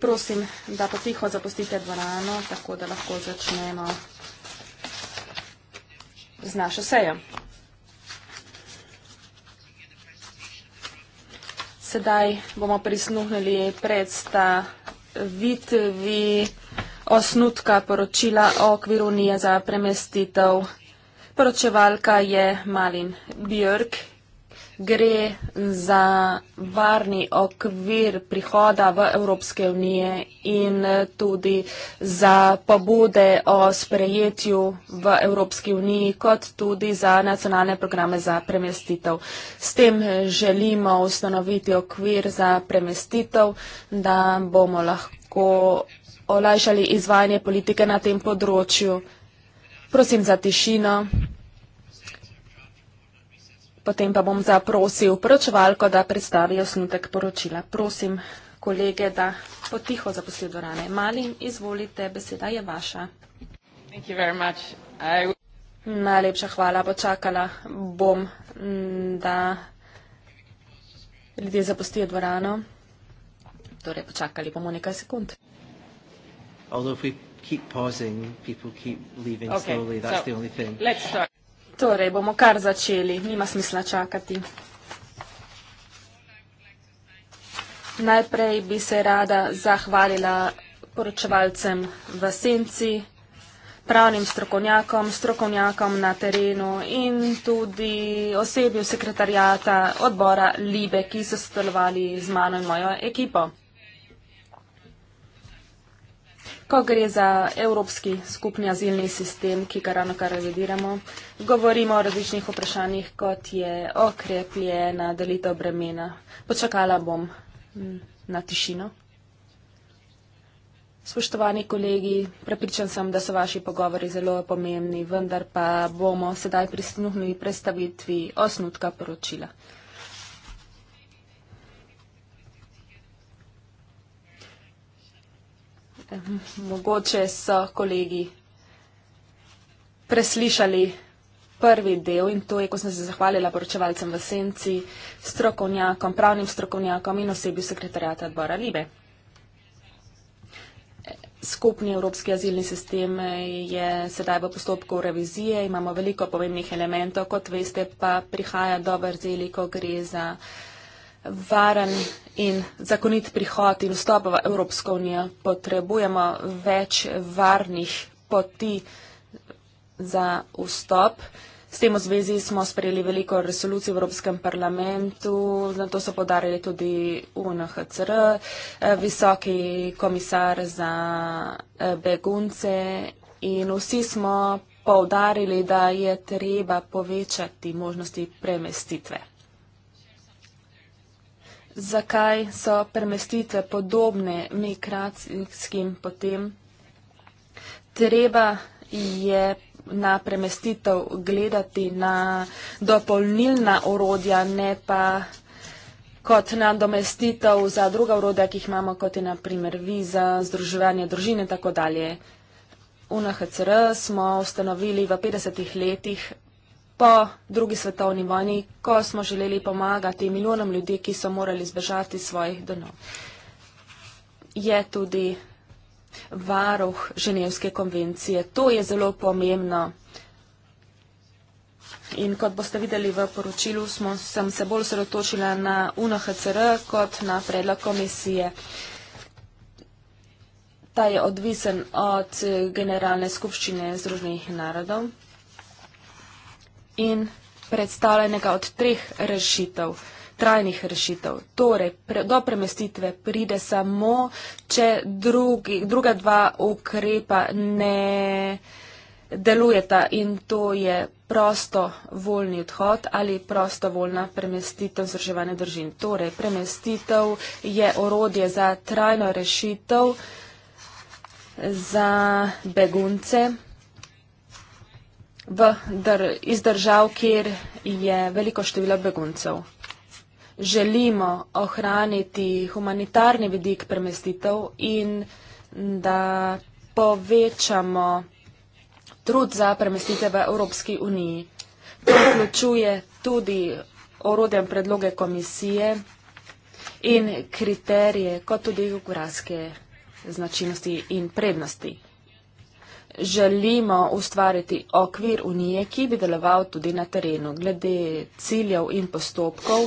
Prosim, da potiho zapustite dvorano, tako da lahko začnemo z našo sejo. Sedaj bomo prisluhnili predstavitvi osnutka poročila o okviru Unije za premestitev. Poročevalka je Malin Björk gre za varni okvir prihoda v Evropske unije in tudi za pobude o sprejetju v Evropski uniji, kot tudi za nacionalne programe za premestitev. S tem želimo ustanoviti okvir za premestitev, da bomo lahko olajšali izvajanje politike na tem področju. Prosim za tišino. Potem pa bom zaprosil poročevalko, da predstavi osnutek poročila. Prosim kolege, da potiho zaposlijo dorane. Malim, izvolite, beseda je vaša. Najlepša hvala, počakala bom, da ljudje zapustijo dvorano. Torej, počakali bomo nekaj sekund. Pausing, okay, slowly, so, Torej, bomo kar začeli, nima smisla čakati. Najprej bi se rada zahvalila poročevalcem v senci, pravnim strokovnjakom, strokovnjakom na terenu in tudi osebju sekretarjata odbora Libe, ki so sodelovali z mano in mojo ekipo. ko gre za evropski skupni azilni sistem, ki ga ravno kar revidiramo. Govorimo o različnih vprašanjih, kot je okrep, je na delitev bremena. Počakala bom mm, na tišino. Spoštovani kolegi, prepričan sem, da so vaši pogovori zelo pomembni, vendar pa bomo sedaj pristnuhnili predstavitvi osnutka poročila. mogoče so kolegi preslišali prvi del in to je, ko sem se zahvalila poročevalcem v Senci, strokovnjakom, pravnim strokovnjakom in osebi sekretarjata odbora Libe. Skupni evropski azilni sistem je sedaj v postopku revizije, imamo veliko pomembnih elementov, kot veste, pa prihaja do vrzeli, ko gre za uh, varen in zakonit prihod in vstop v Evropsko unijo. Potrebujemo več varnih poti za vstop. S tem v zvezi smo sprejeli veliko resolucij v Evropskem parlamentu, na to so podarili tudi UNHCR, eh, visoki komisar za eh, begunce in vsi smo povdarili, da je treba povečati možnosti premestitve zakaj so premestitve podobne migracijskim potem. Treba je na premestitev gledati na dopolnilna orodja, ne pa kot na domestitev za druga orodja, ki jih imamo, kot je naprimer viza, združevanje družine in tako dalje. UNHCR smo ustanovili v 50-ih letih Po drugi svetovni vojni, ko smo želeli pomagati milijonom ljudi, ki so morali zbežati svojih domov, je tudi varuh Ženevske konvencije. To je zelo pomembno. In kot boste videli v poročilu, smo, sem se bolj sredotočila na UNHCR kot na predlog komisije. Ta je odvisen od Generalne skupščine Združenih narodov in predstavljenega od treh rešitev, trajnih rešitev. Torej, pre, do premestitve pride samo, če drugi, druga dva ukrepa ne delujeta in to je prosto volni odhod ali prosto volna premestitev vzdrževanja držin. Torej, premestitev je orodje za trajno rešitev za begunce, v, dr, iz držav, kjer je veliko število beguncev. Želimo ohraniti humanitarni vidik premestitev in da povečamo trud za premestite v Evropski uniji. To vključuje tudi orodjem predloge komisije in kriterije, kot tudi geografske značilnosti in prednosti želimo ustvariti okvir unije, ki bi deloval tudi na terenu. Glede ciljev in postopkov,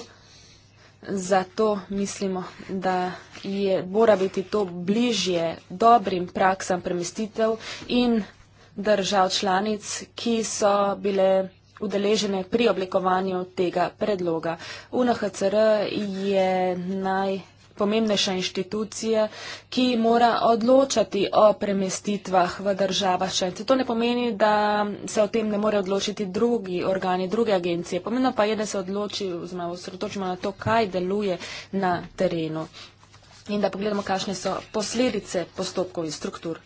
zato mislimo, da je, mora biti to bližje dobrim praksam premestitev in držav članic, ki so bile udeležene pri oblikovanju tega predloga. UNHCR je naj pomembnejša inštitucija, ki mora odločati o premestitvah v država šence. To ne pomeni, da se o tem ne more odločiti drugi organi, druge agencije. Pomembno pa je, da se odloči oziroma osredotočimo na to, kaj deluje na terenu in da pogledamo, kakšne so posledice postopkov in struktur.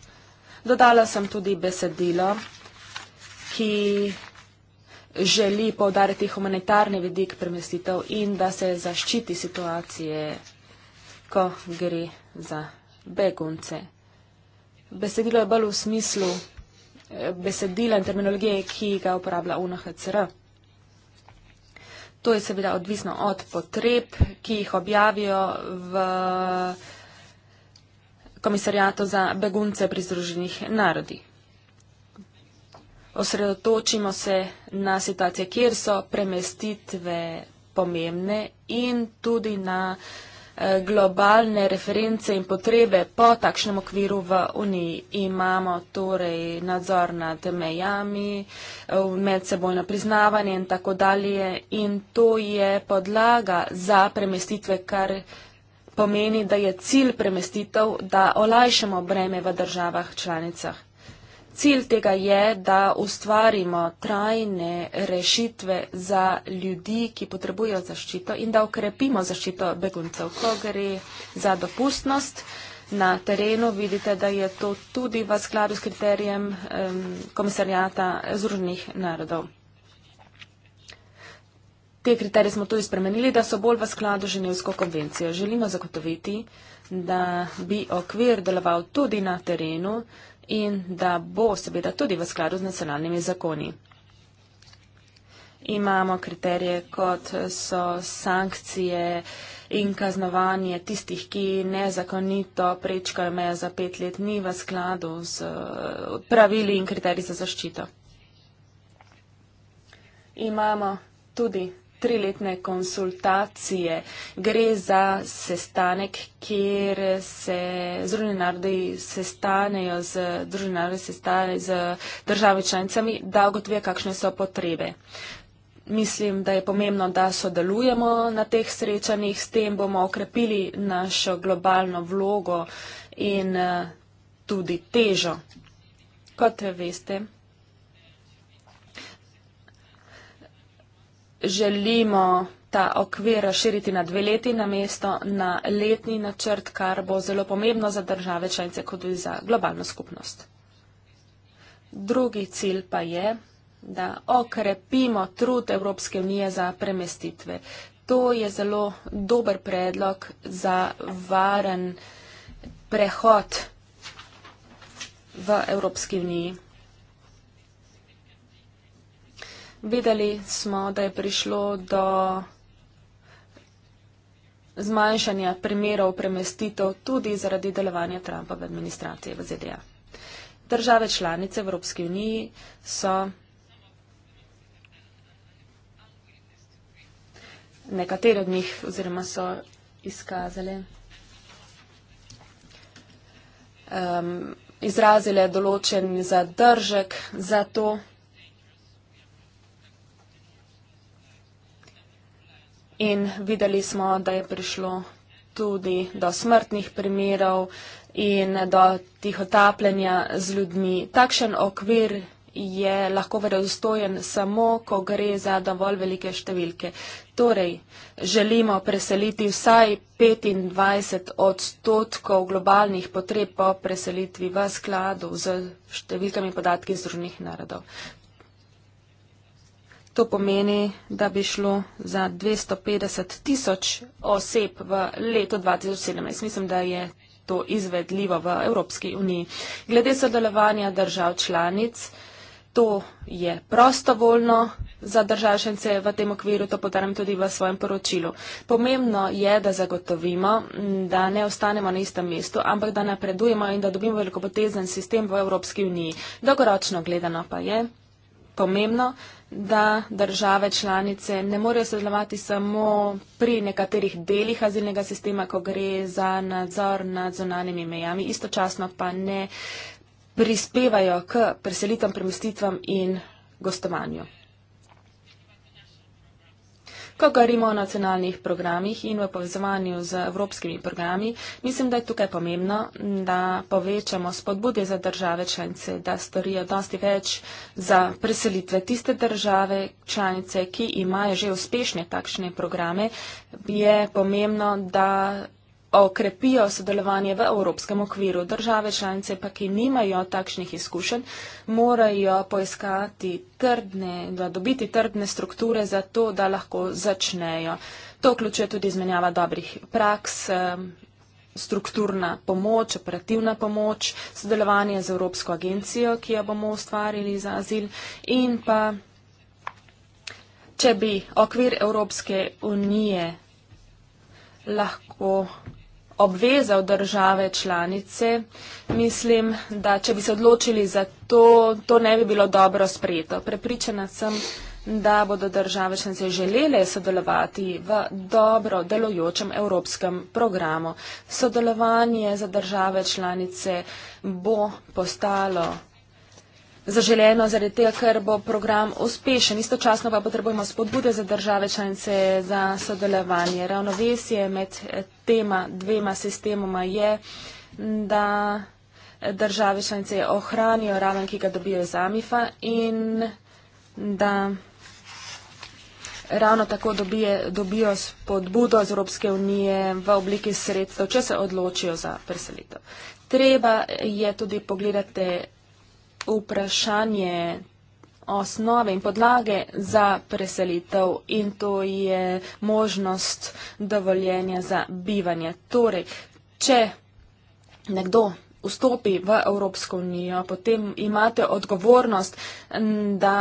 Dodala sem tudi besedilo, ki želi povdariti humanitarni vidik premestitev in da se zaščiti situacije ko gre za begunce. Besedilo je bolj v smislu eh, besedila in terminologije, ki ga uporablja UNHCR. To je seveda odvisno od potreb, ki jih objavijo v komisarijato za begunce pri združenih narodi. Osredotočimo se na situacije, kjer so premestitve pomembne in tudi na uh, Eh, globalne reference in potrebe po takšnem okviru v Uniji. Imamo torej nadzor nad mejami, eh, medsebojno priznavanje in tako dalje in to je podlaga za premestitve, kar pomeni, da je cilj premestitev, da olajšamo breme v državah članicah. Cilj tega je, da ustvarimo trajne rešitve za ljudi, ki potrebujejo zaščito in da ukrepimo zaščito beguncev. Ko gre za dopustnost na terenu, vidite, da je to tudi v skladu s kriterijem um, komisarjata Združenih narodov. Te kriterije smo tudi spremenili, da so bolj v skladu ženevsko konvencijo. Želimo zagotoviti, da bi okvir deloval tudi na terenu, in da bo seveda tudi v skladu z nacionalnimi zakoni. Imamo kriterije, kot so sankcije in kaznovanje tistih, ki nezakonito prečkajo meje za pet let, ni v skladu z eh, pravili in kriteriji za zaščito. Imamo tudi triletne konsultacije. Gre za sestanek, kjer se združeni narodi sestanejo z, sestane z državami članicami, da ugotovijo, kakšne so potrebe. Mislim, da je pomembno, da sodelujemo na teh srečanjih, s tem bomo okrepili našo globalno vlogo in eh, tudi težo. Kot veste, želimo ta okvir širiti na dve leti na mesto, na letni načrt, kar bo zelo pomembno za države članice kot tudi za globalno skupnost. Drugi cilj pa je, da okrepimo trud Evropske unije za premestitve. To je zelo dober predlog za varen prehod v Evropski uniji. Vedeli smo, da je prišlo do zmanjšanja primerov premestitev tudi zaradi delovanja Trumpa v administraciji v ZDA. Države članice Evropske unije so nekatere od njih oziroma so izkazale, um, izrazile določen zadržek za to, in videli smo, da je prišlo tudi do smrtnih primerov in do tihotapljenja z ljudmi. Takšen okvir je lahko verozstojen samo, ko gre za dovolj velike številke. Torej, želimo preseliti vsaj 25 odstotkov globalnih potreb po preselitvi v skladu z številkami podatki Združenih narodov. To pomeni, da bi šlo za 250 tisoč oseb v letu 2017. Mislim, da je to izvedljivo v Evropski uniji. Glede sodelovanja držav članic, to je prostovoljno za državšence v tem okviru, to podarim tudi v svojem poročilu. Pomembno je, da zagotovimo, da ne ostanemo na istem mestu, ampak da napredujemo in da dobimo velikopotezen sistem v Evropski uniji. Dolgoročno gledano pa je pomembno, da države članice ne morejo sodelovati samo pri nekaterih delih azilnega sistema, ko gre za nadzor nad zonanimi mejami, istočasno pa ne prispevajo k preselitvam, premestitvam in gostovanju. Ko govorimo o nacionalnih programih in v povezovanju z evropskimi programi, mislim, da je tukaj pomembno, da povečamo spodbude za države članice, da storijo dosti več za preselitve tiste države članice, ki imajo že uspešne takšne programe. Je pomembno, da okrepijo sodelovanje v evropskem okviru. Države članice pa, ki nimajo takšnih izkušenj, morajo poiskati trdne, da dobiti trdne strukture za to, da lahko začnejo. To vključuje tudi izmenjava dobrih praks, strukturna pomoč, operativna pomoč, sodelovanje z Evropsko agencijo, ki jo bomo ustvarili za azil in pa, če bi okvir Evropske unije lahko obveza v države članice, mislim, da če bi se odločili za to, to ne bi bilo dobro sprejeto. Prepričana sem, da bodo države članice želele sodelovati v dobro delujočem evropskem programu. Sodelovanje za države članice bo postalo zaželeno, zaradi tega, ker bo program uspešen. Istočasno pa potrebujemo spodbude za države članice za sodelovanje. Ravnovesje med tema dvema sistemoma je, da države članice ohranijo raven, ki ga dobijo iz AMIFA in da ravno tako dobije, dobijo spodbudo z Evropske unije v obliki sredstev, če se odločijo za preselitev. Treba je tudi pogledati vprašanje osnove in podlage za preselitev in to je možnost dovoljenja za bivanje. Torej, če nekdo vstopi v Evropsko unijo, potem imate odgovornost, da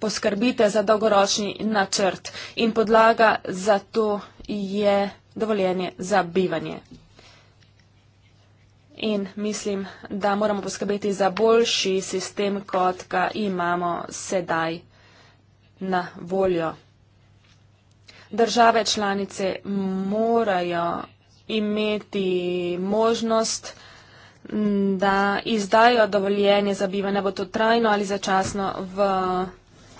poskrbite za dolgoročni načrt in podlaga za to je dovoljenje za bivanje in mislim, da moramo poskrbeti za boljši sistem, kot ga imamo sedaj na voljo. Države članice morajo imeti možnost, da izdajo dovoljenje za bivanje, bo to trajno ali začasno v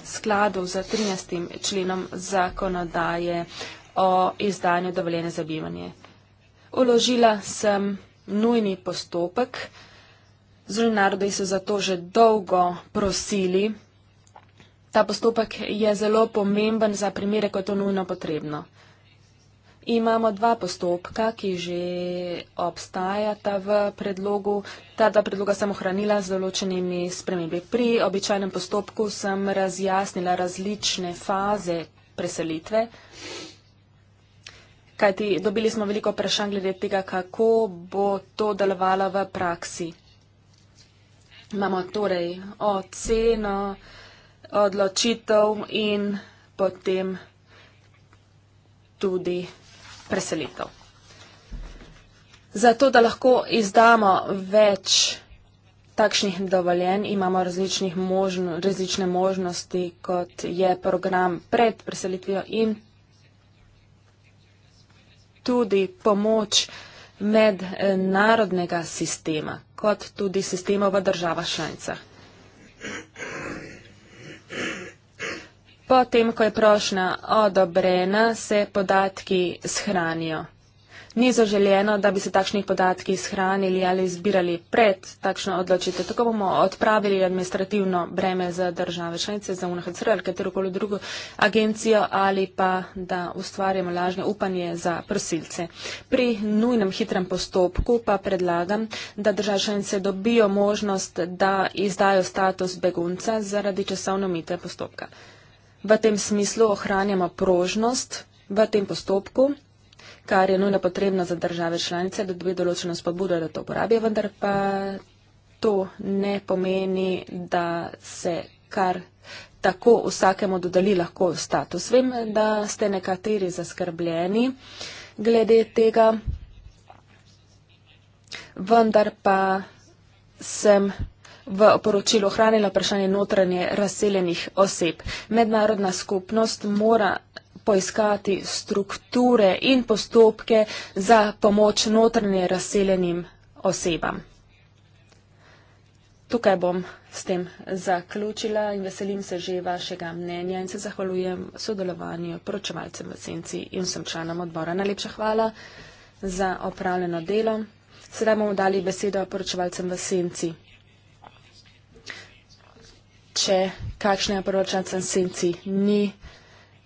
skladu z 13. členom zakonodaje o izdanju dovoljenja za bivanje. Uložila sem nujni postopek. Zulinardi so zato že dolgo prosili. Ta postopek je zelo pomemben za primere, ko je to nujno potrebno. Imamo dva postopka, ki že obstajata v predlogu. Ta dva predloga sem ohranila z določenimi spremembi. Pri običajnem postopku sem razjasnila različne faze preselitve kajti dobili smo veliko vprašanj glede tega, kako bo to delovalo v praksi. Imamo torej oceno, odločitev in potem tudi preselitev. Zato, da lahko izdamo več takšnih dovoljenj, imamo možno, različne možnosti, kot je program pred preselitvijo in tudi pomoč mednarodnega sistema, kot tudi sistema v državah članicah. Potem, ko je prošnja odobrena, se podatki shranijo ni zaželjeno, da bi se takšnih podatki shranili ali zbirali pred takšno odločitev. Tako bomo odpravili administrativno breme za države članice, za UNHCR ali katerokoli drugo agencijo ali pa da ustvarjamo lažne upanje za prosilce. Pri nujnem hitrem postopku pa predlagam, da države članice dobijo možnost, da izdajo status begunca zaradi časovne omite postopka. V tem smislu ohranjamo prožnost v tem postopku kar je nujno potrebno za države članice, da dobijo določeno spodbudo, da to uporabijo, vendar pa to ne pomeni, da se kar tako vsakemu dodali lahko status. Vem, da ste nekateri zaskrbljeni glede tega, vendar pa sem v poročilu hranila vprašanje notranje razseljenih oseb. Mednarodna skupnost mora poiskati strukture in postopke za pomoč notrne razseljenim osebam. Tukaj bom s tem zaključila in veselim se že vašega mnenja in se zahvaljujem sodelovanju poročevalcem v Senci in vsem članom odbora. Najlepša hvala za opravljeno delo. Sedaj bomo dali besedo poročevalcem v Senci. Če kakšne poročevalcem v Senci ni,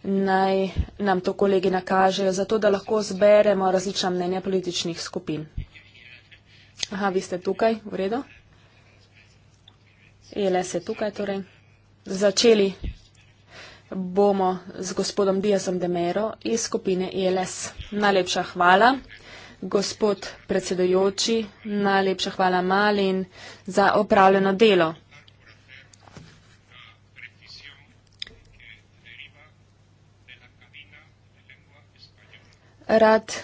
naj nam to kolegi nakažejo, zato da lahko zberemo različna mnenja političnih skupin. Aha, vi ste tukaj, v redu. Jele se tukaj, torej. Začeli bomo z gospodom Diazom Demero iz skupine ILS. Najlepša hvala, gospod predsedojoči, najlepša hvala Malin za opravljeno delo. rad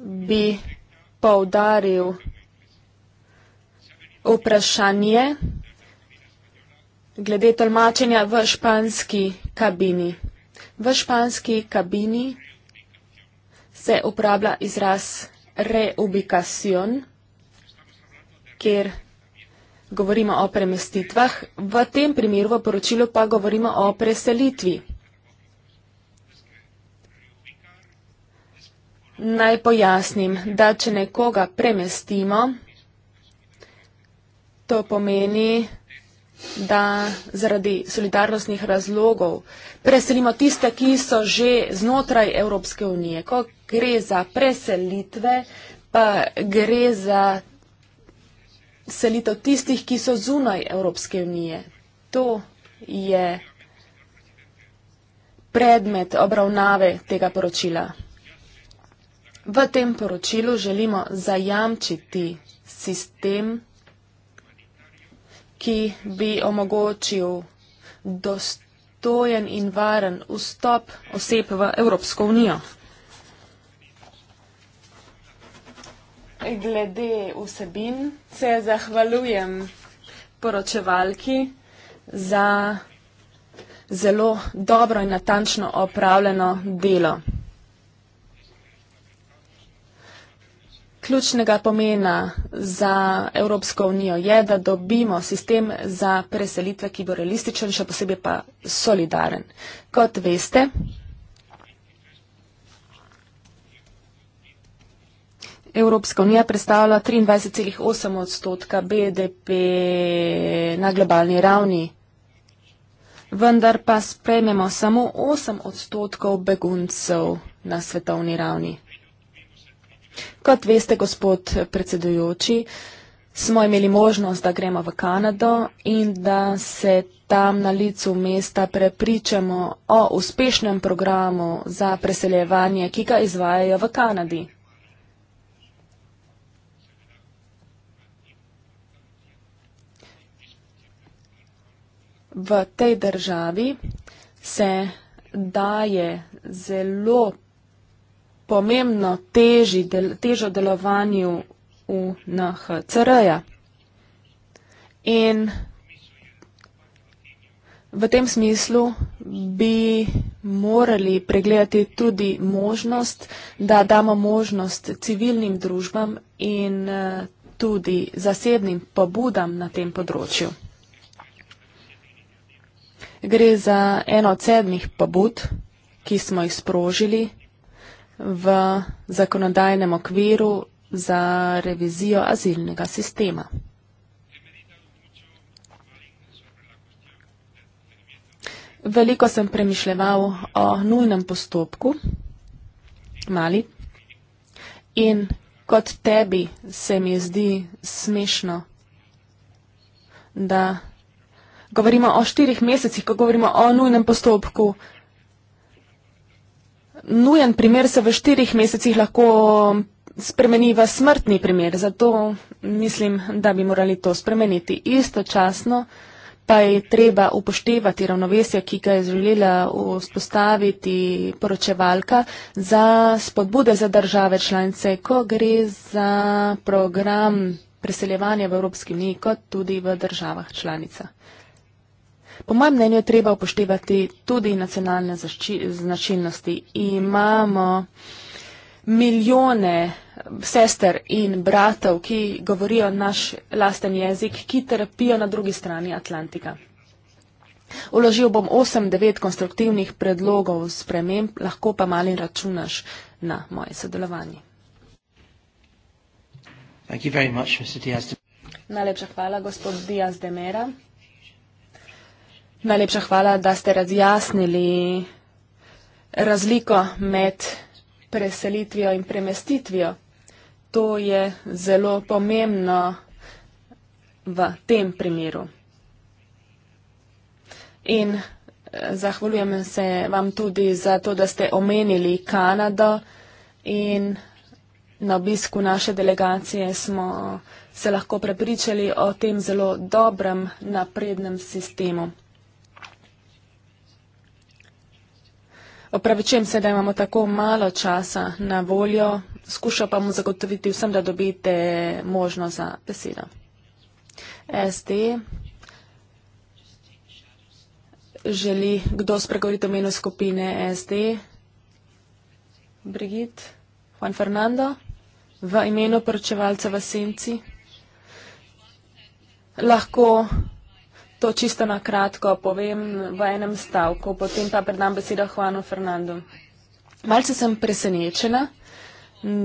bi povdaril vprašanje glede tolmačenja v španski kabini. V španski kabini se uporablja izraz reubikacion, kjer govorimo o premestitvah, v tem primeru v poročilu pa govorimo o preselitvi. Naj pojasnim, da če nekoga premestimo, to pomeni, da zaradi solidarnostnih razlogov preselimo tiste, ki so že znotraj Evropske unije. Ko gre za preselitve, pa gre za selitev tistih, ki so zunaj Evropske unije. To je predmet obravnave tega poročila. V tem poročilu želimo zajamčiti sistem, ki bi omogočil dostojen in varen vstop oseb v Evropsko unijo. Glede vsebin se zahvaljujem poročevalki za zelo dobro in natančno opravljeno delo. ključnega pomena za Evropsko unijo je, da dobimo sistem za preselitve, ki bo realističen, še posebej pa solidaren. Kot veste, Evropska unija predstavlja 23,8 odstotka BDP na globalni ravni, vendar pa sprejmemo samo 8 odstotkov beguncev na svetovni ravni. Kot veste, gospod predsedujoči, smo imeli možnost, da gremo v Kanado in da se tam na licu mesta prepričamo o uspešnem programu za preseljevanje, ki ga izvajajo v Kanadi. V tej državi se daje zelo pomembno teži, del, težo delovanju UNHCR-ja. In v tem smislu bi morali pregledati tudi možnost, da damo možnost civilnim družbam in eh, tudi zasebnim pobudam na tem področju. Gre za eno od sedmih pobud, ki smo jih sprožili v zakonodajnem okviru za revizijo azilnega sistema. Veliko sem premišljeval o nujnem postopku, mali, in kot tebi se mi zdi smešno, da govorimo o štirih mesecih, ko govorimo o nujnem postopku, nujen primer se v štirih mesecih lahko spremeni v smrtni primer. Zato mislim, da bi morali to spremeniti. Istočasno pa je treba upoštevati ravnovesje, ki ga je želela vzpostaviti poročevalka za spodbude za države članice, ko gre za program preseljevanja v Evropski uniji, kot tudi v državah članicah. Po mojem mnenju je treba upoštevati tudi nacionalne značilnosti. Imamo milijone sester in bratov, ki govorijo naš lasten jezik, ki trpijo na drugi strani Atlantika. Uložil bom 8-9 konstruktivnih predlogov sprememb, lahko pa malin računaš na moje sodelovanje. Najlepša hvala, gospod Diaz de Mera. Najlepša hvala, da ste razjasnili razliko med preselitvijo in premestitvijo. To je zelo pomembno v tem primeru. In eh, zahvaljujem se vam tudi za to, da ste omenili Kanado in na obisku naše delegacije smo se lahko prepričali o tem zelo dobrem naprednem sistemu. Opravičujem se, da imamo tako malo časa na voljo, skušal pa mu zagotoviti vsem, da dobite možno za besedo. SD. Želi kdo spregovoriti v imenu skupine SD? Brigit? Juan Fernando? V imenu poročevalca v Senci? Lahko To čisto na kratko povem v enem stavku, potem pa predam besedo Juanu Fernandu. Malce sem presenečena,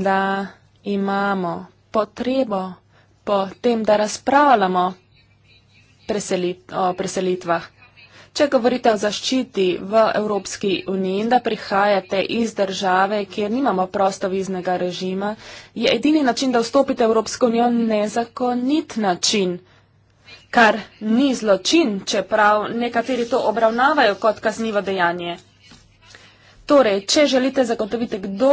da imamo potrebo po tem, da razpravljamo preselit o preselitvah. Če govorite o zaščiti v Evropski uniji in da prihajate iz države, kjer nimamo prostoviznega režima, je edini način, da vstopite v Evropsko unijo nezakonit način kar ni zločin, čeprav nekateri to obravnavajo kot kaznivo dejanje. Torej, če želite zagotoviti, kdo,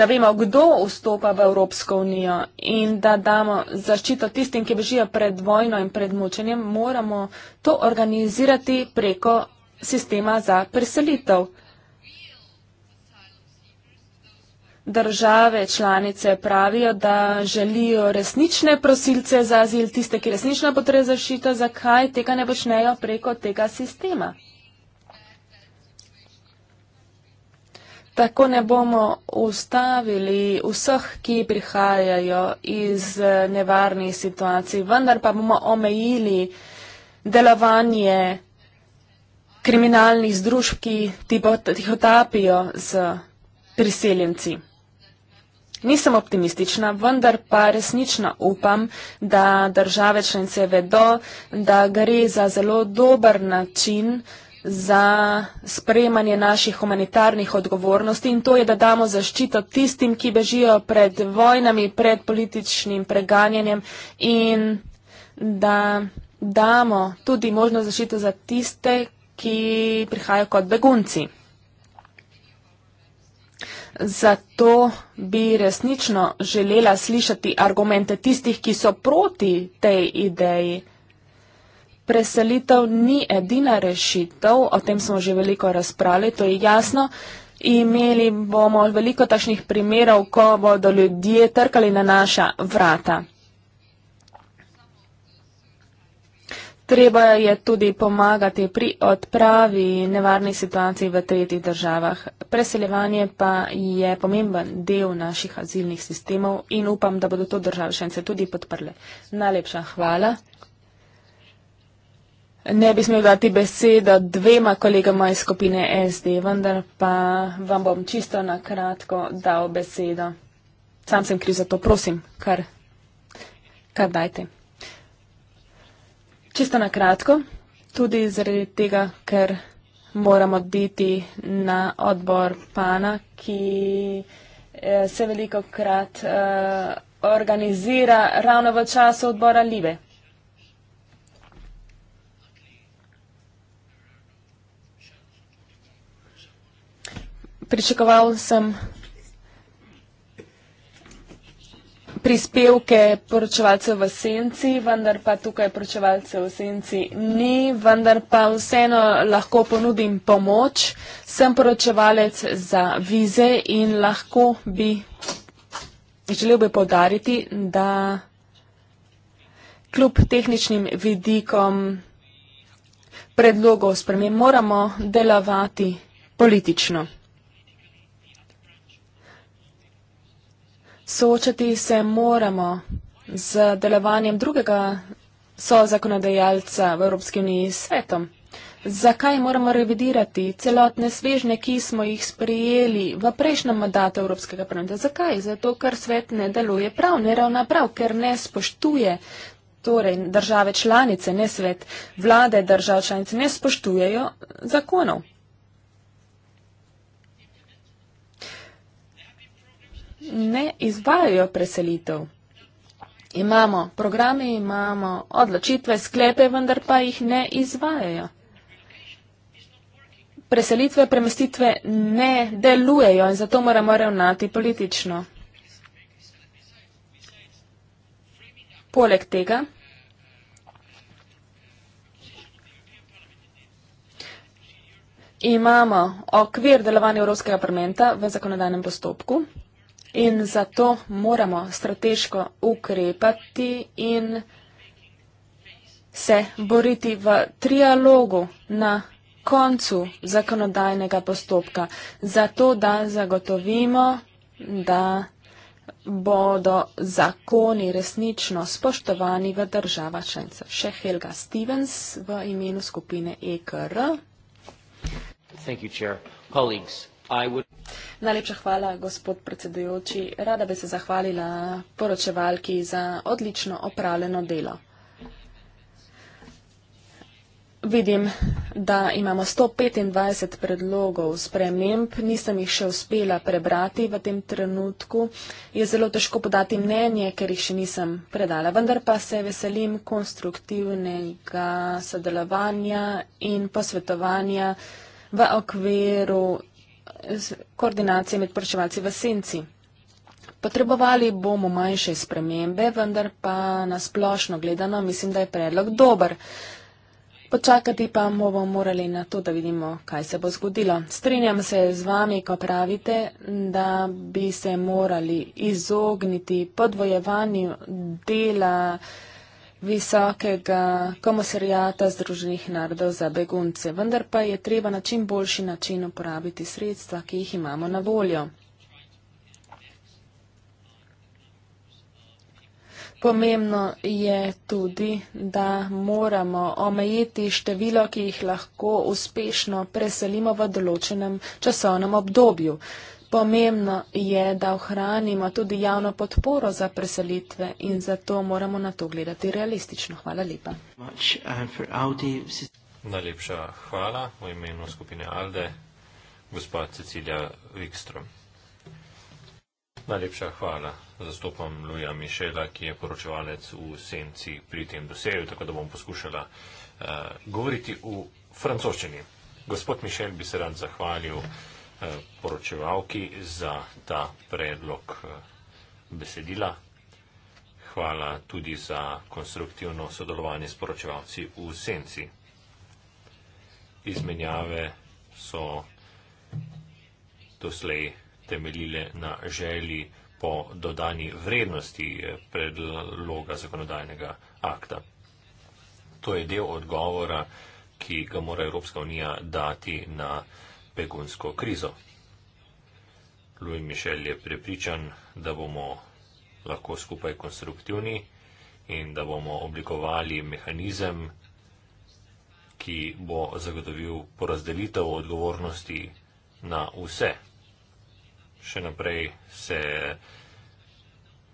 da vemo, kdo vstopa v Evropsko unijo in da damo zaščito tistim, ki bežijo pred vojno in pred mučenjem, moramo to organizirati preko sistema za priselitev. države članice pravijo, da želijo resnične prosilce za azil, tiste, ki resnično potrebujejo zaščito, zakaj tega ne počnejo preko tega sistema? Tako ne bomo ustavili vseh, ki prihajajo iz nevarnih situacij, vendar pa bomo omejili delovanje kriminalnih združb, ki tih otapijo z prisiljenci. Nisem optimistična, vendar pa resnično upam, da države članice vedo, da gre za zelo dober način za sprejemanje naših humanitarnih odgovornosti in to je, da damo zaščito tistim, ki bežijo pred vojnami, pred političnim preganjanjem in da damo tudi možno zaščito za tiste, ki prihajajo kot begunci. Zato bi resnično želela slišati argumente tistih, ki so proti tej ideji. Preselitev ni edina rešitev, o tem smo že veliko razpravljali, to je jasno. Imeli bomo veliko takšnih primerov, ko bodo ljudje trkali na naša vrata. Treba je tudi pomagati pri odpravi nevarnih situacij v tretjih državah. Preseljevanje pa je pomemben del naših azilnih sistemov in upam, da bodo to države šence tudi podprle. Najlepša hvala. Ne bi smel dati besedo dvema kolegama iz skupine SD, vendar pa vam bom čisto na kratko dal besedo. Sam sem kriv za to, prosim, kar, kar dajte. Čisto na kratko, tudi zaradi tega, ker moramo diti na odbor pana, ki eh, se veliko krat uh, eh, organizira ravno v času odbora Libe. Pričakoval sem prispevke poročevalcev v senci, vendar pa tukaj poročevalcev v senci ni, vendar pa vseeno lahko ponudim pomoč. Sem poročevalec za vize in lahko bi želel bi povdariti, da kljub tehničnim vidikom predlogov spremem moramo delovati politično. Soočati se moramo z delovanjem drugega sozakonodajalca v Evropski uniji s svetom. Zakaj moramo revidirati celotne svežne, ki smo jih sprijeli v prejšnjem mandatu Evropskega parlamenta? Zakaj? Zato, ker svet ne deluje prav, ne ravna prav, ker ne spoštuje torej, države članice, ne svet, vlade držav članice, ne spoštujejo zakonov. ne izvajajo preselitev. Imamo programe, imamo odločitve, sklepe, vendar pa jih ne izvajajo. Preselitve, premestitve ne delujejo in zato moramo ravnati politično. Poleg tega imamo okvir delovanja Evropskega parlamenta v zakonodajnem postopku. In zato moramo strateško ukrepati in se boriti v trialogu na koncu zakonodajnega postopka, zato da zagotovimo, da bodo zakoni resnično spoštovani v država članica. Še Helga Stevens v imenu skupine EKR. Thank you, Chair. Colleagues. Najlepša hvala, gospod predsedujoči. Rada bi se zahvalila poročevalki za odlično opravljeno delo. Vidim, da imamo 125 predlogov sprememb, nisem jih še uspela prebrati v tem trenutku. Je zelo težko podati mnenje, ker jih še nisem predala. Vendar pa se veselim konstruktivnega sodelovanja in posvetovanja v okviru koordinacije med poročevalci v senci. Potrebovali bomo manjše spremembe, vendar pa na splošno gledano mislim, da je predlog dober. Počakati pa bomo morali na to, da vidimo, kaj se bo zgodilo. Strinjam se z vami, ko pravite, da bi se morali izogniti podvojevanju dela. Uh, visokega komisarijata Združenih narodov za begunce. Vendar pa je treba na čim boljši način uporabiti sredstva, ki jih imamo na voljo. Pomembno je tudi, da moramo omejiti število, ki jih lahko uspešno preselimo v določenem časovnem obdobju. Pomembno je, da ohranimo tudi javno podporo za preselitve in zato moramo na to gledati realistično. Hvala lepa. Uh, Najlepša hvala v imenu skupine Alde, gospa Cecilija Wikström. Najlepša hvala zastopam Luja Mišela, ki je poročevalec v senci pri tem doseju, tako da bom poskušala uh, govoriti v francoščini. Gospod Mišel bi se rad zahvalil. Uh, Eh, poročevalki za ta predlog eh, besedila. Hvala tudi za konstruktivno sodelovanje s poročevalci v senci. Izmenjave so doslej temeljile na želji po dodani vrednosti eh, predloga zakonodajnega akta. To je del odgovora, ki ga mora Evropska unija dati na begunsko krizo. Louis Michel je prepričan, da bomo lahko skupaj konstruktivni in da bomo oblikovali mehanizem, ki bo zagotovil porazdelitev odgovornosti na vse. Še naprej se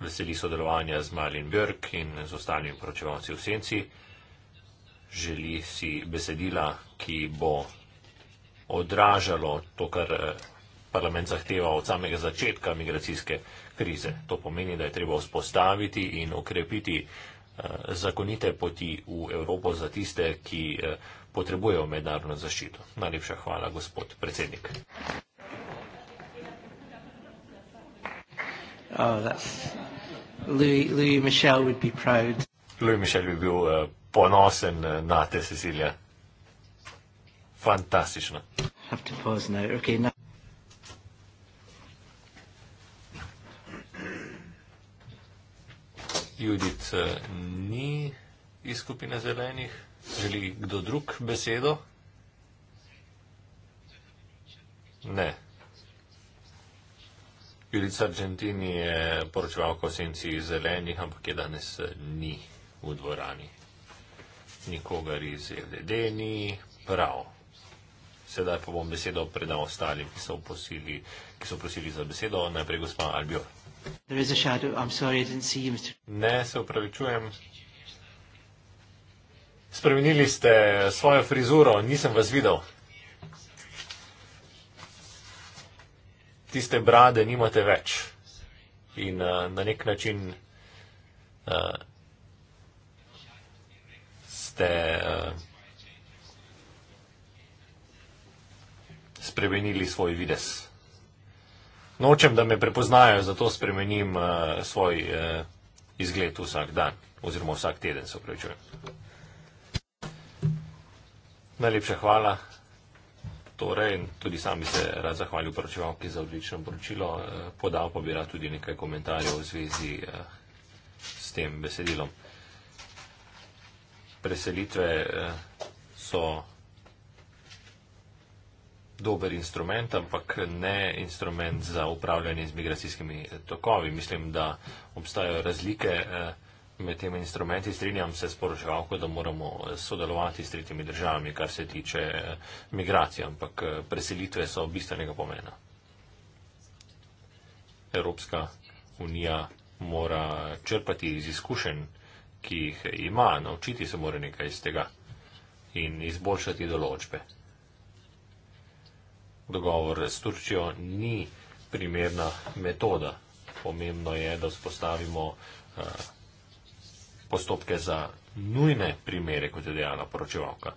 veseli sodelovanja z Malin Björk in z ostalimi poročevalci v Senci. Želi si besedila, ki bo odražalo to, kar eh, parlament zahteva od samega začetka migracijske krize. To pomeni, da je treba vzpostaviti in ukrepiti eh, zakonite poti v Evropo za tiste, ki eh, potrebujejo mednarodno zaščito. Najlepša hvala, gospod predsednik. Oh, Louis, Louis Michel bi bil uh, ponosen na te, Cecilija fantastično. Judit eh, ni iz skupine zelenih. Želi kdo drug besedo? Ne. Judit Sargentini je poročeval ko senci zelenih, ampak je danes eh, ni v dvorani. Nikogar iz LDD ni prav. Sedaj pa bom besedo predal ostalim, ki so, posili, ki so prosili za besedo. Najprej gospa Albior. Ne, se upravičujem. Spremenili ste svojo frizuro, nisem vas videl. Tiste brade nimate več. In uh, na nek način uh, ste. Uh, spremenili svoj vides. Nočem, da me prepoznajo, zato spremenim uh, svoj uh, izgled vsak dan oziroma vsak teden, se upravičujem. Najlepša hvala. Torej, tudi sam bi se rad zahvalil poročevalki za odlično poročilo, eh, podal pa bi rad tudi nekaj komentarjev v zvezi s tem besedilom. Preselitve so dober instrument, ampak ne instrument za upravljanje z migracijskimi eh, tokovi. Mislim, da obstajajo razlike eh, med temi instrumenti. Strinjam se s poroževalko, da moramo eh, sodelovati s tretjimi državami, kar se tiče migracij, ampak preselitve so bistvenega pomena. Evropska unija mora črpati iz izkušenj, ki jih ima, naučiti se mora nekaj iz tega in izboljšati določbe dogovor s Turčijo ni primerna metoda. Pomembno je, da spostavimo eh, postopke za nujne primere, kot je dejala poročevalka.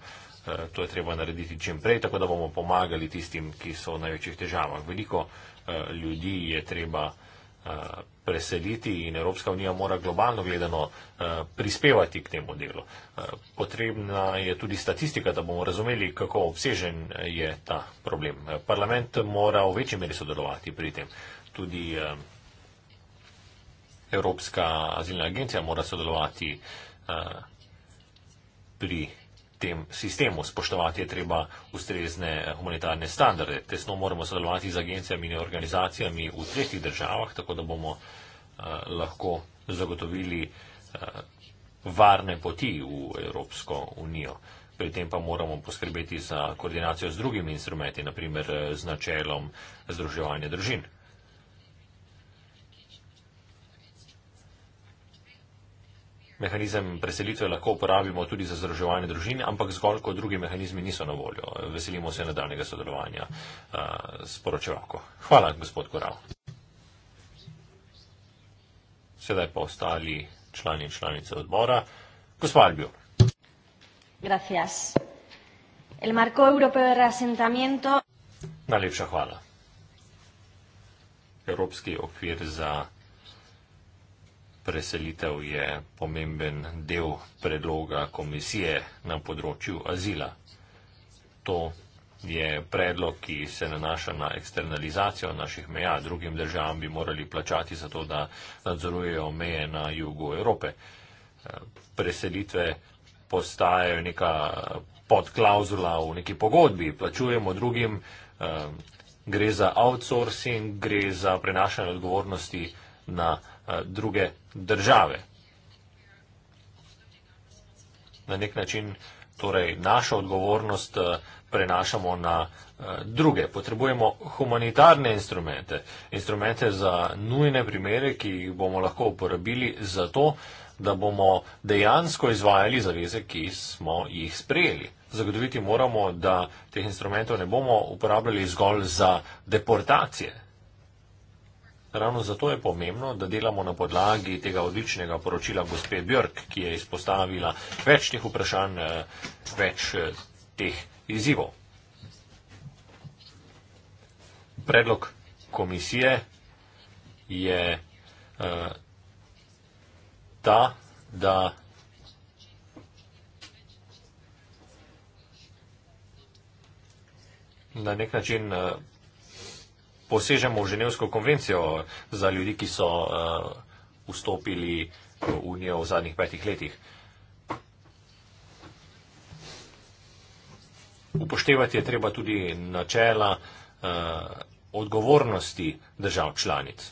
Eh, to je treba narediti čim prej, tako da bomo pomagali tistim, ki so v največjih težavah. Veliko eh, ljudi je treba. Eh, preseliti in Evropska unija mora globalno gledano eh, prispevati k temu delu. Eh, potrebna je tudi statistika, da bomo razumeli, kako obsežen je ta problem. Parlament mora v večji meri sodelovati pri tem. Tudi Evropska azilna agencija mora sodelovati pri tem sistemu. Spoštovati je treba ustrezne eh, humanitarne standarde. Tesno moramo sodelovati z agencijami in organizacijami v tretjih državah, tako da bomo eh, lahko zagotovili eh, varne poti v Evropsko unijo. Pri tem pa moramo poskrbeti za koordinacijo z drugimi instrumenti, naprimer eh, z načelom združevanja družin. mehanizem preselitve lahko uporabimo tudi za združevanje družine, ampak zgolj, ko drugi mehanizmi niso na voljo. Veselimo se nadaljnega sodelovanja eh, s poročevalko. Hvala, gospod Koral. Sedaj pa ostali člani in članice odbora. Gospod Albio. Gracias. El marco europeo de reasentamiento. Najlepša hvala. Evropski okvir za preselitev je pomemben del predloga komisije na področju azila. To je predlog, ki se nanaša na eksternalizacijo naših meja. Drugim državam bi morali plačati za to, da nadzorujejo meje na jugu Evrope. Preselitve postajajo neka podklauzula v neki pogodbi. Plačujemo drugim, eh, gre za outsourcing, gre za prenašanje odgovornosti na eh, druge države. Na nek način torej našo odgovornost eh, prenašamo na eh, druge. Potrebujemo humanitarne instrumente, instrumente za nujne primere, ki jih bomo lahko uporabili za to, da bomo dejansko izvajali zaveze, ki smo jih sprejeli. Zagotoviti moramo, da teh instrumentov ne bomo uporabljali zgolj za deportacije. Ravno zato je pomembno, da delamo na podlagi tega odličnega poročila gospe Björk, ki je izpostavila več teh vprašanj, eh, več eh, teh izzivov. Predlog komisije je uh, ta, da na nek način uh, posežemo v Ženevsko konvencijo za ljudi, ki so uh, vstopili v njo v zadnjih petih letih. Upoštevati je treba tudi načela uh, odgovornosti držav članic.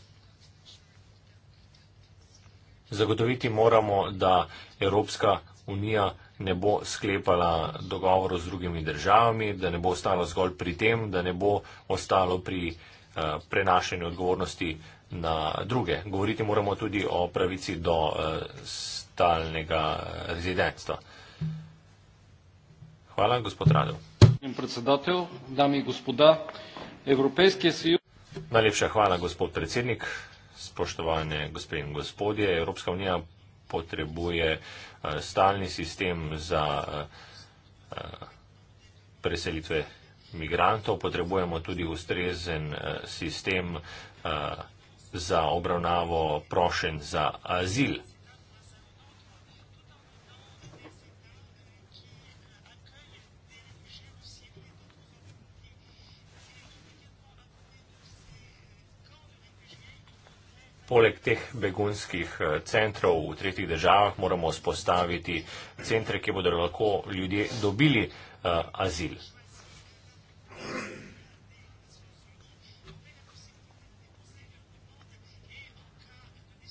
Zagotoviti moramo, da Evropska unija ne bo sklepala dogovorov z drugimi državami, da ne bo ostalo zgolj pri tem, da ne bo ostalo pri uh, Eh, prenašanju odgovornosti na druge. Govoriti moramo tudi o pravici do eh, stalnega eh, rezidentstva. Hvala, gospod Radov. Najlepša hvala, gospod predsednik. Spoštovane gospe in gospodje, Evropska unija potrebuje stalni sistem za preselitve migrantov, potrebujemo tudi ustrezen eh, sistem eh, za obravnavo prošen za azil. Poleg teh begunskih eh, centrov v tretjih državah moramo spostaviti centre, ki bodo lahko ljudje dobili azil.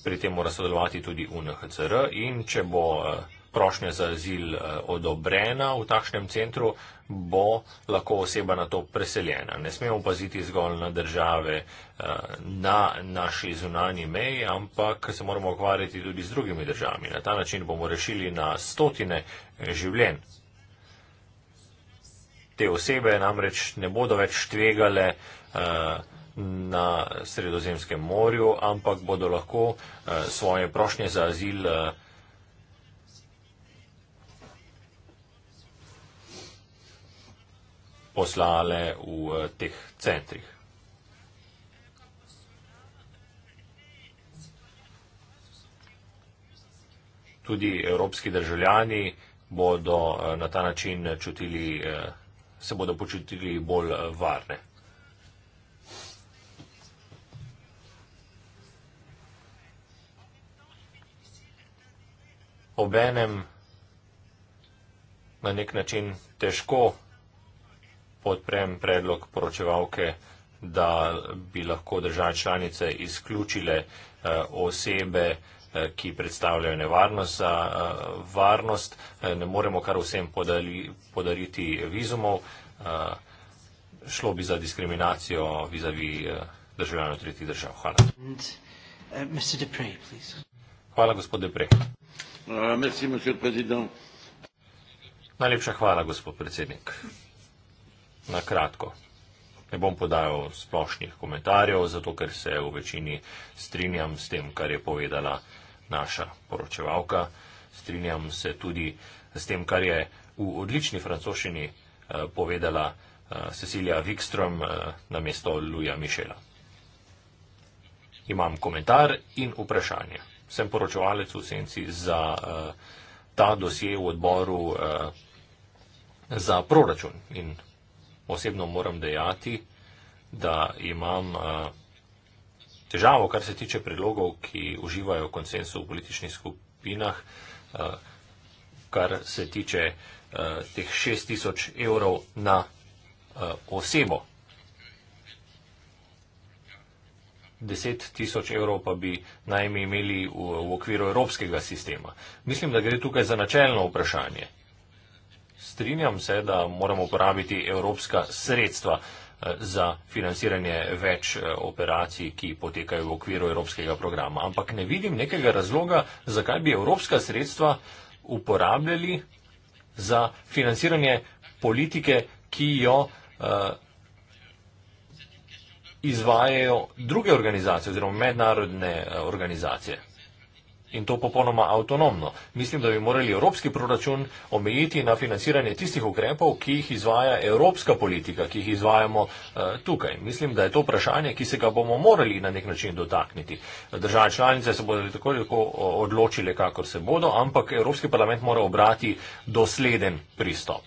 Pri tem mora sodelovati tudi UNHCR in če bo eh, prošnja za azil eh, odobrena v takšnem centru, bo lahko oseba na to preseljena. Ne smemo paziti zgolj na države eh, na naši zunani meji, ampak se moramo ukvarjati tudi z drugimi državami. Na ta način bomo rešili na stotine življenj te osebe namreč ne bodo več tvegale eh, na Sredozemskem morju, ampak bodo lahko eh, svoje prošnje za azil eh, poslale v teh centrih. Tudi evropski državljani bodo na ta način čutili vsega, se bodo počutili bolj eh, varne. Obenem na nek način težko podprem predlog poročevalke, da bi lahko države članice izključile eh, osebe, Eh, ki predstavljajo nevarnost za eh, varnost. Eh, ne moremo kar vsem podali, podariti vizumov. Šlo bi za diskriminacijo vizavi državljanov tretjih držav. Hvala. And, uh, Dupre, hvala, gospod Depre. Uh, Najlepša hvala, gospod predsednik. Na kratko. Ne bom podajal splošnih komentarjev, zato ker se v večini strinjam s tem, kar je povedala naša poročevalka. Strinjam se tudi s tem, kar je v odlični francošini eh, povedala eh, Cecilia Wikström eh, na mesto Luja Mišela. Imam komentar in vprašanje. Sem poročevalec v senci za ta dosje v odboru za proračun in osebno moram dejati, da imam težavo, kar se tiče predlogov, ki uživajo konsensu v političnih skupinah, eh, kar se tiče eh, teh 6000 evrov na eh, osebo. 10 tisoč evrov pa bi najme imeli v, v okviru evropskega sistema. Mislim, da gre tukaj za načelno vprašanje. Strinjam se, da moramo uporabiti evropska sredstva. Uh, za financiranje več eh, operacij, ki potekajo v okviru evropskega programa. Ampak ne vidim nekega razloga, zakaj bi evropska sredstva uporabljali za financiranje politike, ki jo eh, izvajajo druge organizacije oziroma mednarodne eh, organizacije in to popolnoma avtonomno. Mislim, da bi morali evropski proračun omejiti na financiranje tistih ukrepov, ki jih izvaja evropska politika, ki jih izvajamo uh, tukaj. Mislim, da je to vprašanje, ki se ga bomo morali na nek način dotakniti. Države članice se bodo tako ali tako odločile, kakor se bodo, ampak Evropski parlament mora obrati dosleden pristop.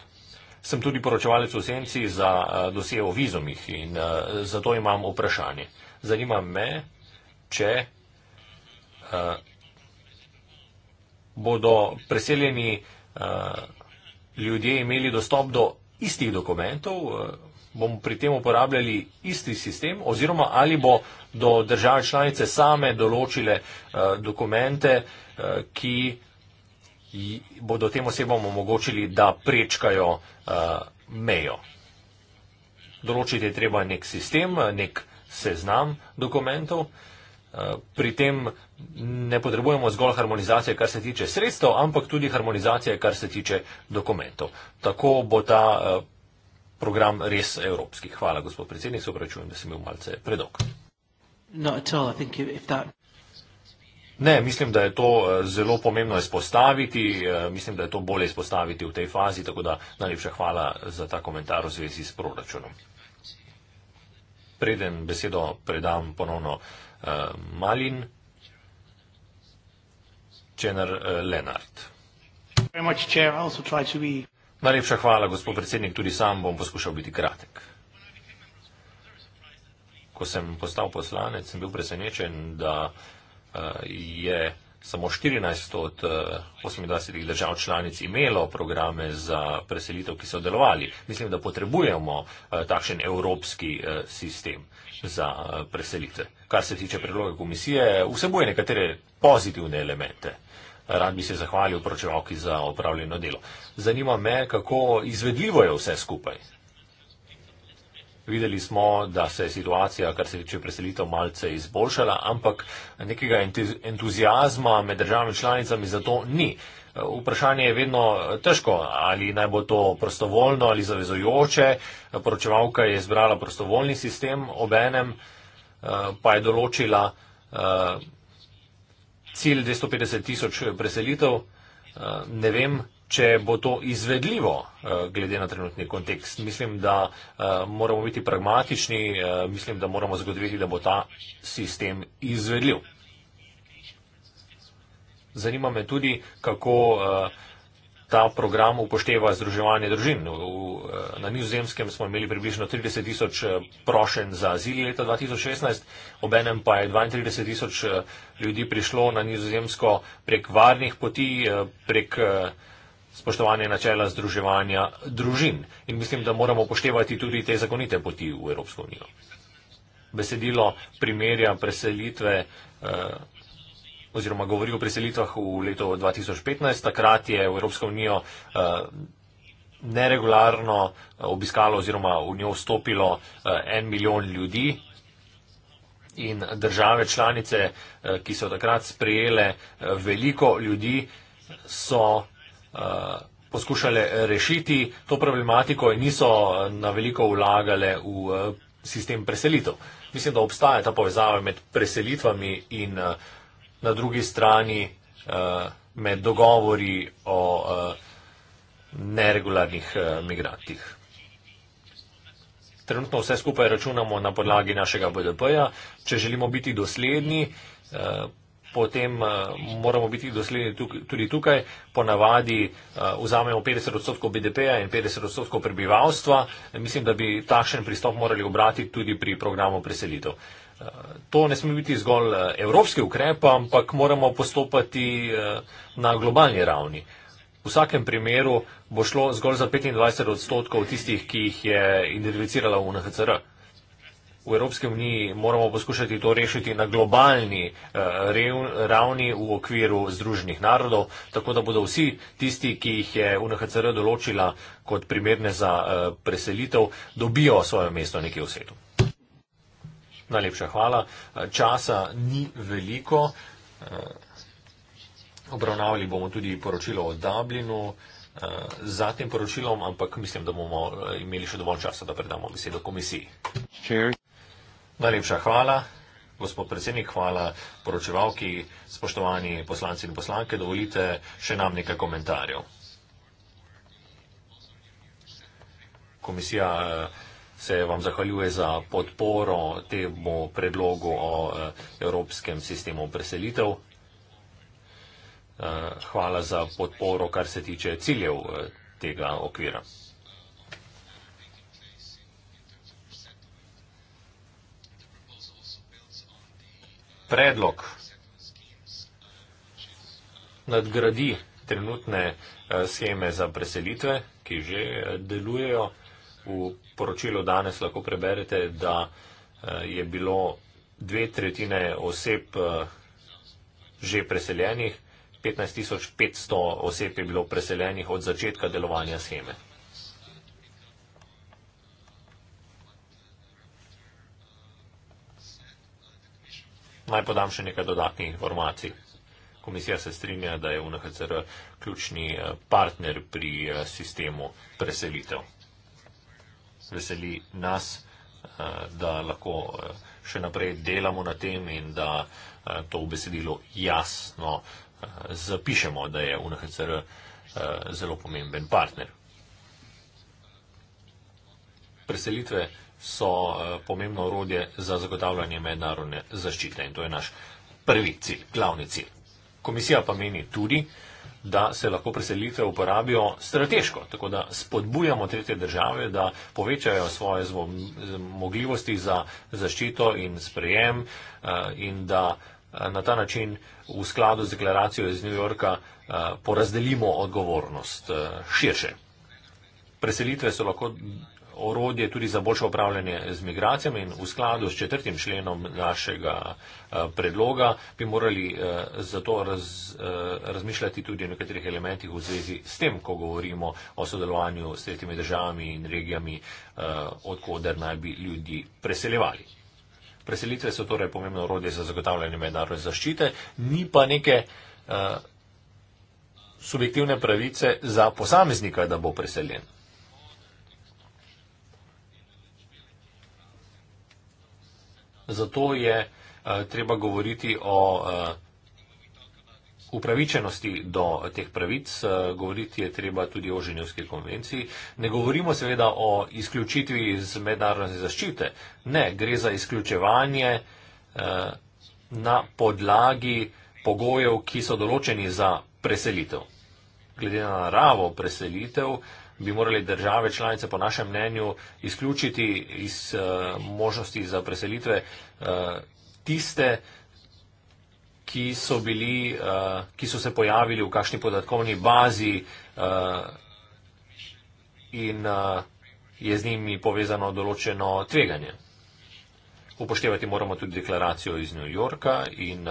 Sem tudi poročevalec v senci za eh, dosje o vizumih in eh, zato imam vprašanje. Zanima me, če bodo preseljeni eh, ljudje imeli dostop do istih dokumentov, eh, bomo pri tem uporabljali isti sistem oziroma ali bo do države članice same določile eh, dokumente, ki bodo tem osebom omogočili, da prečkajo mejo. Določiti je treba nek sistem, nek seznam dokumentov. Eh, pri tem ne potrebujemo zgolj harmonizacije, kar se tiče sredstev, ampak tudi harmonizacije, kar se tiče dokumentov. Tako bo ta eh, program res evropski. Hvala, gospod predsednik, se opravičujem, da sem bil malce predolg. Ne, mislim, da je to eh, zelo pomembno izpostaviti. Mislim, da je to bolje izpostaviti v tej fazi, tako da najlepša hvala za ta komentar v zvezi s proračunom. Preden besedo predam ponovno. Eh, Malin, Čener eh, Lenart. Najlepša hvala, gospod predsednik, tudi sam bom poskušal biti kratek. Ko sem postal poslanec, sem bil presenečen, da eh, je samo 14 od 28 držav članic imelo programe za preselitev, ki so delovali. Mislim, da potrebujemo takšen evropski sistem za eh, preselitve. Kar se tiče predloga komisije, vseboj nekatere pozitivne elemente. Rad bi se zahvalil pročevalki za opravljeno delo. Zanima me, kako izvedljivo je vse skupaj. Videli smo, da se je situacija, kar se tiče preselitev, malce izboljšala, ampak nekega entuzijazma med državami članicami za to ni. Vprašanje je vedno težko, ali naj bo to prostovoljno ali zavezojoče. Poročevalka je izbrala prostovoljni sistem, obenem eh, pa je določila eh, cilj 250 tisoč preselitev. Eh, ne vem, če bo to izvedljivo, glede na trenutni kontekst. Mislim, da moramo biti pragmatični, mislim, da moramo zagotoviti, da bo ta sistem izvedljiv zanima me tudi, kako eh, ta program upošteva združevanje družin. Eh, na nizozemskem smo imeli približno 30 tisoč eh, prošen za azil leta 2016, obenem pa je 32 tisoč ljudi prišlo na nizozemsko prek varnih poti, prek spoštovanja načela združevanja družin. In mislim, da moramo upoštevati tudi te zakonite poti v Evropsko unijo. Besedilo primerja preselitve oziroma govori o preselitvah v letu 2015. Takrat je v Evropsko unijo eh, neregularno eh, obiskalo oziroma v njo vstopilo eh, en milijon ljudi in države članice, ki so takrat sprejele veliko ljudi, so poskušale rešiti to problematiko in niso na veliko vlagale v sistem preselitev. Mislim, da obstaja ta povezava med preselitvami in uh, na drugi strani uh, eh, med dogovori o uh, neregularnih uh, migrantih. Trenutno vse skupaj računamo na podlagi našega BDP-ja. Če želimo biti dosledni, uh, potem uh, moramo biti dosledni tudi tukaj. Ponavadi uh, vzamemo 50 odstotkov BDP-ja in 50 odstotkov prebivalstva. Mislim, da bi takšen pristop morali obrati tudi pri programu preselitev. Uh, to ne sme biti zgolj uh, evropski ukrep, ampak moramo postopati uh, na globalni ravni. V vsakem primeru bo šlo zgolj za 25 odstotkov tistih, ki jih je identificirala UNHCR. Uh, v Evropski uniji moramo poskušati to rešiti na globalni eh, ravni v okviru Združenih narodov, tako da bodo vsi tisti, ki jih je UNHCR določila kot primerne za eh, preselitev, dobijo svoje mesto nekje v svetu. Najlepša hvala. Eh, časa ni veliko. Obravnavali bomo tudi poročilo o Dublinu. Za tem poročilom, ampak mislim, da bomo imeli še dovolj časa, da predamo besedo komisiji. Cheers. Najlepša hvala, gospod predsednik, hvala poročevalki, spoštovani poslanci in poslanke, dovolite še nam nekaj komentarjev. Komisija eh, se vam zahvaljuje za podporo temu predlogu o eh, evropskem sistemu preselitev. Eh, hvala za podporo, kar se tiče ciljev tega okvira. predlog nadgradi trenutne eh, scheme za preselitve, ki že eh, delujejo. V poročilu danes lahko preberete, da eh, je bilo dve tretjine oseb že preseljenih, 15.500 oseb je bilo preseljenih od začetka delovanja scheme. Naj podam še nekaj dodatnih informacij. Komisija se strinja, da je UNHCR ključni eh, partner pri eh, sistemu preselitev. Veseli nas, eh, da lahko še naprej delamo na tem in da to v besedilo jasno zapišemo, da je UNHCR zelo pomemben partner. Preselitve so eh, pomembno orodje za zagotavljanje mednarodne zaščite in to je naš prvi cilj, glavni cilj. Komisija pa meni tudi, da se lahko preselitve uporabijo strateško, tako da spodbujamo tretje države, da povečajo svoje zmogljivosti za zaščito in sprejem eh, in da eh, na ta način v skladu z deklaracijo iz New Yorka porazdelimo odgovornost širše. Preselitve so lahko orodje tudi za boljše upravljanje z migracijami in v skladu s četrtim členom našega eh, predloga bi morali eh, zato raz, eh, razmišljati tudi o nekaterih elementih v zvezi s tem, ko govorimo o sodelovanju s tretjimi državami in regijami, odkuder naj bi ljudi preseljevali. Preselitve so torej pomembno orodje za zagotavljanje mednarodne zaščite, ni pa neke subjektivne pravice za posameznika, da bo preseljen. zato je eh, treba govoriti o eh, upravičenosti do teh pravic, eh, govoriti je treba tudi o ženevski konvenciji. Ne govorimo seveda o izključitvi iz mednarodne zaščite, ne, gre za izključevanje na podlagi pogojev, ki so določeni za preselitev. Glede na naravo preselitev, bi morali države članice po našem mnenju izključiti iz uh, možnosti za preselitve uh, tiste, ki so, bili, uh, ki so se pojavili v kakšni podatkovni bazi uh, in uh, je z njimi povezano določeno tveganje. Upoštevati moramo tudi deklaracijo iz New Yorka in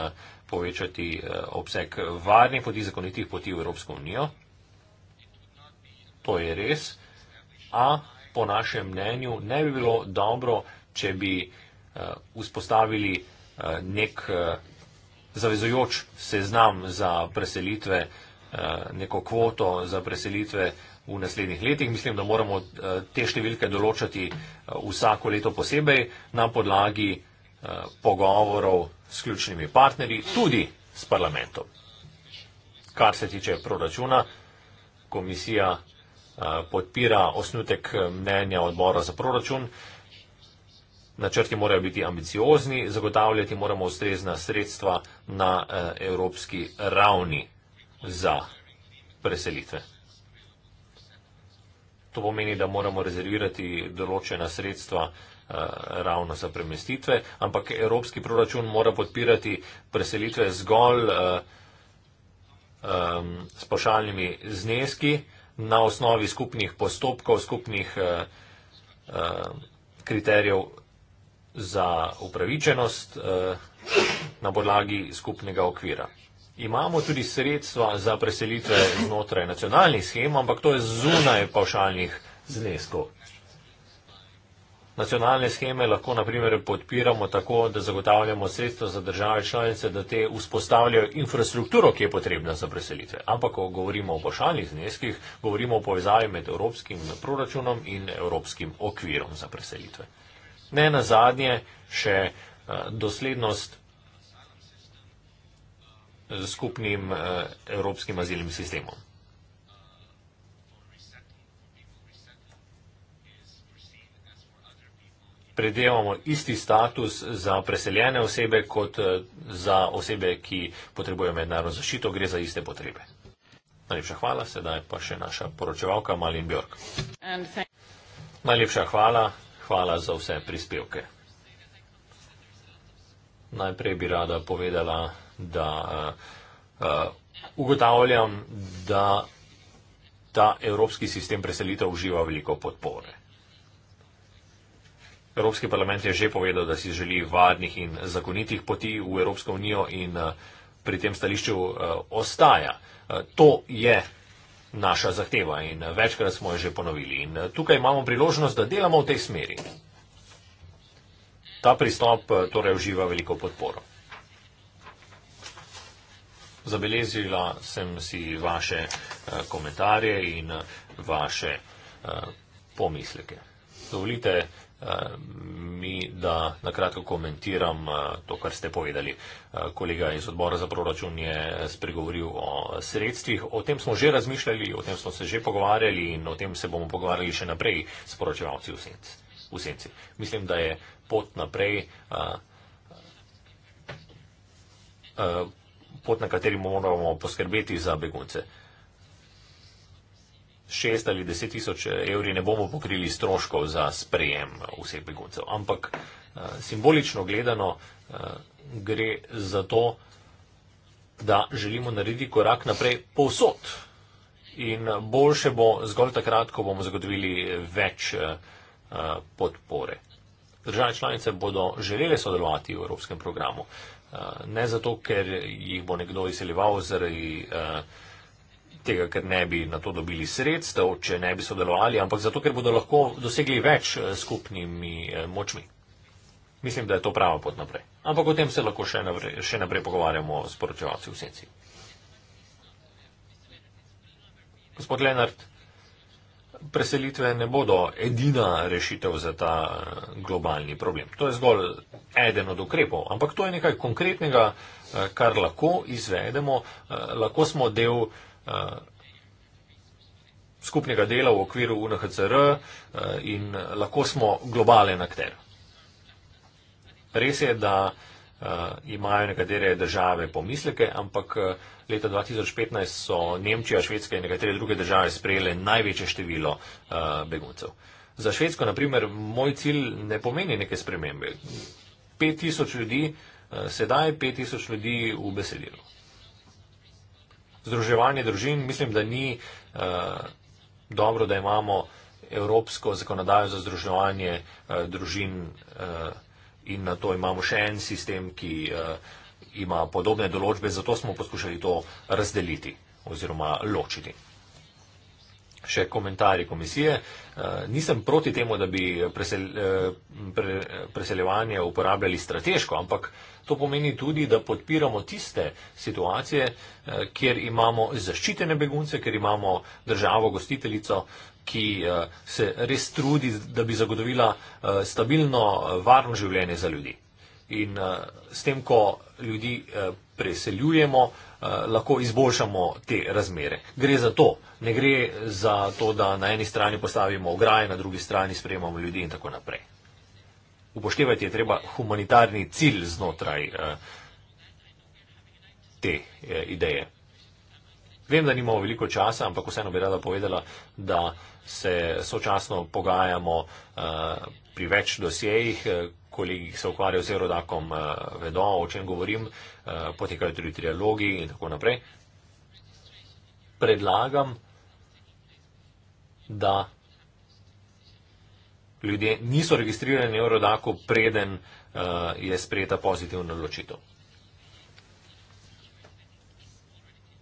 povečati obseg varnih poti, zakonitih poti v Evropsko unijo to je res, a po našem mnenju ne bi bilo dobro, če bi uh, vzpostavili uh, nek uh, eh, zavezojoč seznam za preselitve, uh, neko kvoto za preselitve v naslednjih letih. Mislim, da moramo uh, te številke določati uh, vsako leto posebej na podlagi uh, pogovorov s ključnimi partnerji, tudi s parlamentom. Kar se tiče proračuna, komisija Eh, podpira osnutek eh, mnenja odbora za proračun. Načrti morajo biti ambiciozni, zagotavljati moramo ustrezna sredstva na eh, evropski ravni za preselitve. To pomeni, da moramo rezervirati določena sredstva ravno za premestitve, ampak evropski proračun mora podpirati preselitve zgolj s pošaljnimi zneski, na osnovi skupnih postopkov, skupnih eh, eh, kriterijev za upravičenost eh, na podlagi skupnega okvira. Imamo tudi sredstva za preselitve znotraj nacionalnih schem, ampak to je zunaj pavšalnih zneskov. Nacionalne scheme lahko, naprimer, podpiramo tako, da zagotavljamo sredstvo za države članice, da te vzpostavljajo infrastrukturo, ki je potrebna za preselitve. Ampak, ko govorimo o bošalnih zneskih, govorimo o povezavi med evropskim proračunom in evropskim okvirom za preselitve. Ne na zadnje, še eh, doslednost eh, skupnim eh, evropskim azilnim sistemom. predevamo isti status za preseljene osebe kot eh, za osebe, ki potrebujejo mednarodno zaščito, gre za iste potrebe. Najlepša hvala, sedaj pa še naša poročevalka Malin Bjork. Najlepša hvala, hvala za vse prispevke. Najprej bi rada povedala, da uh, uh, ugotavljam, da ta evropski sistem preselitev uživa veliko podpore. Evropski parlament je že povedal, da si želi varnih in zakonitih poti v Evropsko unijo in eh, pri tem stališču eh, ostaja. Eh, to je naša zahteva in večkrat smo jo že ponovili. In tukaj imamo priložnost, da delamo v tej smeri. Ta pristop torej uživa veliko podporo. Zabeležila sem si vaše komentarje in vaše pomisleke. Dovolite, mi, da nakratko komentiram eh, to, kar ste povedali. Eh, kolega iz odbora za proračun je spregovoril o sredstvih. O tem smo že razmišljali, o tem smo se že pogovarjali in o tem se bomo pogovarjali še naprej s poročevalci v, senc, v senci. Mislim, da je pot naprej. Eh, pot, na kateri moramo poskrbeti za begunce. Uh, šest ali deset tisoč eh, evri ne bomo pokrili stroškov za sprejem eh, vseh beguncev. Ampak eh, simbolično gledano gre za to, da želimo narediti korak naprej povsod. In boljše bo zgolj takrat, ko bomo zagotovili več podpore. Države članice bodo želele sodelovati v evropskem programu. Ne zato, ker jih bo nekdo izseljeval zaradi tega, ker ne bi na to dobili sredstev, če ne bi sodelovali, ampak zato, ker bodo lahko dosegli več eh, skupnimi eh, močmi. Mislim, da je to prava pot naprej. Ampak o tem se lahko še naprej, še naprej pogovarjamo s poročevalci v senci. Gospod Lenart, preselitve ne bodo edina rešitev za ta eh, globalni problem. To je zgolj eden od ukrepov, ampak to je nekaj konkretnega, kar lahko izvedemo. Lahko smo del. Eh, skupnega dela v okviru UNHCR eh, in lahko smo globalen akter. Res je, da eh, imajo nekatere države pomisleke, ampak leta 2015 so Nemčija, Švedska in nekatere druge države sprejele največje število beguncev. Za Švedsko, na primer, moj cilj ne pomeni neke spremembe. 5000 ljudi, sedaj 5000 ljudi v besedilu združevanje družin, mislim, da ni eh, dobro, da imamo evropsko zakonodajo za združevanje eh, družin eh, in na to imamo še en sistem, ki eh, ima podobne določbe, zato smo poskušali to razdeliti oziroma ločiti. Še komentarji komisije. Eh, Eh, nisem proti temu, da bi presel, eh, pre, preseljevanje uporabljali strateško, ampak to pomeni tudi, da podpiramo tiste situacije, eh, kjer imamo zaščitene begunce, kjer imamo državo gostiteljico, ki se res trudi, da bi zagotovila stabilno, varno življenje za ljudi. In s tem, ko ljudi preseljujemo, lahko izboljšamo te razmere. Gre za to, ne gre za to, da na eni strani postavimo ograje, na drugi strani sprejemamo ljudi in tako naprej. Upoštevati je treba humanitarni cilj znotraj eh, te eh, ideje. Vem, da nimamo veliko časa, ampak vseeno bi rada povedala, da se sočasno pogajamo eh, pri več dosjejih, eh, kolegi se ukvarjajo z erodakom, eh, vedo, o čem govorim, eh, potekajo tudi trialogi in tako naprej. Predlagam, da ljudje niso registrirani v rodaku, preden uh, je sprejeta pozitivna odločitev.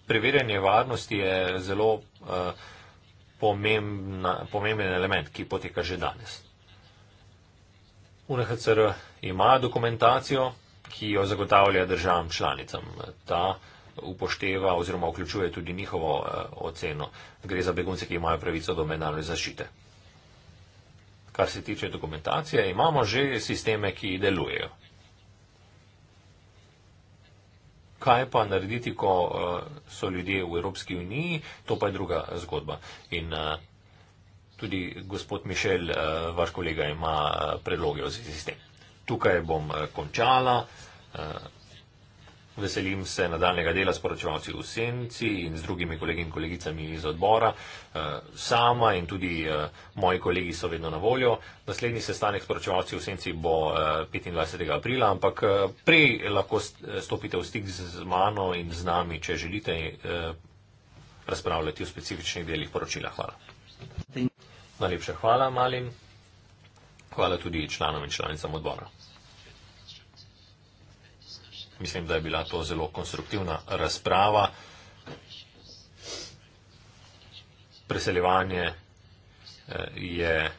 Preverjanje varnosti je zelo uh, pomembna, pomemben element, ki poteka že danes. UNHCR ima dokumentacijo, ki jo zagotavlja državam članicam. Ta uh, upošteva oziroma vključuje tudi njihovo eh, oceno. Gre za begunce, ki imajo pravico do mednarodne zaščite. Kar se tiče dokumentacije, imamo že sisteme, ki delujejo. Kaj pa narediti, ko eh, so ljudje v Evropski uniji, to pa je druga zgodba. In eh, tudi gospod Mišel, vaš kolega, ima predloge v zvezi s tem. Tukaj bom končala. Veselim se nadaljnega dela s poročevalci v Senci in z drugimi kolegi in kolegicami iz odbora. Eh, sama in tudi eh, moji kolegi so vedno na voljo. Naslednji sestanek s poročevalci v Senci bo 25. Eh, aprila, ampak prej lahko stopite v stik z mano in z nami, če želite razpravljati o specifičnih delih poročila. Hvala. Najlepša hvala malim. Hvala tudi članom in članicam odbora. Mislim, da je bila to zelo konstruktivna razprava. Preseljevanje eh, je eh,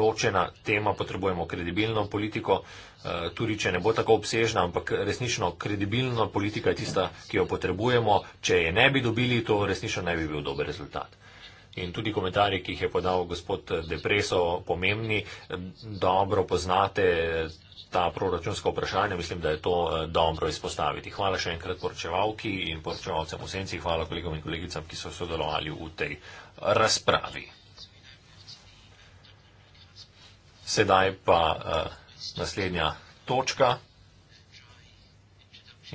ločena tema, potrebujemo kredibilno politiko, eh, tudi če ne bo tako obsežna, ampak resnično kredibilna politika je tista, ki jo potrebujemo. Če je ne bi dobili, to resnično ne bi bil dober rezultat. In tudi komentarji, ki jih je podal gospod Depreso, pomembni, dobro poznate ta proračunska vprašanja, mislim, da je to eh, dobro izpostaviti. Hvala še enkrat poročevalki in poročevalcem v senci, hvala kolegom in kolegicam, ki so sodelovali v tej razpravi. Sedaj pa uh, naslednja točka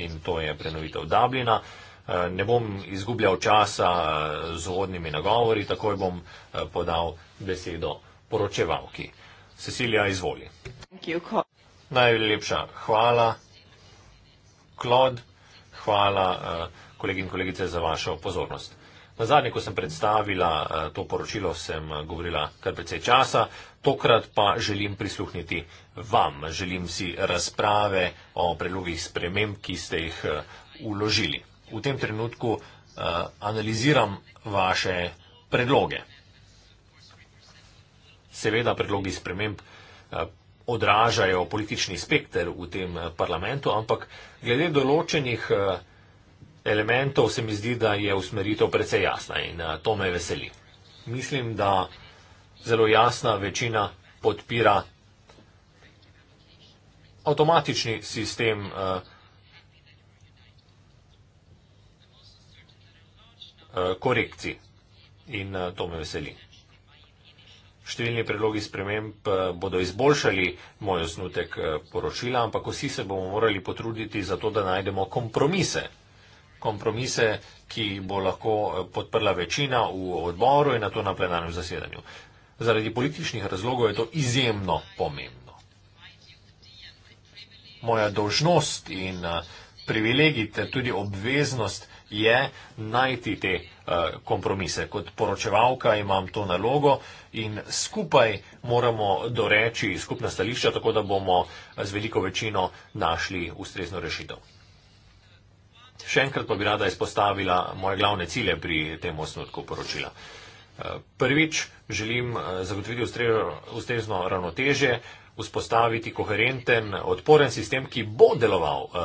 in to je prenovitev Dublina. Eh, ne bom izgubljal časa z vodnimi nagovori, takoj bom podal besedo poročevalki. Cecilija, izvoli. Thank you. Najlepša hvala, Klod, hvala eh, kolegi in kolegice za vašo pozornost. Na zadnje, ko sem predstavila eh, to poročilo, sem eh, govorila kar precej časa, tokrat pa želim prisluhniti vam. Želim si razprave o predlogih sprememb, ki ste jih uložili. V tem trenutku analiziram vaše predloge. Seveda predlogi sprememb odražajo politični spekter v tem eh, parlamentu, ampak glede določenih eh, elementov se mi zdi, da je usmeritev precej jasna in eh, to me veseli. Mislim, da zelo jasna večina podpira avtomatični sistem korekcij in to me veseli. Številni predlogi sprememb eh, bodo izboljšali moj osnutek eh, poročila, ampak vsi se bomo morali potruditi za to, da najdemo kompromise. Kompromise, ki bo lahko eh, podprla večina v odboru in na to na plenarnem zasedanju. Zaradi političnih razlogov je to izjemno pomembno. Moja dožnost in privilegij ter tudi obveznost je najti te kompromise. Kot poročevalka imam to nalogo in skupaj moramo doreči skupna stališča, tako da bomo z veliko večino našli ustrezno rešitev. Še enkrat pa bi rada izpostavila moje glavne cilje pri tem osnutku poročila. Eh, prvič želim eh, zagotoviti ustrezno ravnotežje vzpostaviti koherenten, odporen sistem, ki bo deloval uh,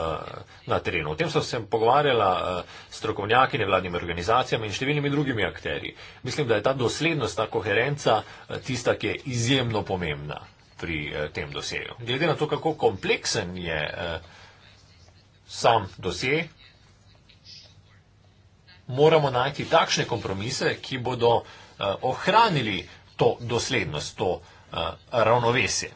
na terenu. O tem so se pogovarjala uh, strokovnjaki, nevladnimi organizacijami in številnimi drugimi akteri. Mislim, da je ta doslednost, ta koherenca uh, tista, ki je izjemno pomembna pri uh, tem doseju. Glede na to, kako kompleksen je uh, sam dosje, moramo najti takšne kompromise, ki bodo uh, ohranili to doslednost, to uh, ravnovesje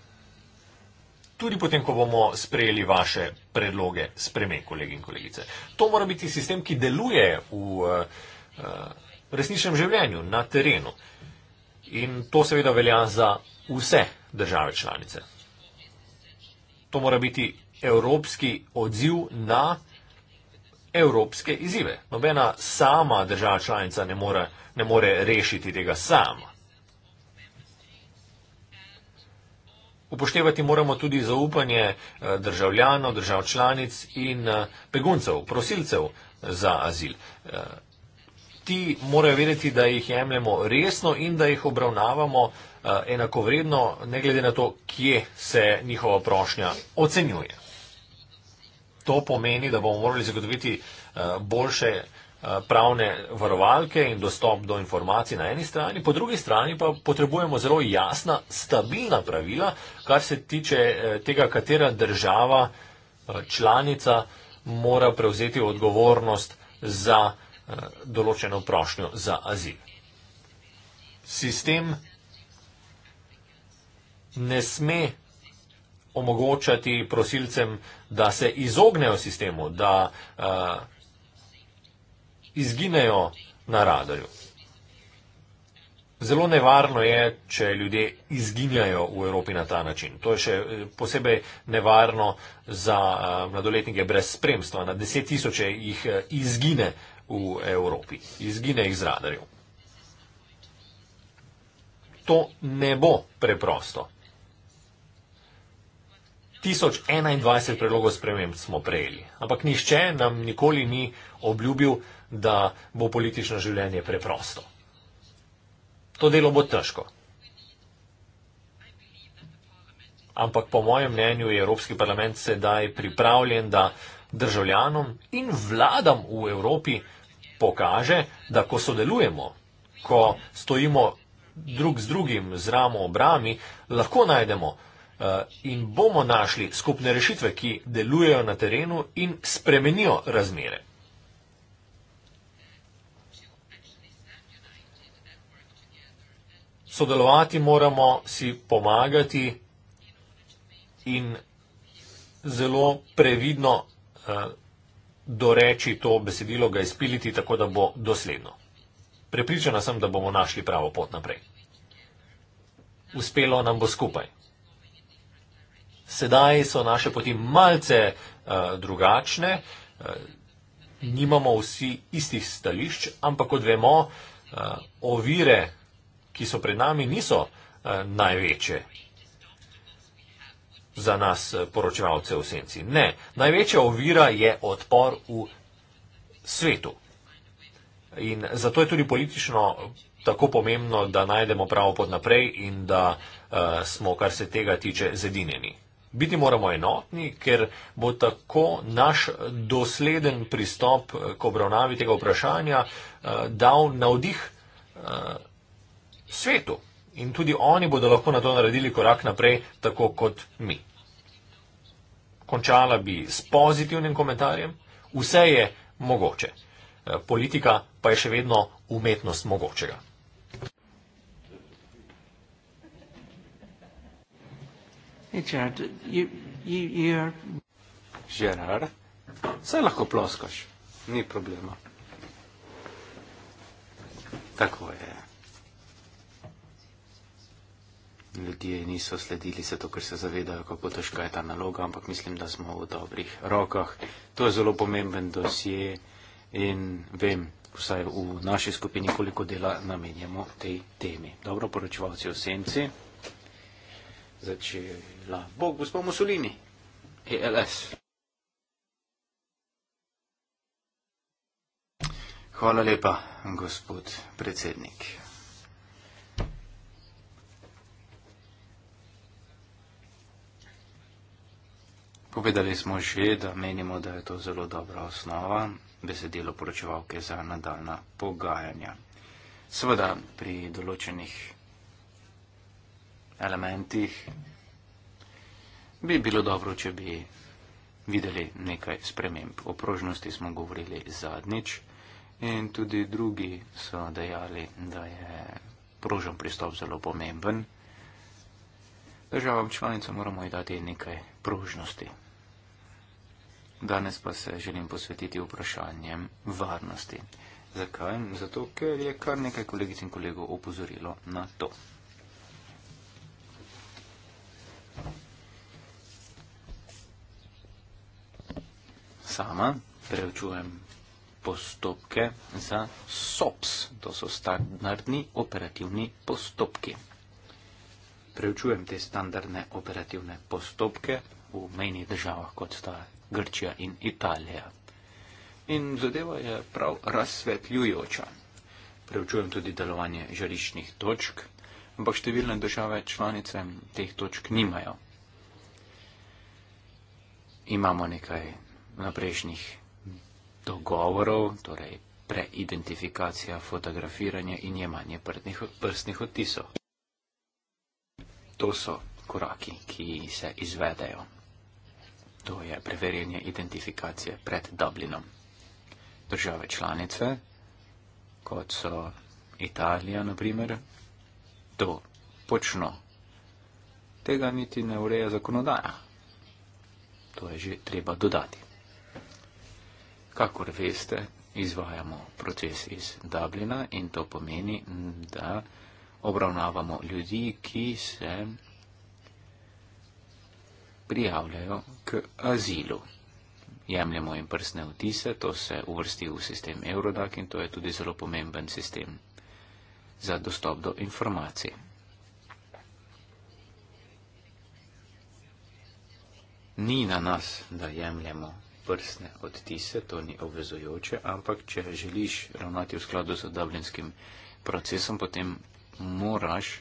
tudi potem, ko bomo sprejeli vaše predloge spremen, kolegi in kolegice. To mora biti sistem, ki deluje v eh, eh, resničnem življenju, na terenu. In to seveda velja za vse države članice. To mora biti evropski odziv na evropske izzive. Nobena sama država članica ne more, ne more rešiti tega sama. Upoštevati moramo tudi zaupanje eh, državljanov, držav članic in eh, beguncev, prosilcev za azil. Eh, ti morajo vedeti, da jih jemljemo resno in da jih obravnavamo enakovredno, ne glede na to, kje se njihova prošnja ocenjuje. To pomeni, da bomo morali zagotoviti boljše. Eh, pravne varovalke in dostop do informacij na eni strani, po drugi strani pa potrebujemo zelo jasna, stabilna pravila, kar se tiče eh, tega, katera država eh, članica mora prevzeti odgovornost za določeno prošnjo za azil. Sistem ne sme omogočati prosilcem, da se izognejo sistemu, da uh, izginejo na radarju. Zelo nevarno je, če ljudje izginjajo v Evropi na ta način. To je še eh, posebej nevarno za eh, mladoletnike brez spremstva. Na deset tisoče jih eh, izgine v Evropi, izgine jih z radarjev. To ne bo preprosto. 1021 predlogov sprememb smo prejeli, ampak nihče nam nikoli ni obljubil, da bo politično življenje preprosto. To delo bo težko. Ampak po mojem mnenju je Evropski parlament sedaj pripravljen, da državljanom in vladam v Evropi pokaže, da ko sodelujemo, ko stojimo drug z drugim z ramo obrami, lahko najdemo eh, in bomo našli skupne rešitve, ki delujejo na terenu in spremenijo razmere. sodelovati moramo, si pomagati in zelo previdno eh, doreči to besedilo, ga izpiliti, tako da bo dosledno. Prepričana sem, da bomo našli pravo pot naprej. Uspelo nam bo skupaj. Sedaj so naše poti malce eh, drugačne, eh, nimamo vsi istih stališč, ampak kot vemo, eh, ovire, ki so pred nami, niso eh, največje za nas eh, poročevalce v senci. Ne, največja ovira je odpor v svetu. In zato je tudi politično tako pomembno, da najdemo pravo pot naprej in da uh, smo, kar se tega tiče, zedinjeni. Biti moramo enotni, ker bo tako naš dosleden pristop k obravnavi tega vprašanja uh, dal navdih uh, svetu. In tudi oni bodo lahko na to naredili korak naprej, tako kot mi. Končala bi s pozitivnim komentarjem. Vse je mogoče. Eh, politika pa je še vedno umetnost mogočega. Žerar, vse lahko ploskaš, ni problema. Tako je. ljudje niso sledili, zato ker se zavedajo, kako težka je ta naloga, ampak mislim, da smo v dobrih rokah. To je zelo pomemben dosje in vem, vsaj v naši skupini, koliko dela namenjamo tej temi. Dobro, poročevalci o senci. Začela. Bog, gospod Mussolini. ELS. Hvala lepa, gospod predsednik. Povedali smo že, da menimo, da je to zelo dobra osnova besedilo poročevalke za nadaljna pogajanja. Seveda pri določenih elementih bi bilo dobro, če bi videli nekaj sprememb. O prožnosti smo govorili zadnjič in tudi drugi so dejali, da je prožen pristop zelo pomemben državam članicam moramo dati nekaj prožnosti. Danes pa se želim posvetiti vprašanjem varnosti. Zakaj? Zato, ker je kar nekaj kolegic in kolegov opozorilo na to. Sama preučujem postopke za SOPS. To so standardni operativni postopki preučujem te standardne operativne postopke v menjih državah, kot sta Grčija in Italija. In zadeva je prav razsvetljujoča. Preučujem tudi delovanje žariščnih točk, ampak številne države članice teh točk nimajo. Imamo nekaj naprejšnjih dogovorov, torej preidentifikacija, fotografiranje in jemanje prstnih odtisov to so koraki, ki se izvedejo. To je preverjanje identifikacije pred Dublinom. Države članice, kot so Italija, naprimer, to počno. Tega niti ne ureja zakonodaja. To je že treba dodati. Kakor veste, izvajamo proces iz Dublina in to pomeni, da obravnavamo ljudi, ki se prijavljajo k azilu. Jemljamo jim prsne vtise, to se uvrsti v sistem Eurodac in to je tudi zelo pomemben sistem za dostop do informacij. Ni na nas, da jemljamo prsne odtise, to ni obvezujoče, ampak če želiš ravnati v skladu z dublinskim procesom, potem moraš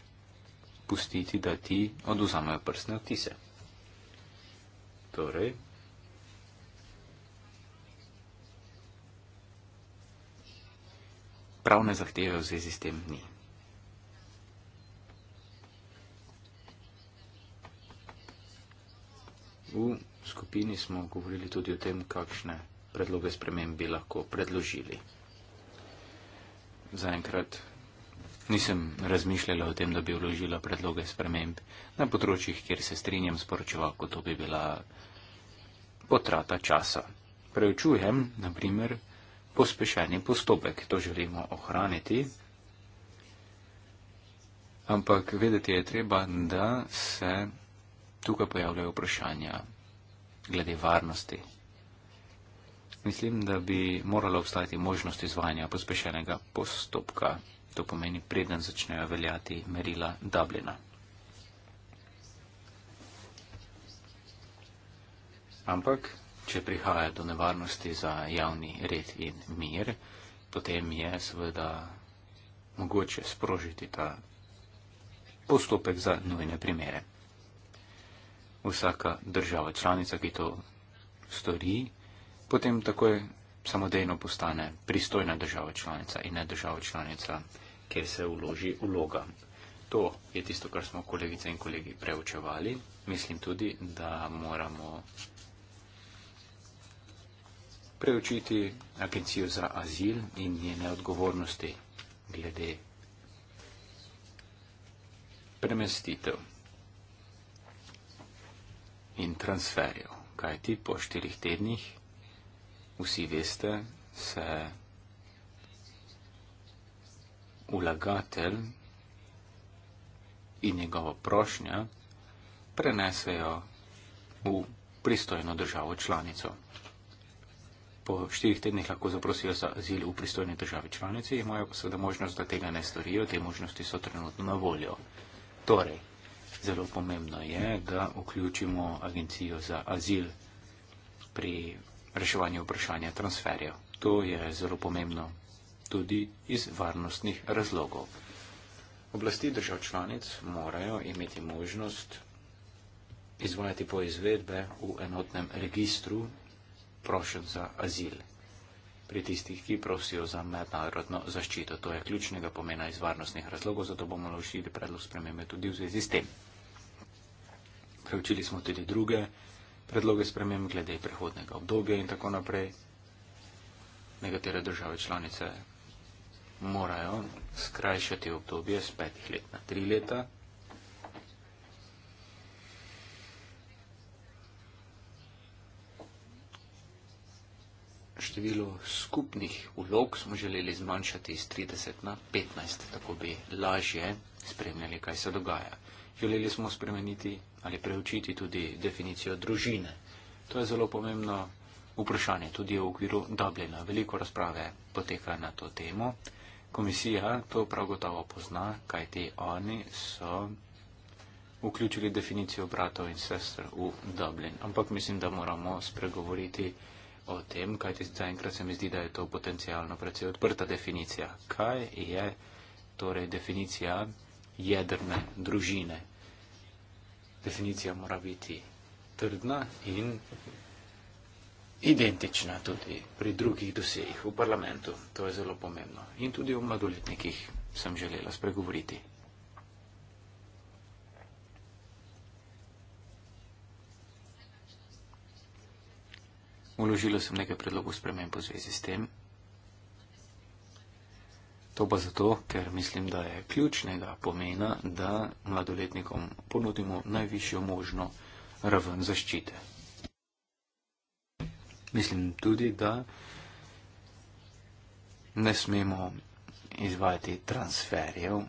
pustiti, da ti oduzamejo prstne odtise. Torej, pravne zahteve v zvezi s tem ni. V skupini smo govorili tudi o tem, kakšne predloge sprememb bi lahko predložili. Zaenkrat Nisem razmišljala o tem, da bi vložila predloge sprememb na področjih, kjer se strinjam s poročevalko, to bi bila potrata časa. Preučujem, na primer, pospešeni postopek, to želimo ohraniti, ampak vedeti je treba, da se tukaj pojavljajo vprašanja glede varnosti. Mislim, da bi morala obstajati možnost izvajanja pospešenega postopka. To pomeni, preden začnejo veljati merila Dublina. Ampak, če prihaja do nevarnosti za javni red in mir, potem je seveda mogoče sprožiti ta postopek za nujne primere. Vsaka država članica, ki to stori, potem takoj samodejno postane pristojna država članica in ne država članica, ker se vloži vloga. To je tisto, kar smo kolegice in kolegi preučevali. Mislim tudi, da moramo preučiti agencijo za azil in njene odgovornosti glede premestitev in transferjev. Kaj ti po štirih tednih vsi veste, se ulagatelj in njegova prošnja prenesejo v pristojno državo članico. Po štirih tednih lahko zaprosijo za azil v pristojni državi članici, imajo pa seveda možnost, da tega ne storijo, te možnosti so trenutno na voljo. Torej, zelo pomembno je, da vključimo agencijo za azil pri reševanju vprašanja transferjev. To je zelo pomembno tudi iz varnostnih razlogov. Oblasti držav članic morajo imeti možnost izvajati poizvedbe v enotnem registru prošen za azil pri tistih, ki prosijo za mednarodno zaščito. To je ključnega pomena iz varnostnih razlogov, zato bomo ložili predlog spremembe tudi v zvezi s tem. Preučili smo tudi druge predloge sprememb glede prehodnega obdobja in tako naprej. Nekatere države članice morajo skrajšati obdobje z petih let na tri leta. Število skupnih vlog smo želeli zmanjšati iz 30 na 15, tako bi lažje spremljali, kaj se dogaja. Želeli smo spremeniti ali preučiti tudi definicijo družine. To je zelo pomembno vprašanje, tudi v okviru Dublina. Veliko razprave poteka na to temo. Komisija to prav gotovo pozna, kajti oni so vključili definicijo bratov in sester v Dublin. Ampak mislim, da moramo spregovoriti o tem, kajti zaenkrat se mi zdi, da je to potencijalno precej odprta definicija. Kaj je torej definicija jedrne družine? definicija mora biti trdna in identična tudi pri drugih dosejih v parlamentu. To je zelo pomembno. In tudi o mladoletnikih sem želela spregovoriti. Uložila sem nekaj predlogov spremenj po zvezi s tem. To pa zato, ker mislim, da je ključnega pomena, da mladoletnikom ponudimo najvišjo možno raven zaščite. Mislim tudi, da ne smemo izvajati transferjev,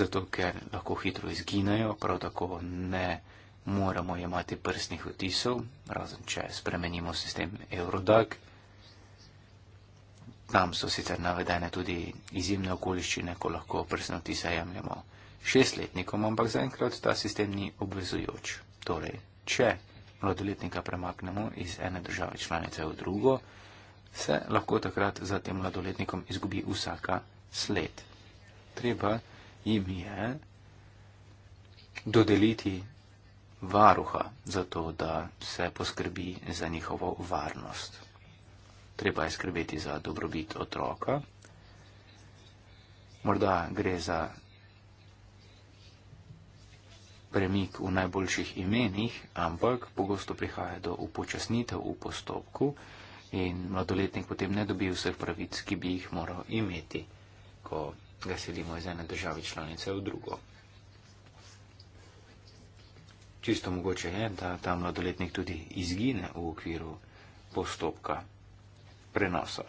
zato ker lahko hitro izginejo, prav tako ne moramo imati prstnih otisov, razen če spremenimo sistem Eurodag Tam so sicer navedene tudi izjemne okoliščine, ko lahko prsno tisa jemljemo šestletnikom, ampak zaenkrat ta sistem ni obvezujoč. Torej, če mladoletnika premaknemo iz ene države članice v drugo, se lahko takrat za tem mladoletnikom izgubi vsaka sled. Treba jim je dodeliti varuha, zato da se poskrbi za njihovo varnost treba je skrbeti za dobrobit otroka. Morda gre za premik v najboljših imenih, ampak pogosto prihaja do upočasnitev v postopku in mladoletnik potem ne dobi vseh pravic, ki bi jih moral imeti, ko ga selimo iz ene države članice v drugo. Čisto mogoče je, da ta mladoletnik tudi izgine v okviru postopka prenosa.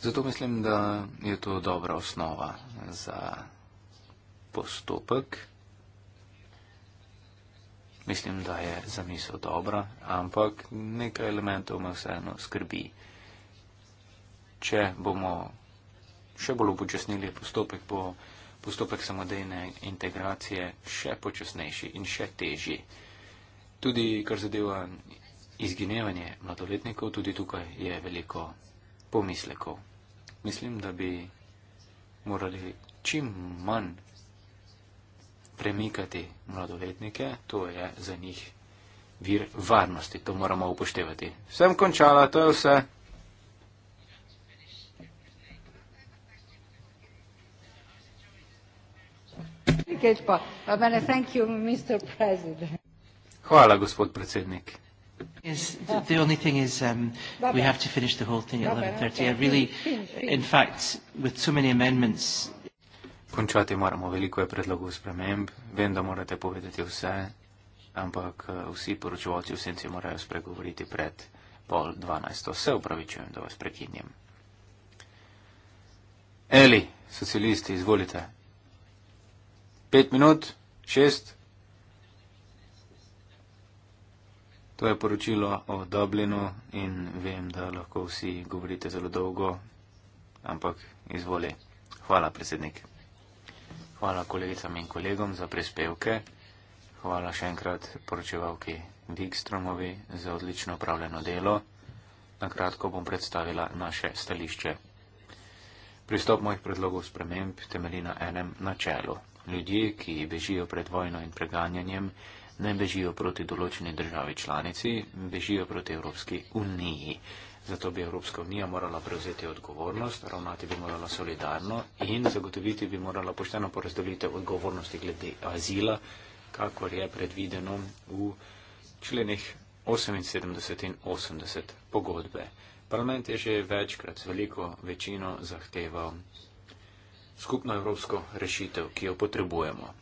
Zato mislim, da je to dobra osnova za postopek. Mislim, da je zamisel dobra, ampak nekaj elementov me vseeno skrbi. Če bomo še bolj upočasnili postopek, bo postopek samodejne integracije še počasnejši in še težji. Tudi kar zadeva izginevanje mladoletnikov, tudi tukaj je veliko pomislekov. Mislim, da bi morali čim manj premikati mladoletnike, to je za njih vir varnosti, to moramo upoštevati. Sem končala, to je vse. Hvala, gospod predsednik. Yes, the only thing is um, we have to finish the whole thing at 11.30. Okay. I really, in fact, with so many amendments... Končati moramo veliko je predlogov sprememb. Vem, da morate povedati vse, ampak eh, vsi poročevalci v senci morajo spregovoriti pred pol dvanajsto. Se upravičujem, da vas prekinjem. Eli, socialisti, izvolite. Pet minut, šest, To je poročilo o Dublinu in vem, da lahko vsi govorite zelo dolgo, ampak izvoli. Hvala, predsednik. Hvala kolegicam in kolegom za prispevke. Hvala še enkrat poročevalki Vikstromovi za odlično upravljeno delo. Nakratko bom predstavila naše stališče. Pristop mojih predlogov spremenb temelji na enem načelu. Ljudje, ki bežijo pred vojno in preganjanjem, ne bežijo proti določeni državi članici, bežijo proti Evropski uniji. Zato bi Evropska unija morala prevzeti odgovornost, ravnati bi morala solidarno in zagotoviti bi morala pošteno porazdelitev odgovornosti glede azila, kakor je predvideno v členih 78 in 80 pogodbe. Parlament je že večkrat z veliko večino zahteval skupno evropsko rešitev, ki jo potrebujemo.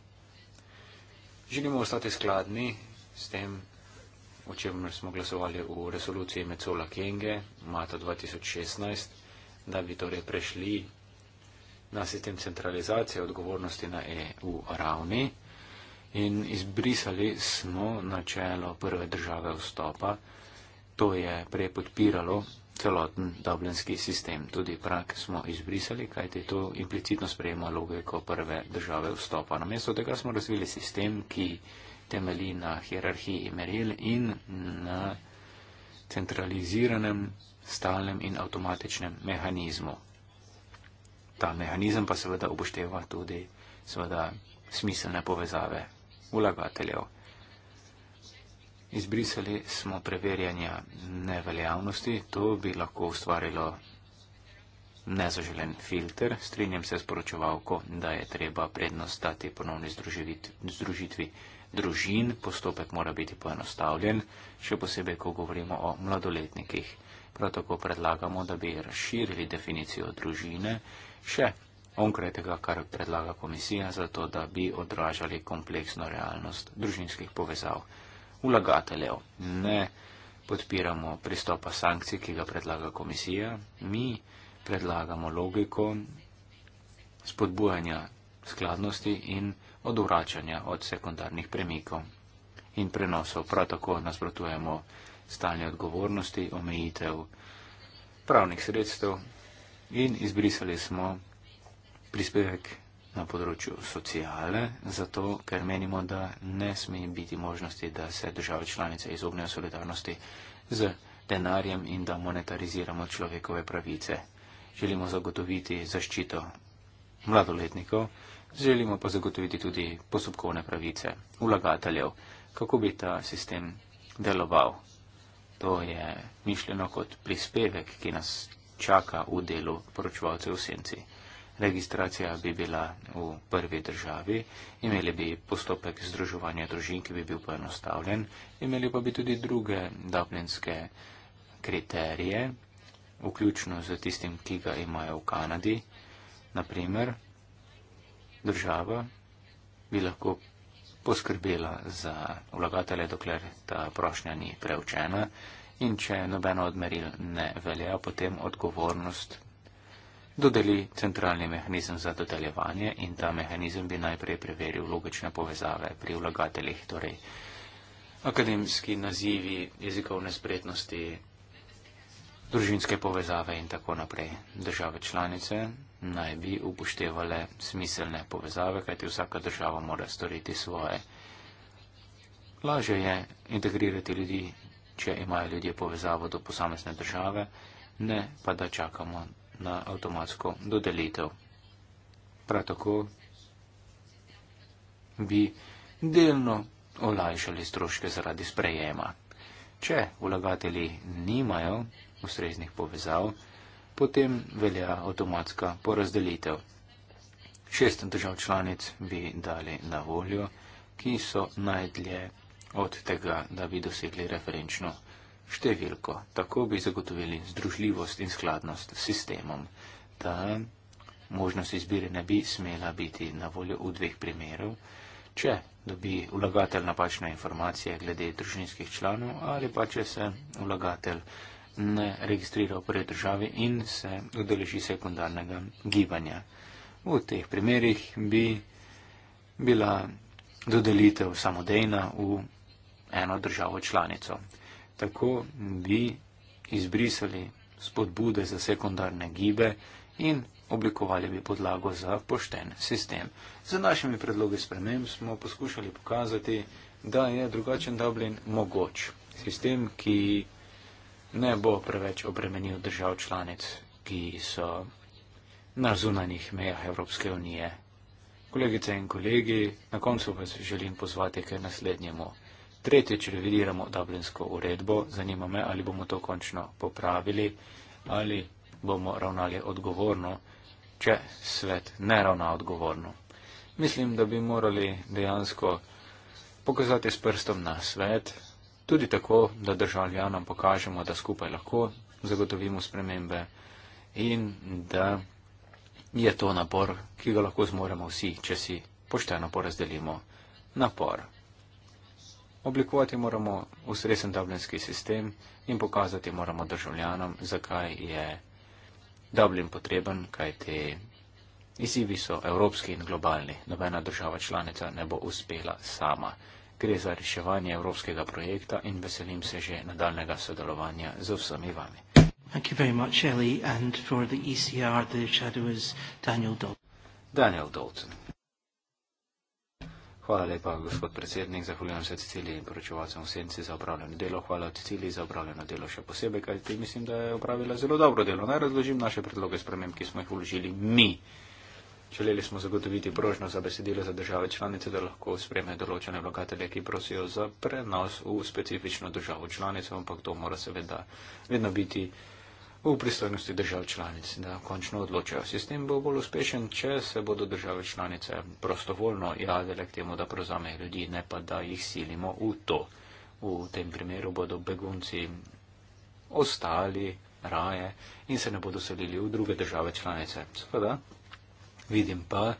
Želimo ostati skladni s tem, o čem smo glasovali v resoluciji Mecola Kenge, mata 2016, da bi torej prešli na sistem centralizacije odgovornosti na EU ravni in izbrisali smo načelo prve države vstopa, to je prej podpiralo celoten dublinski sistem. Tudi prak smo izbrisali, kajte to implicitno sprejema logiko prve države vstopa. Namesto tega smo razvili sistem, ki temelji na hierarhiji meril in na centraliziranem, stalnem in avtomatičnem mehanizmu. Ta mehanizem pa seveda obošteva tudi seveda smiselne povezave vlagateljev. Izbrisali smo preverjanja neveljavnosti, to bi lahko ustvarilo nezaželen filter. Strinjam se s poročevalko, da je treba prednost dati ponovni združitvi družin, postopek mora biti poenostavljen, še posebej, ko govorimo o mladoletnikih. Prav tako predlagamo, da bi razširili definicijo družine še onkraj tega, kar predlaga komisija, zato da bi odražali kompleksno realnost družinskih povezav vlagateljev. Ne podpiramo pristopa sankcij, ki ga predlaga komisija. Mi predlagamo logiko spodbujanja skladnosti in odvračanja od sekundarnih premikov in prenosov. Prav tako nasprotujemo stalni odgovornosti, omejitev pravnih sredstev in izbrisali smo prispevek na področju sociale, zato ker menimo, da ne sme biti možnosti, da se države članice izognejo solidarnosti z denarjem in da monetariziramo človekove pravice. Želimo zagotoviti zaščito mladoletnikov, želimo pa zagotoviti tudi postopkovne pravice vlagateljev. Kako bi ta sistem deloval? To je mišljeno kot prispevek, ki nas čaka v delu poročevalcev v senci registracija bi bila v prvi državi, imeli bi postopek združovanja družin, ki bi bil poenostavljen, imeli pa bi tudi druge dublinske kriterije, vključno z tistim, ki ga imajo v Kanadi. Naprimer, država bi lahko poskrbela za vlagatelje, dokler ta prošnja ni preučena. In če nobeno odmeril ne velja, potem odgovornost dodeli centralni mehanizem za dodeljevanje in ta mehanizem bi najprej preveril logične povezave pri vlagateljih, torej akademski nazivi, jezikovne spretnosti, družinske povezave in tako naprej. Države članice naj bi upoštevale smiselne povezave, kajti vsaka država mora storiti svoje. Lažje je integrirati ljudi, če imajo ljudje povezavo do posamezne države, ne pa da čakamo na avtomatsko dodelitev. Prav tako bi delno olajšali stroške zaradi sprejema. Če vlagateli nimajo ustreznih povezav, potem velja avtomatska porazdelitev. Šest držav članic bi dali na voljo, ki so najdlje od tega, da bi dosegli referenčno številko. Tako bi zagotovili združljivost in skladnost s sistemom, da možnost izbire ne bi smela biti na voljo v dveh primerov, če dobi vlagatelj napačne informacije glede družinskih članov ali pa če se vlagatelj ne registrira v prvi državi in se udeleži sekundarnega gibanja. V teh primerih bi bila dodelitev samodejna v eno državo članico. Tako bi izbrisali spodbude za sekundarne gibe in oblikovali bi podlago za pošten sistem. Z našimi predlogi spremem smo poskušali pokazati, da je drugačen Dublin mogoč. Sistem, ki ne bo preveč obremenil držav članic, ki so na zunanjih mejah Evropske unije. Kolegice in kolegi, na koncu vas želim pozvati k naslednjemu. Tretjič, reviriramo Dublinsko uredbo. Zanima me, ali bomo to končno popravili, ali bomo ravnali odgovorno, če svet ne ravna odgovorno. Mislim, da bi morali dejansko pokazati s prstom na svet, tudi tako, da državljanom pokažemo, da skupaj lahko zagotovimo spremembe in da je to napor, ki ga lahko zmoremo vsi, če si pošteno porazdelimo napor. Oblikovati moramo ustrezen dublinski sistem in pokazati moramo državljanom, zakaj je Dublin potreben, kaj te izzivi so evropski in globalni. Nobena država članica ne bo uspela sama. Gre za reševanje evropskega projekta in veselim se že nadaljnega sodelovanja z vsemi vami. Thank you very much, Ellie. And for the ECR, the shadow is Daniel Dalton. Daniel Dalton. Hvala lepa, gospod predsednik. Zahvaljujem se Ciciliji in poročevalcem v senci za upravljeno delo. Hvala Ciciliji za upravljeno delo še posebej, kaj ti mislim, da je upravila zelo dobro delo. Naj razložim naše predloge sprememb, ki smo jih vložili mi. Želeli smo zagotoviti prožnost za besedilo za države članice, da lahko spreme določene vlagatelje, ki prosijo za prenos v specifično državo članico, ampak to mora seveda vedno biti v pristojnosti držav članic, da končno odločajo. Sistem bo bolj uspešen, če se bodo države članice prostovoljno javile k temu, da prevzamejo ljudi, ne pa da jih silimo v to. V tem primeru bodo begunci ostali raje in se ne bodo selili v druge države članice. Seveda, vidim pa,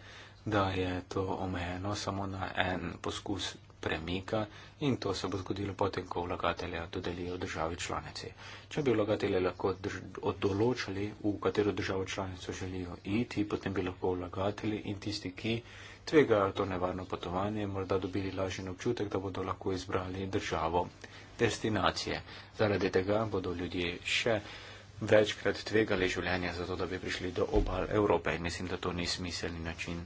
da je to omejeno samo na en poskus premika in to se bo zgodilo potem, ko vlagatelja dodelijo državi članici. Če bi vlagatelje lahko odoločali, v katero državo članico želijo iti, potem bi lahko vlagatelji in tisti, ki tvegajo to nevarno potovanje, morda dobili lažen občutek, da bodo lahko izbrali državo destinacije. Zaradi tega bodo ljudje še večkrat tvegali življenje za to, da bi prišli do obal Evrope in mislim, da to ni smiselni način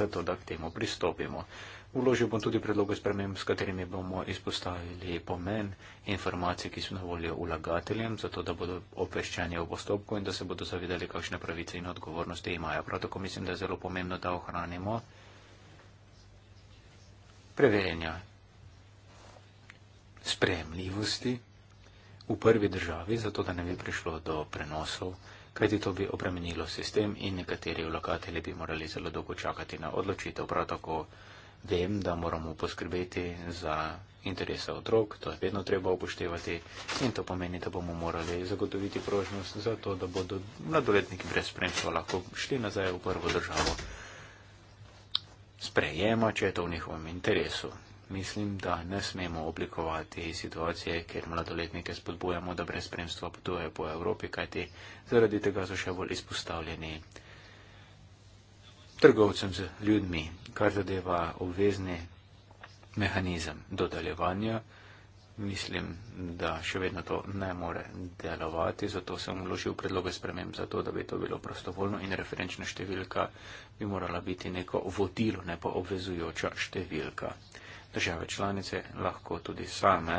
za to, da k temu pristopimo. Vložil bom tudi predloge sprememb, s katerimi bomo izpostavili pomen informacij, ki so na voljo vlagateljem, zato da bodo obveščeni o postopku in da se bodo zavedali, kakšne pravice in odgovornosti imajo. Prav tako mislim, da je zelo pomembno, da ohranimo preverjanja sprejemljivosti v prvi državi, zato da ne bi prišlo do prenosov. Kajti to bi opremenilo sistem in nekateri vlagatelji bi morali zelo dolgo čakati na odločitev. Prav tako vem, da moramo poskrbeti za interese otrok, to je vedno treba upoštevati in to pomeni, da bomo morali zagotoviti prožnost za to, da bodo mladoletniki brez spremstva lahko šli nazaj v prvo državo sprejema, če je to v njihovem interesu. Mislim, da ne smemo oblikovati situacije, ker mladoletnike spodbujamo, da brez spremstva potujejo po Evropi, kajti zaradi tega so še bolj izpostavljeni trgovcem z ljudmi, kar zadeva obvezni mehanizem dodeljevanja. Mislim, da še vedno to ne more delovati, zato sem vložil predloge sprememb za to, da bi to bilo prostovoljno in referenčna številka bi morala biti neko vodilo, ne pa obvezujoča številka. Države članice lahko tudi same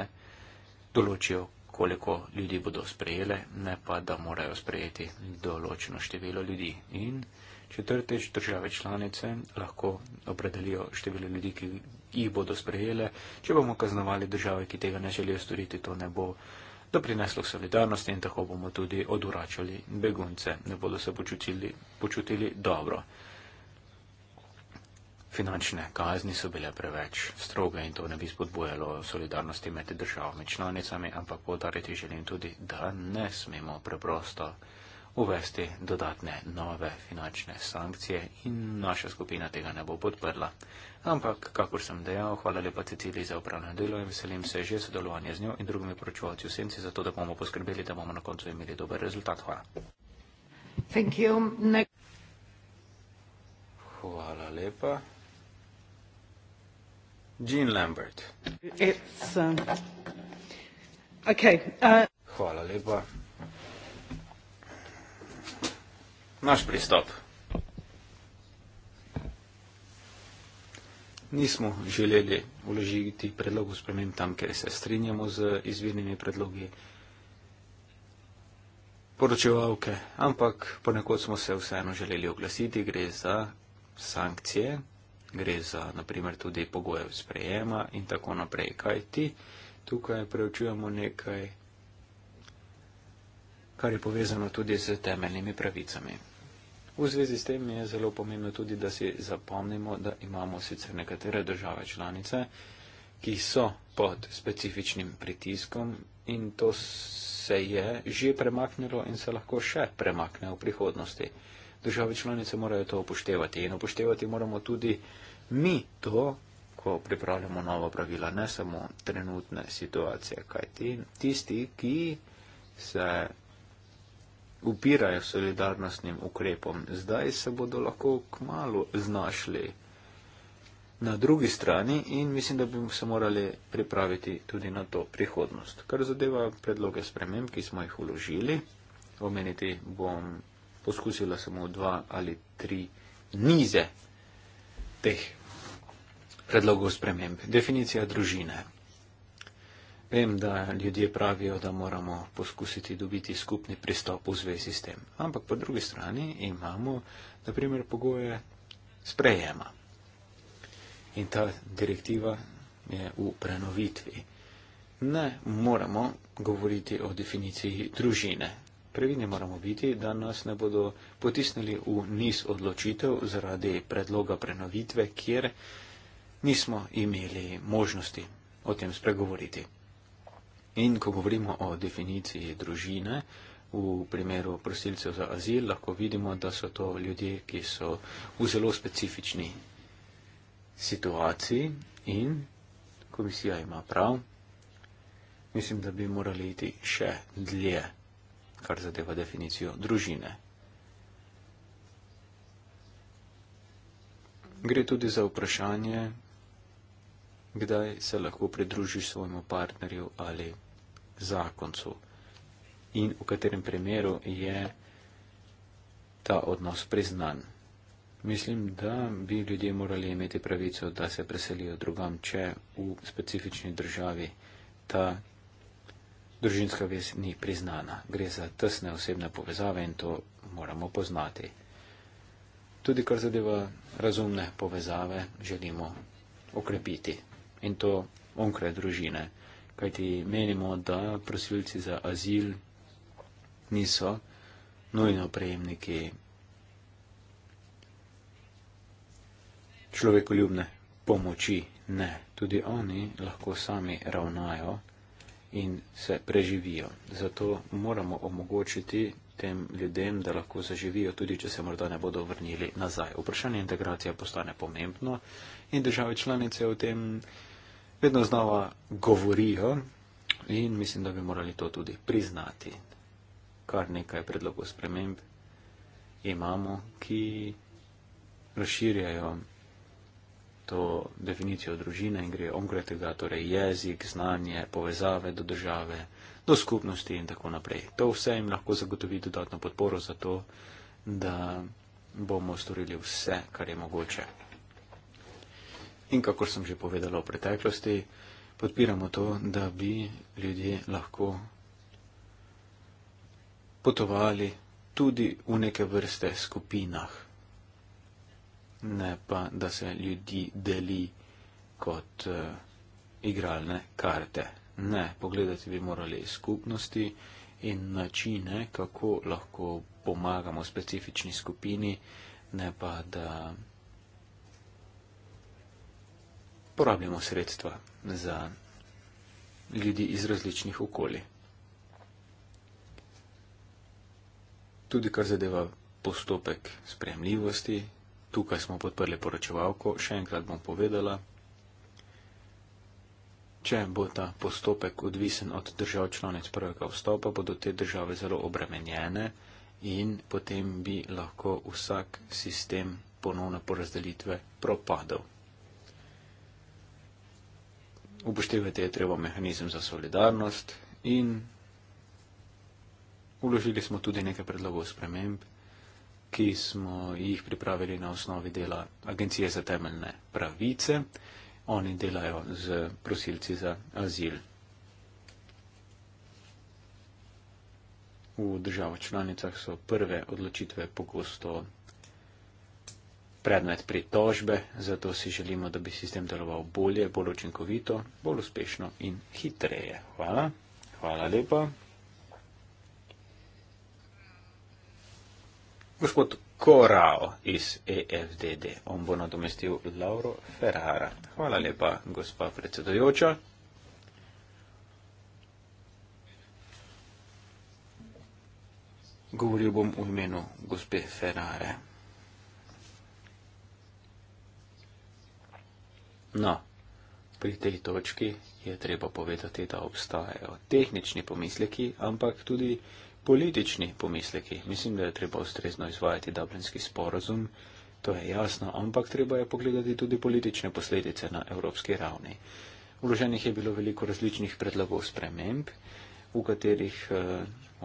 določijo, koliko ljudi bodo sprejele, ne pa da morajo sprejeti določeno število ljudi. In Četrtič, države članice lahko opredelijo število ljudi, ki jih bodo sprejele. Če bomo kaznovali države, ki tega ne želijo storiti, to ne bo doprineslo solidarnosti in tako bomo tudi odvračali begunce. Ne bodo se počutili, počutili dobro. Finančne kazni so bile preveč stroge in to ne bi spodbojalo solidarnosti med državami članicami, ampak podariti želim tudi, da ne smemo preprosto uvesti dodatne nove finančne sankcije in naša skupina tega ne bo podprla. Ampak, kakor sem dejal, hvala lepa Cecili za upravno delo in veselim se že sodelovanja z njo in drugimi poročovalci v senci, zato da bomo poskrbeli, da bomo na koncu imeli dober rezultat. Hvala. Hvala lepa. Jean Lambert. It's, uh, okay, uh... Hvala lepa. naš pristop. Nismo želeli vložiti predlogu sprememb tam, ker se strinjamo z izvirnimi predlogi poročevalke, ampak ponekod smo se vseeno želeli oglasiti, gre za sankcije, gre za naprimer tudi pogoje sprejema in tako naprej, kaj ti tukaj preučujemo nekaj, kar je povezano tudi z temeljnimi pravicami. V zvezi s tem je zelo pomembno tudi, da si zapomnimo, da imamo sicer nekatere države članice, ki so pod specifičnim pritiskom in to se je že premaknilo in se lahko še premakne v prihodnosti. Države članice morajo to upoštevati in upoštevati moramo tudi mi to, ko pripravljamo nova pravila, ne samo trenutne situacije, kajti tisti, ki se upirajo solidarnostnim ukrepom. Zdaj se bodo lahko k malu znašli na drugi strani in mislim, da bi se morali pripraviti tudi na to prihodnost. Kar zadeva predloge sprememb, ki smo jih uložili, omeniti bom poskusila samo dva ali tri nize teh predlogov sprememb. Definicija družine. Vem, da ljudje pravijo, da moramo poskusiti dobiti skupni pristop v zvezi s tem. Ampak po drugi strani imamo, na primer, pogoje sprejema. In ta direktiva je v prenovitvi. Ne moramo govoriti o definiciji družine. Previdni moramo biti, da nas ne bodo potisnili v niz odločitev zaradi predloga prenovitve, kjer nismo imeli možnosti o tem spregovoriti. In ko govorimo o definiciji družine, v primeru prosilcev za azil lahko vidimo, da so to ljudje, ki so v zelo specifični situaciji in komisija ima prav. Mislim, da bi morali iti še dlje, kar zadeva definicijo družine. Gre tudi za vprašanje, kdaj se lahko pridružiš svojemu partnerju ali zakoncu in v katerem primeru je ta odnos priznan. Mislim, da bi ljudje morali imeti pravico, da se preselijo drugam, če v specifični državi ta družinska vez ni priznana. Gre za tesne osebne povezave in to moramo poznati. Tudi kar zadeva razumne povezave, želimo okrepiti in to onkraj družine. Kajti menimo, da prosilci za azil niso nujno prejemniki človekoljubne pomoči. Ne, tudi oni lahko sami ravnajo in se preživijo. Zato moramo omogočiti tem ljudem, da lahko zaživijo, tudi če se morda ne bodo vrnili nazaj. Vprašanje integracije postane pomembno in države članice o tem vedno znova govorijo in mislim, da bi morali to tudi priznati. Kar nekaj predlogov sprememb imamo, ki razširjajo to definicijo družine in gre onkraj tega, torej jezik, znanje, povezave do države, do skupnosti in tako naprej. To vse jim lahko zagotovi dodatno podporo za to, da bomo storili vse, kar je mogoče. In kako sem že povedala v preteklosti, podpiramo to, da bi ljudje lahko potovali tudi v neke vrste skupinah. Ne pa, da se ljudi deli kot uh, igralne karte. Ne, pogledati bi morali skupnosti in načine, kako lahko pomagamo specifični skupini, ne pa, da porabljamo sredstva za ljudi iz različnih okolij. Tudi kar zadeva postopek spremljivosti, tukaj smo podprli poročevalko, še enkrat bom povedala, če bo ta postopek odvisen od držav članic prvega vstopa, bodo te države zelo obremenjene in potem bi lahko vsak sistem ponovne porazdelitve propadal upoštevati je treba mehanizem za solidarnost in uložili smo tudi nekaj predlogov sprememb, ki smo jih pripravili na osnovi dela Agencije za temeljne pravice. Oni delajo z prosilci za azil. V državah članicah so prve odločitve pogosto predmet pritožbe, zato si želimo, da bi sistem deloval bolje, bolj učinkovito, bolj uspešno in hitreje. Hvala. Hvala lepa. Gospod Korao iz EFDD. On bo nadomestil Lauro Ferrara. Hvala lepa, gospa predsedojoča. Govoril bom v imenu gospe Ferrara. No, pri tej točki je treba povedati, da obstajajo tehnični pomisleki, ampak tudi politični pomisleki. Mislim, da je treba ustrezno izvajati Dublinski sporozum, to je jasno, ampak treba je pogledati tudi politične posledice na evropski ravni. Vloženih je bilo veliko različnih predlogov sprememb, v katerih eh,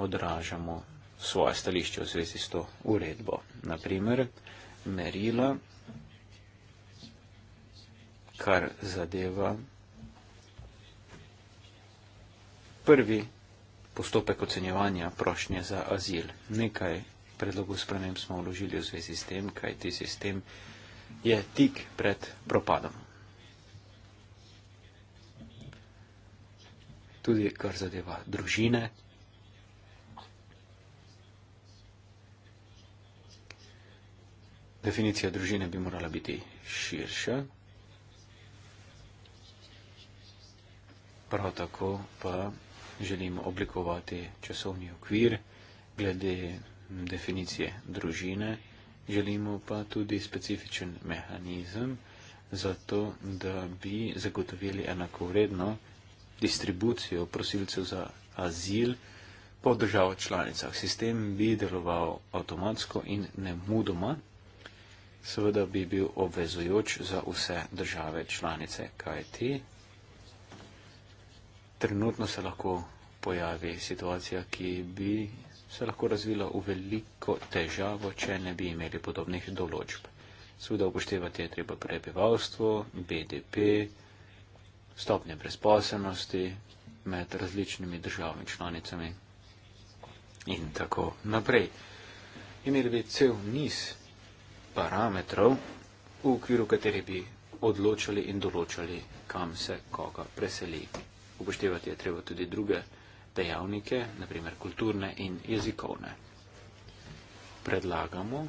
odražamo svoje stališče v zvezi s to uredbo. Naprimer, merila kar zadeva prvi postopek ocenjevanja prošnje za azil. Nekaj predlogov sprememb smo vložili v zvezi s tem, kaj ti sistem je tik pred propadom. Tudi kar zadeva družine. Definicija družine bi morala biti širša, prav tako pa želimo oblikovati časovni okvir glede definicije družine, želimo pa tudi specifičen mehanizem za to, da bi zagotovili enakovredno distribucijo prosilcev za azil po državah članicah. Sistem bi deloval avtomatsko in nemudoma, seveda bi bil obvezujoč za vse države članice, kaj ti trenutno se lahko pojavi situacija, ki bi se lahko razvila v veliko težavo, če ne bi imeli podobnih določb. Seveda upoštevati je treba prebivalstvo, BDP, stopnje brezposobnosti med različnimi državami članicami in tako naprej. Imeli bi cel niz parametrov, v okviru katerih bi odločali in določali, kam se koga preseliti upoštevati je treba tudi druge dejavnike, naprimer kulturne in jezikovne. Predlagamo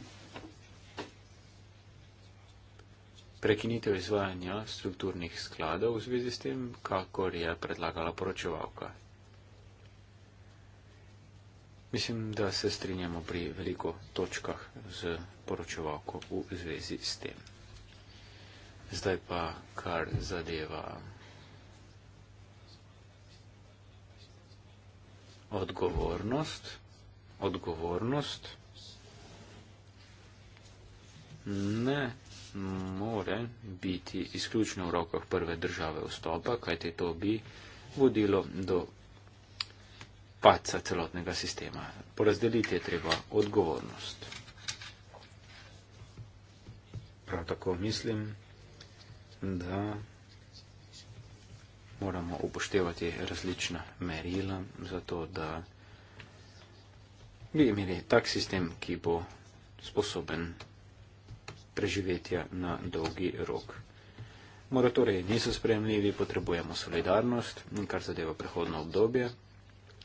prekinitev izvajanja strukturnih skladov v zvezi s tem, kakor je predlagala poročevalka. Mislim, da se strinjamo pri veliko točkah z poročevalko v zvezi s tem. Zdaj pa, kar zadeva. odgovornost, odgovornost ne more biti izključno v rokah prve države vstopa, kajte to bi vodilo do paca celotnega sistema. Porazdeliti je treba odgovornost. Prav tako mislim, da moramo upoštevati različna merila, zato da bi imeli tak sistem, ki bo sposoben preživetja na dolgi rok. Moratorije niso sprejemljivi, potrebujemo solidarnost in kar zadeva prehodno obdobje,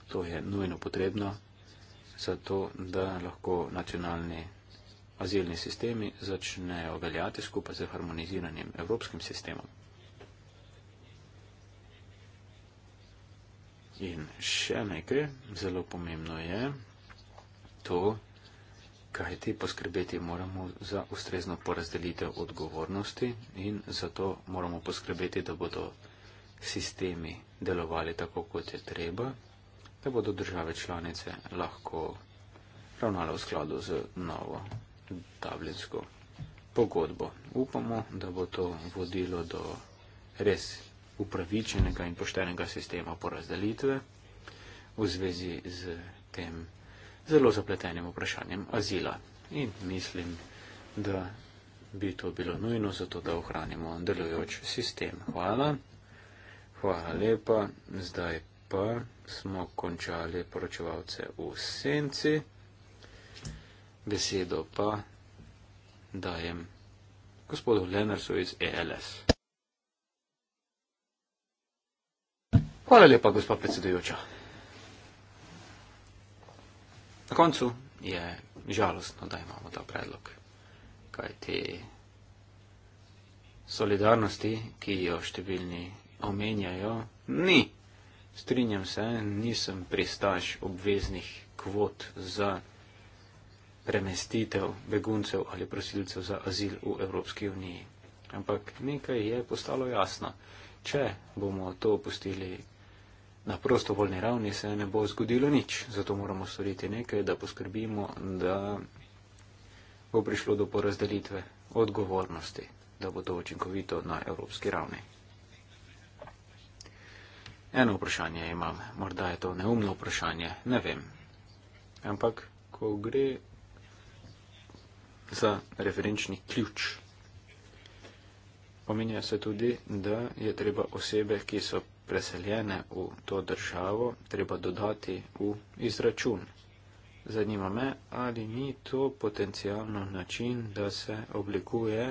to je nujno potrebno, zato da lahko nacionalni azilni sistemi začnejo veljati skupaj z harmoniziranim evropskim sistemom. In še nekaj, zelo pomembno je to, kaj ti poskrbeti moramo za ustrezno porazdelitev odgovornosti in zato moramo poskrbeti, da bodo sistemi delovali tako, kot je treba, da bodo države članice lahko ravnale v skladu z novo Dublinsko pogodbo. Upamo, da bo to vodilo do res upravičenega in poštenega sistema porazdelitve v zvezi z tem zelo zapletenim vprašanjem azila. In mislim, da bi to bilo nujno zato, da ohranimo delujoč sistem. Hvala. Hvala lepa. Zdaj pa smo končali poročevalce v senci. Besedo pa dajem gospodu Lenarsu iz ELS. Hvala lepa, gospod predsedujoča. Na koncu je žalostno, da imamo ta predlog, kaj te solidarnosti, ki jo številni omenjajo, ni. Strinjam se, nisem pristaš obveznih kvot za premestitev beguncev ali prosilcev za azil v Evropski uniji. Ampak nekaj je postalo jasno. Če bomo to opustili na prostovoljni ravni se ne bo zgodilo nič. Zato moramo storiti nekaj, da poskrbimo, da bo prišlo do porazdelitve odgovornosti, da bo to učinkovito na evropski ravni. Eno vprašanje imam, morda je to neumno vprašanje, ne vem. Ampak, ko gre za referenčni ključ, pomenja se tudi, da je treba osebe, ki so preseljene v to državo, treba dodati v izračun. Zanima me, ali ni to potencijalno način, da se oblikuje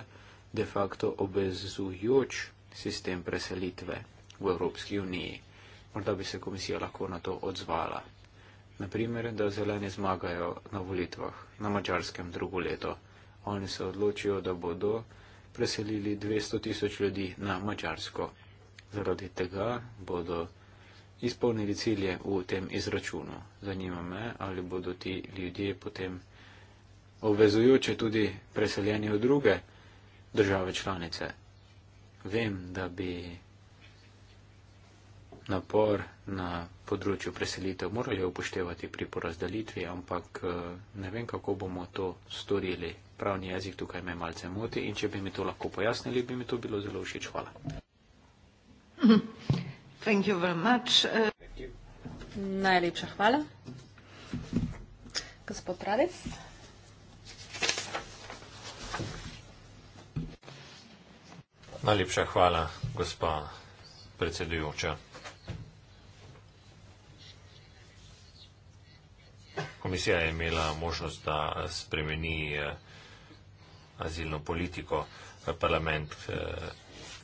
de facto obvezujoč sistem preselitve v Evropski uniji. Morda bi se komisija lahko na to odzvala. Naprimer, da zeleni zmagajo na volitvah na mačarskem drugo leto. Oni se odločijo, da bodo preselili 200 tisoč ljudi na mačarsko zaradi tega bodo izpolnili cilje v tem izračunu. Zanima me, ali bodo ti ljudje potem obvezujoče tudi preseljeni v druge države članice. Vem, da bi napor na področju preselitev morali upoštevati pri porazdelitvi, ampak eh, ne vem, kako bomo to storili. Pravni jezik tukaj me malce moti in če bi mi to lahko pojasnili, bi mi to bilo zelo všeč. Hvala. Thank you very much. Thank uh, you. Najlepša hvala. Gospod Pradec. Najlepša hvala, gospa predsedujoča. Komisija je imela možnost, da spremeni eh, azilno politiko. Parlament eh,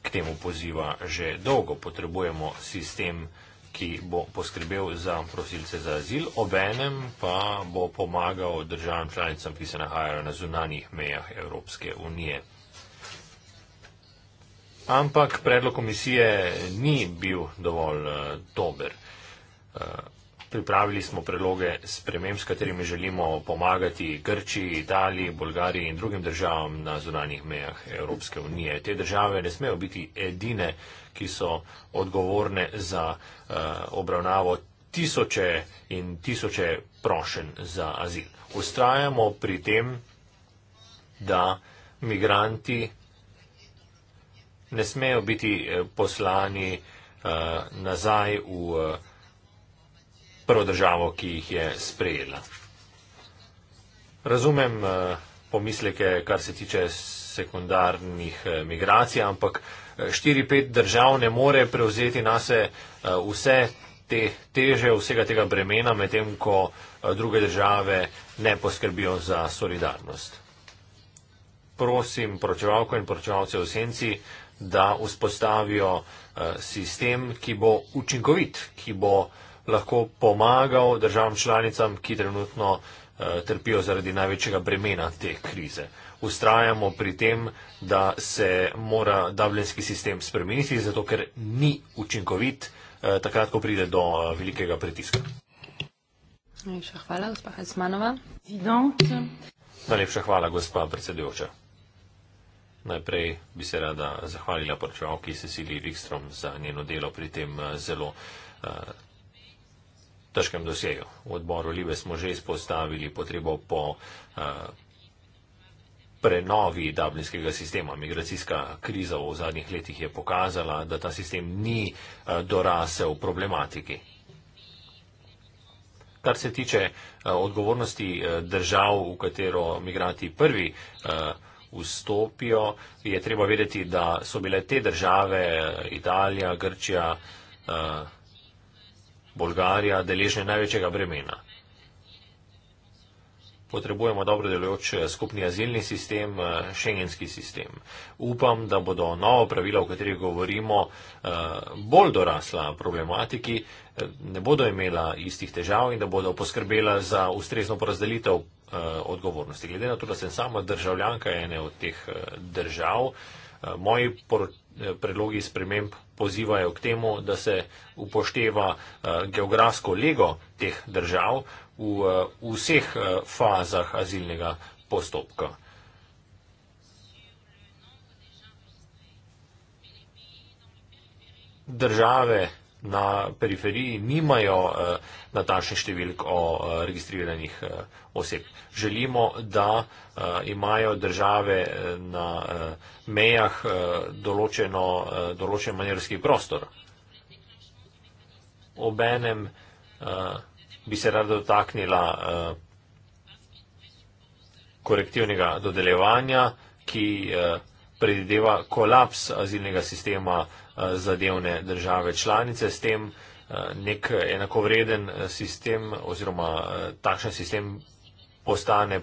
k temu poziva že dolgo. Potrebujemo sistem, ki bo poskrbel za prosilce za azil, obenem pa bo pomagal državam članicam, ki se nahajajo na zunanjih mejah Evropske unije. Ampak predlog komisije ni bil dovolj uh, dober. Uh, Pripravili smo predloge sprememb, s katerimi želimo pomagati Grčiji, Italiji, Bolgariji in drugim državam na zunanjih mejah Evropske unije. Te države ne smejo biti edine, ki so odgovorne za uh, obravnavo tisoče in tisoče prošen za azil. Ustrajamo pri tem, da migranti ne smejo biti eh, poslani uh, nazaj v. Uh, prvo državo, ki jih je sprejela. Razumem eh, pomisleke, kar se tiče sekundarnih eh, migracij, ampak 4-5 eh, držav ne more prevzeti na se vse te teže, vsega tega bremena, medtem ko druge države ne poskrbijo za solidarnost. Prosim poročevalko in poročevalce v senci, da vzpostavijo sistem, ki bo učinkovit, ki bo učinkovit lahko pomagal državam članicam, ki trenutno eh, trpijo zaradi največjega bremena te krize. Ustrajamo pri tem, da se mora davljenski sistem spremeniti, zato ker ni učinkovit, eh, takrat, ko pride do eh, velikega pritiska. Najlepša hvala, gospa Hesmanova. Najlepša hvala, gospa predsedujoča. Najprej bi se rada zahvalila poročevalki Cecilii Wikstrom za njeno delo pri tem zelo težkem dosegu. V odboru Libe smo že izpostavili potrebo po eh, prenovi dublinskega sistema. Migracijska kriza v zadnjih letih je pokazala, da ta sistem ni eh, dorasel problematiki. Kar se tiče eh, odgovornosti držav, v katero migranti prvi vstopijo, je treba vedeti, da so bile te države Italija, Grčija, Bolgarija deležne največjega bremena. Potrebujemo dobro delujoč eh, skupni azilni sistem, eh, šengenski sistem. Upam, da bodo novo pravila, o katerih govorimo, eh, bolj dorasla problematiki, ne bodo imela istih težav in da bodo poskrbela za ustrezno porazdelitev odgovornosti. Glede na to, da sem sama državljanka ene od teh držav, moji predlogi spremembe pozivajo k temu, da se upošteva eh, geografsko lego teh držav v eh, vseh eh, fazah azilnega postopka. Države na periferiji nimajo eh, natančnih številk o eh, registriranih eh, oseb. Želimo, da imajo države na mejah določeno, določen manjerski prostor. Obenem bi se rada dotaknila korektivnega dodelevanja, ki predideva kolaps azilnega sistema Eh, zadevne države članice. S tem eh, nek enakovreden eh, sistem oziroma takšen sistem postane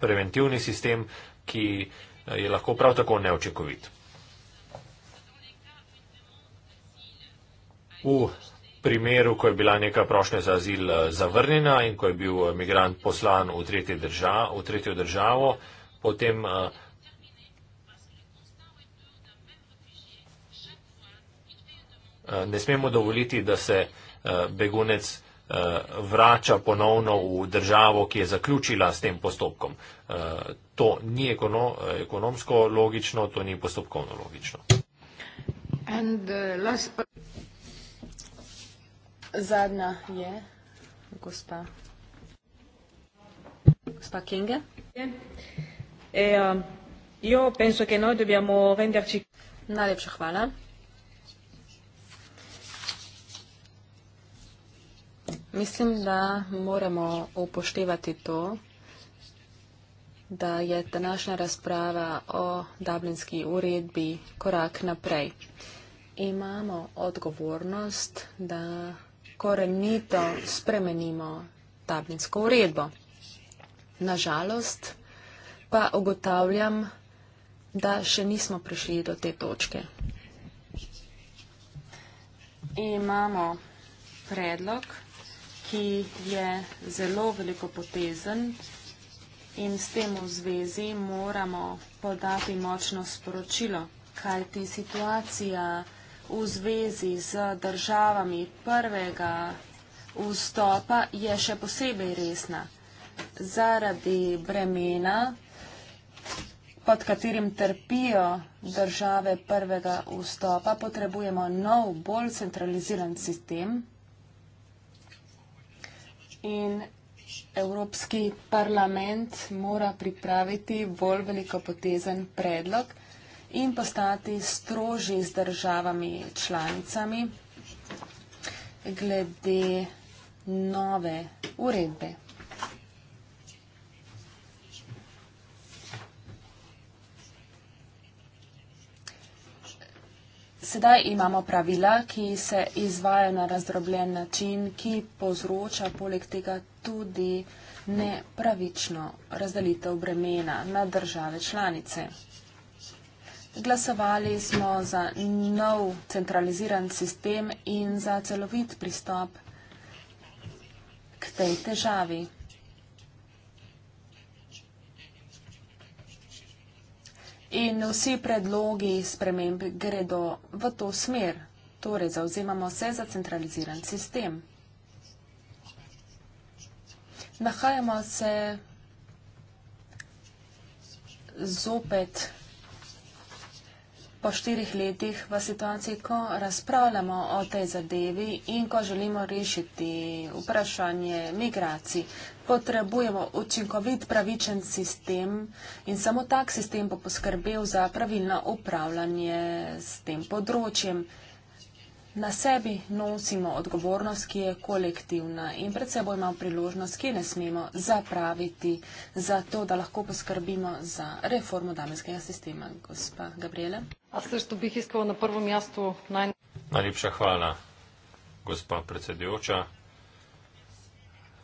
preventivni sistem, ki je lahko prav tako neočekovit. V primeru, ko je bila neka prošnja za azil zavrnjena in ko je bil migrant poslan v tretjo državo, potem vsega, Eh, ne smemo dovoliti, da se eh, begunec eh, vrača ponovno v državo, ki je zaključila s tem postopkom. To ni ekono, ekonomsko logično, to ni postopkovno logično. Zadnja je gospa, gospa Kinga. Yeah. E, um, Najlepša hvala. Mislim, da moramo upoštevati to, da je današnja razprava o dublinski uredbi korak naprej. Imamo odgovornost, da korenito spremenimo dublinsko uredbo. Nažalost pa ugotavljam, da še nismo prišli do te točke. Imamo predlog ki je zelo veliko potezen in s tem v zvezi moramo podati močno sporočilo, kaj ti situacija v zvezi z državami prvega vstopa je še posebej resna. Zaradi bremena, pod katerim trpijo države prvega vstopa, potrebujemo nov, bolj centraliziran sistem, in Evropski parlament mora pripraviti bolj velikopotezen predlog in postati strožji z državami članicami glede nove uredbe. Sedaj imamo pravila, ki se izvajajo na razdrobljen način, ki povzroča poleg tega tudi nepravično razdelitev bremena na države članice. Glasovali smo za nov centraliziran sistem in za celovit pristop k tej težavi. In vsi predlogi sprememb gredo v to smer. Torej, zauzemamo se za centraliziran sistem. Nahajamo se zopet v tem, po štirih letih v situaciji, ko razpravljamo o tej zadevi in ko želimo rešiti vprašanje migracij. Potrebujemo učinkovit pravičen sistem in samo tak sistem bo poskrbel za pravilno upravljanje s tem področjem. Na sebi nosimo odgovornost, ki je kolektivna in pred seboj imamo priložnost, ki ne smemo zapraviti za to, da lahko poskrbimo za reformo damenskega sistema. Gospa Gabriela. A se što bih iskala na prvom mjestu naj... Najlepša hvala, gospa predsedujoča.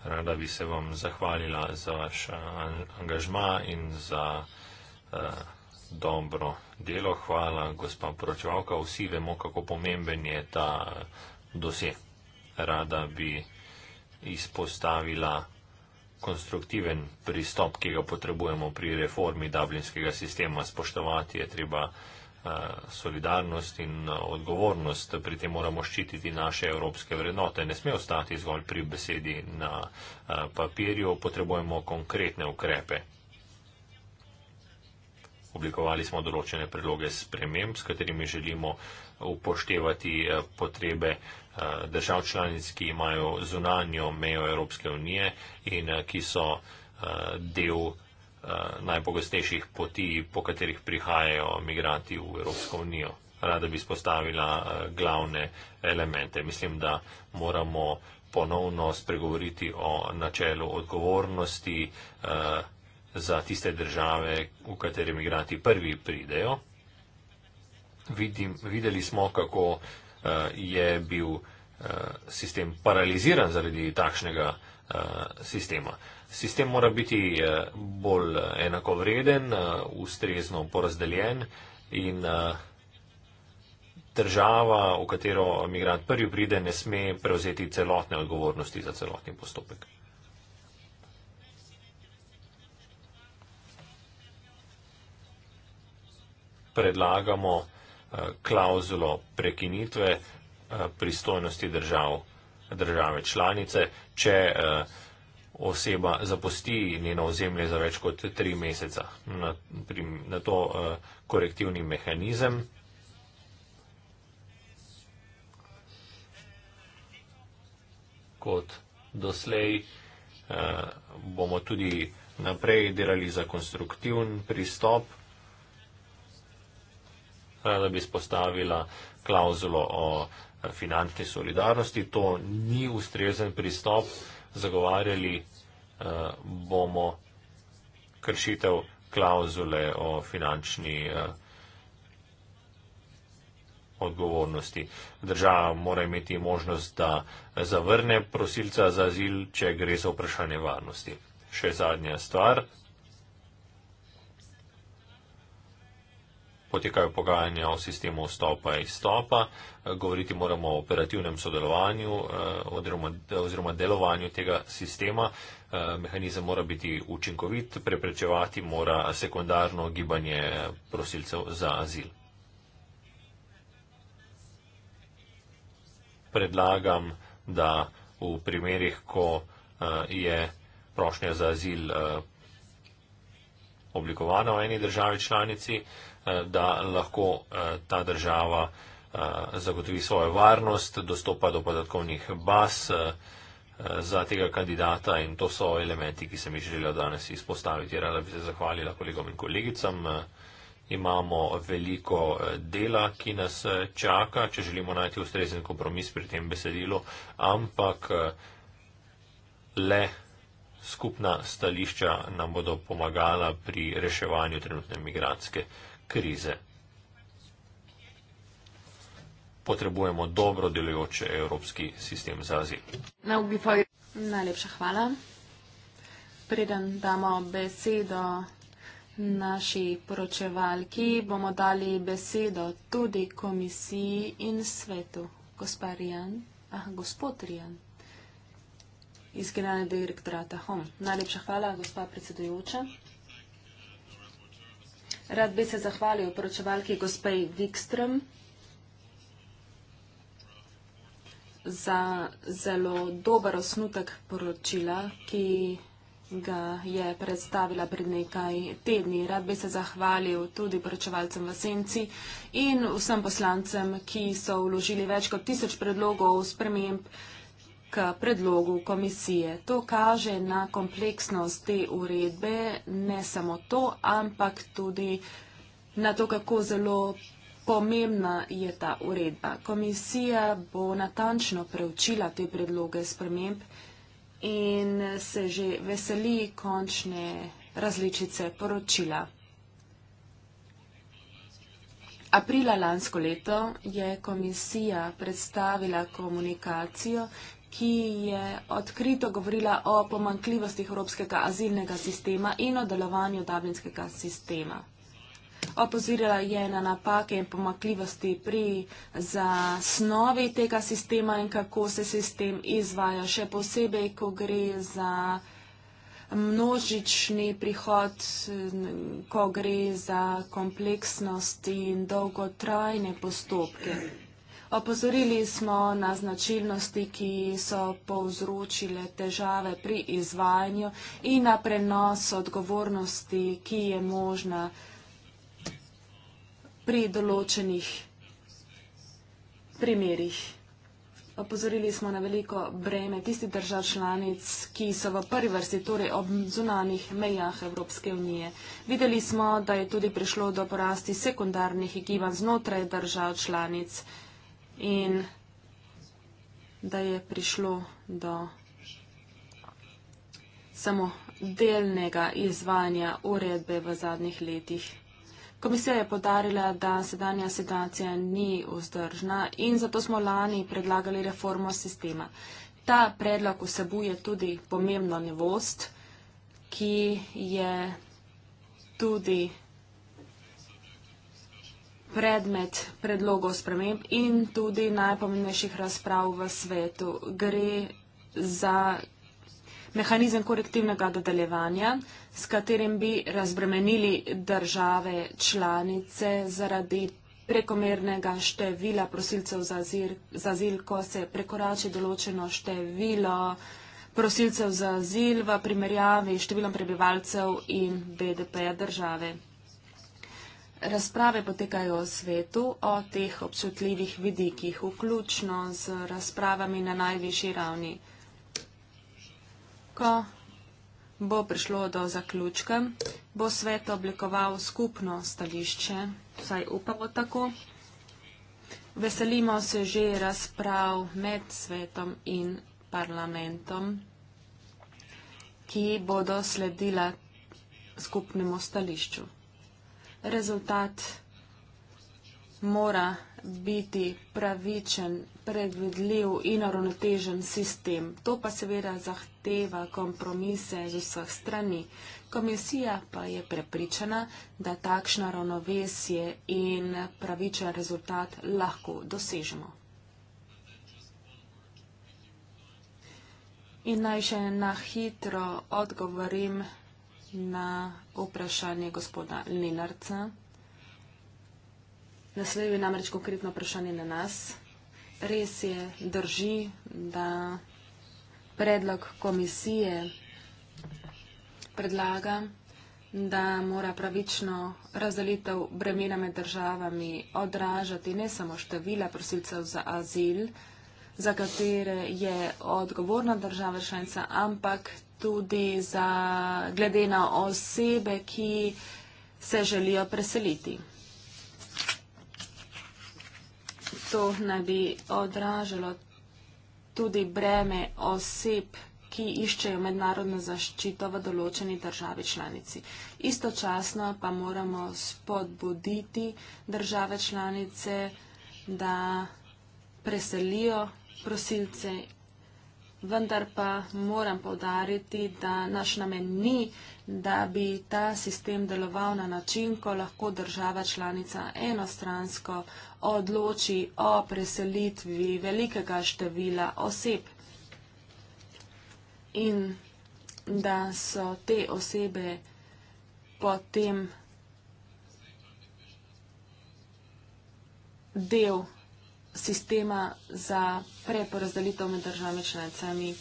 Rada bi se vam zahvalila za vaš eh, angažma in za uh, dobro delo, hvala, gospa poročevalka. Vsi vemo, kako pomemben je ta eh, dosje. Rada bi izpostavila konstruktiven pristop, ki ga potrebujemo pri reformi dublinskega sistema. Spoštovati je treba eh, solidarnost in eh, odgovornost. Pri tem moramo ščititi naše evropske vrednote. Ne sme ostati zgolj pri besedi na papirju. Potrebujemo konkretne ukrepe oblikovali smo določene predloge sprememb, s katerimi želimo upoštevati eh, potrebe eh, držav članic, ki imajo zunanjo mejo Evropske unije in eh, ki so del najpogostejših poti, po katerih prihajajo migranti v Evropsko unijo. Rada bi spostavila glavne elemente. Mislim, da moramo ponovno spregovoriti o načelu odgovornosti, eh, za tiste države, v katere imigranti prvi pridejo. Vidim, videli smo, kako uh, je bil uh, sistem paraliziran zaradi takšnega uh, sistema. Sistem mora biti uh, bolj enakovreden, uh, ustrezno porazdeljen in uh, država, v katero imigrant prvi pride, ne sme prevzeti celotne odgovornosti za celotni postopek. predlagamo eh, klauzulo prekinitve eh, pristojnosti držav, države članice, če eh, oseba zapusti njeno ozemlje za več kot tri meseca. Na, pri, na to korektivni mehanizem. Kot doslej bomo tudi naprej delali za konstruktivn pristop da bi spostavila klauzulo o finančni solidarnosti. To ni ustrezen pristop. Zagovarjali eh, bomo kršitev klauzule o finančni eh, odgovornosti. Država mora imeti možnost, da zavrne prosilca za azil, če gre za vprašanje varnosti. Še zadnja stvar, potekajo pogajanja o sistemu vstopa in izstopa. Govoriti moramo o operativnem sodelovanju eh, oziroma delovanju tega sistema. Eh, mehanizem mora biti učinkovit, preprečevati mora sekundarno gibanje prosilcev za azil. Predlagam, da v primerih, ko eh, je prošnja za azil oblikovana v eni državi članici, Eh, da lahko eh, ta država eh, zagotovi svojo varnost, dostopa do podatkovnih baz za tega kandidata in to so elementi, ki sem jih želela danes izpostaviti. Rada bi se zahvalila kolegom in kolegicam. Imamo veliko dela, ki nas čaka, če želimo najti ustrezen kompromis pri tem besedilu, ampak le skupna stališča nam bodo pomagala pri reševanju trenutne migracijske krize. Potrebujemo dobro delujoče evropski sistem za azil. Najlepša hvala. Preden damo besedo naši poročevalki, bomo dali besedo tudi komisiji in svetu. Gospod Rijan, ah, gospod Rijan iz generalnega direktorata HOM. Najlepša hvala, gospod predsedujoča. Rad bi se zahvalil poročevalki gospej Wikström za zelo dober osnutek poročila, ki ga je predstavila pred nekaj tedni. Rad bi se zahvalil tudi poročevalcem v Senci in vsem poslancem, ki so vložili več kot tisoč predlogov sprememb k predlogu komisije. To kaže na kompleksnost te uredbe, ne samo to, ampak tudi na to, kako zelo pomembna je ta uredba. Komisija bo natančno preučila te predloge sprememb in se že veseli končne različice poročila. Aprila lansko leto je komisija predstavila komunikacijo, ki je odkrito govorila o pomankljivostih evropskega azilnega sistema in o delovanju dublinskega sistema. Opozirala je na napake in pomakljivosti pri zasnovi tega sistema in kako se sistem izvaja, še posebej, ko gre za množični prihod, ko gre za kompleksnost in dolgotrajne postopke. Opozorili smo na značilnosti, ki so povzročile težave pri izvajanju in na prenos odgovornosti, ki je možna pri določenih primerjih. Opozorili smo na veliko breme tistih držav članic, ki so v prvi vrsti, torej ob zunanih mejah Evropske unije. Videli smo, da je tudi prišlo do porasti sekundarnih igivan znotraj držav članic Evropske unije in da je prišlo do samo delnega izvanja uredbe v zadnjih letih. Komisija je podarila, da sedanja situacija ni vzdržna in zato smo lani predlagali reformo sistema. Ta predlog vsebuje tudi pomembno nevost, ki je tudi predmet predlogov sprememb in tudi najpomembnejših razprav v svetu. Gre za mehanizem korektivnega dodeljevanja, s katerim bi razbremenili države članice zaradi prekomernega števila prosilcev za azil, za azil, ko se prekorači določeno število prosilcev za azil v primerjavi s številom prebivalcev in BDP-ja države razprave potekajo v svetu o teh občutljivih vidikih, vključno z razpravami na najvišji ravni. Ko bo prišlo do zaključka, bo svet oblikoval skupno stališče, vsaj upamo tako. Veselimo se že razprav med svetom in parlamentom, ki bodo sledila skupnemu stališču rezultat mora biti pravičen, predvidljiv in uravnotežen sistem. To pa seveda zahteva kompromise z vseh strani. Komisija pa je prepričana, da takšno ravnovesje in pravičen rezultat lahko dosežemo. In naj še na hitro odgovorim na vprašanje gospoda Lenarca. Naslednje je namreč konkretno vprašanje na nas. Res je, drži, da predlog komisije predlaga, da mora pravično razdelitev bremena med državami odražati ne samo števila prosilcev za azil, za katere je odgovorna država članica, ampak tudi za, glede na osebe, ki se želijo preseliti. To naj bi odražalo tudi breme oseb, ki iščejo mednarodno zaščito v določeni državi članici. Istočasno pa moramo spodbuditi države članice, da preselijo prosilce vendar pa moram povdariti, da naš namen ni, da bi ta sistem deloval na način, ko lahko država članica enostransko odloči o preselitvi velikega števila oseb in da so te osebe potem del vsega sistema za preporazdelitev med državami članicami.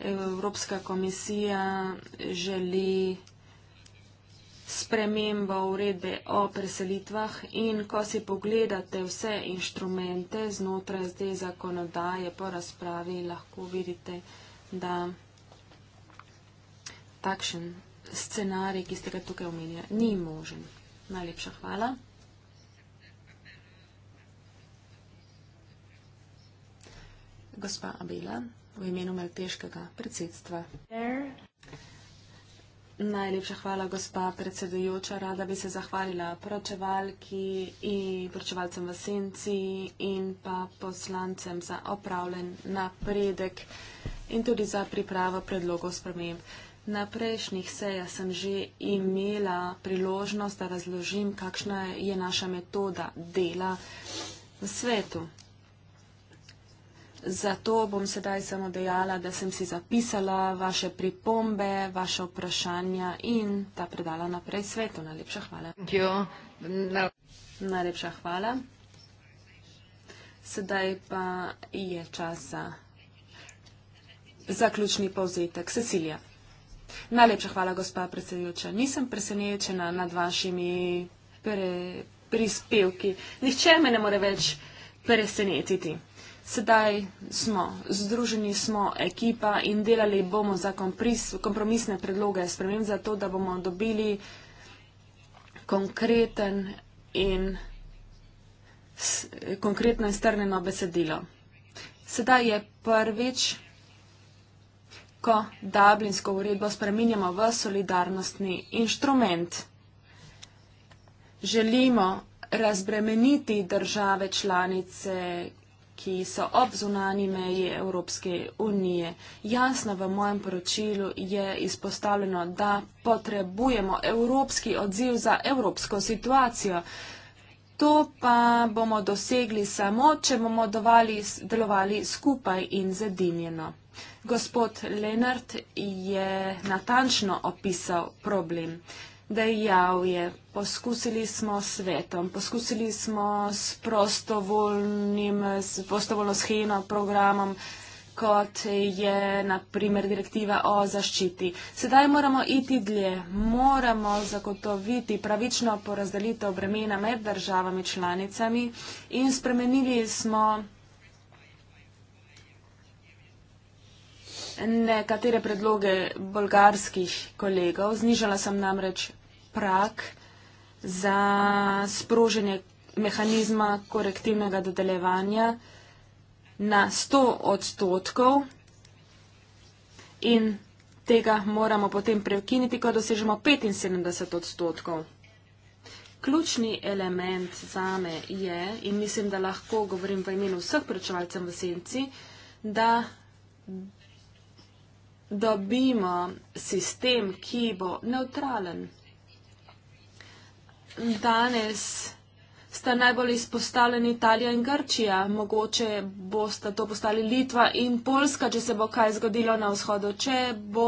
Evropska komisija želi spremembo uredbe o preselitvah in ko si pogledate vse inštrumente znotraj zdaj zakonodaje po razpravi, lahko vidite, da takšen scenarij, ki ste ga tukaj omenjali, ni možen. Najlepša hvala. gospa Abela v imenu Malteškega predsedstva. Najlepša hvala, gospa predsedujoča. Rada bi se zahvalila poročevalki in poročevalcem v senci in pa poslancem za opravljen napredek in tudi za pripravo predlogov sprememb. Na prejšnjih sejah sem že imela priložnost, da razložim, kakšna je naša metoda dela v svetu. Zato bom sedaj samo dejala, da sem si zapisala vaše pripombe, vaše vprašanja in ta predala naprej svetu. Najlepša hvala. Najlepša hvala. Sedaj pa je čas za zaključni povzetek. Cecilija. Najlepša hvala, gospa predsedujoča. Nisem presenečena nad vašimi pre... prispevki. Nihče me ne more več presenetiti sedaj smo, združeni smo ekipa in delali bomo za kompris, kompromisne predloge sprememb za to, da bomo dobili konkreten in, s, konkretno in strneno besedilo. Sedaj je prvič, ko Dublinsko uredbo spreminjamo v solidarnostni inštrument. Želimo razbremeniti države članice ki so ob zunani meji Evropske unije. Jasno v mojem poročilu je izpostavljeno, da potrebujemo evropski odziv za evropsko situacijo. To pa bomo dosegli samo, če bomo dovali, delovali skupaj in zedinjeno. Gospod Lenart je natančno opisal problem. Dejal je, poskusili smo svetom, poskusili smo s prostovoljno scheno, programom, kot je naprimer direktiva o zaščiti. Sedaj moramo iti dlje, moramo zagotoviti pravično porazdelitev bremena med državami članicami in spremenili smo nekatere predloge bolgarskih kolegov, znižala sem namreč prak za sproženje mehanizma korektivnega dodeljevanja na 100 odstotkov in tega moramo potem prekiniti, ko dosežemo 75 odstotkov. Ključni element za me je, in mislim, da lahko govorim v imenu vseh prečevalcev v senci, da dobimo sistem, ki bo neutralen danes sta najbolj izpostavljeni Italija in Grčija. Mogoče bosta to postali Litva in Poljska, če se bo kaj zgodilo na vzhodu. Če bo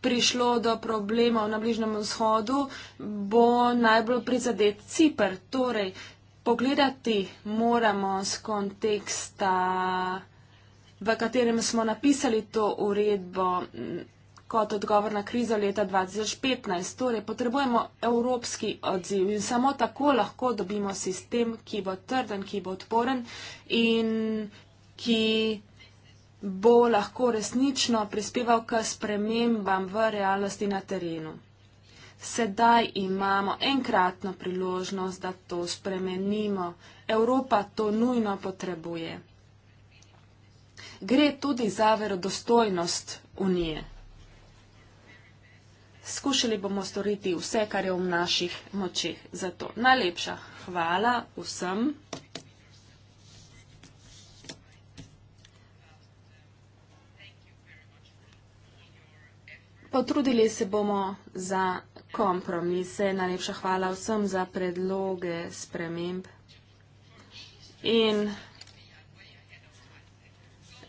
prišlo do problemov na Bližnjem vzhodu, bo najbolj prizadet Cipr. Torej, pogledati moramo z konteksta, v katerem smo napisali to uredbo kot odgovor na krizo leta 2015. Torej, potrebujemo evropski odziv in samo tako lahko dobimo sistem, ki bo trden, ki bo odporen in ki bo lahko resnično prispeval k spremembam v realnosti na terenu. Sedaj imamo enkratno priložnost, da to spremenimo. Evropa to nujno potrebuje. Gre tudi za verodostojnost Unije skušali bomo storiti vse, kar je v naših močeh za to. Najlepša hvala vsem. Potrudili se bomo za kompromise. Najlepša hvala vsem za predloge sprememb. In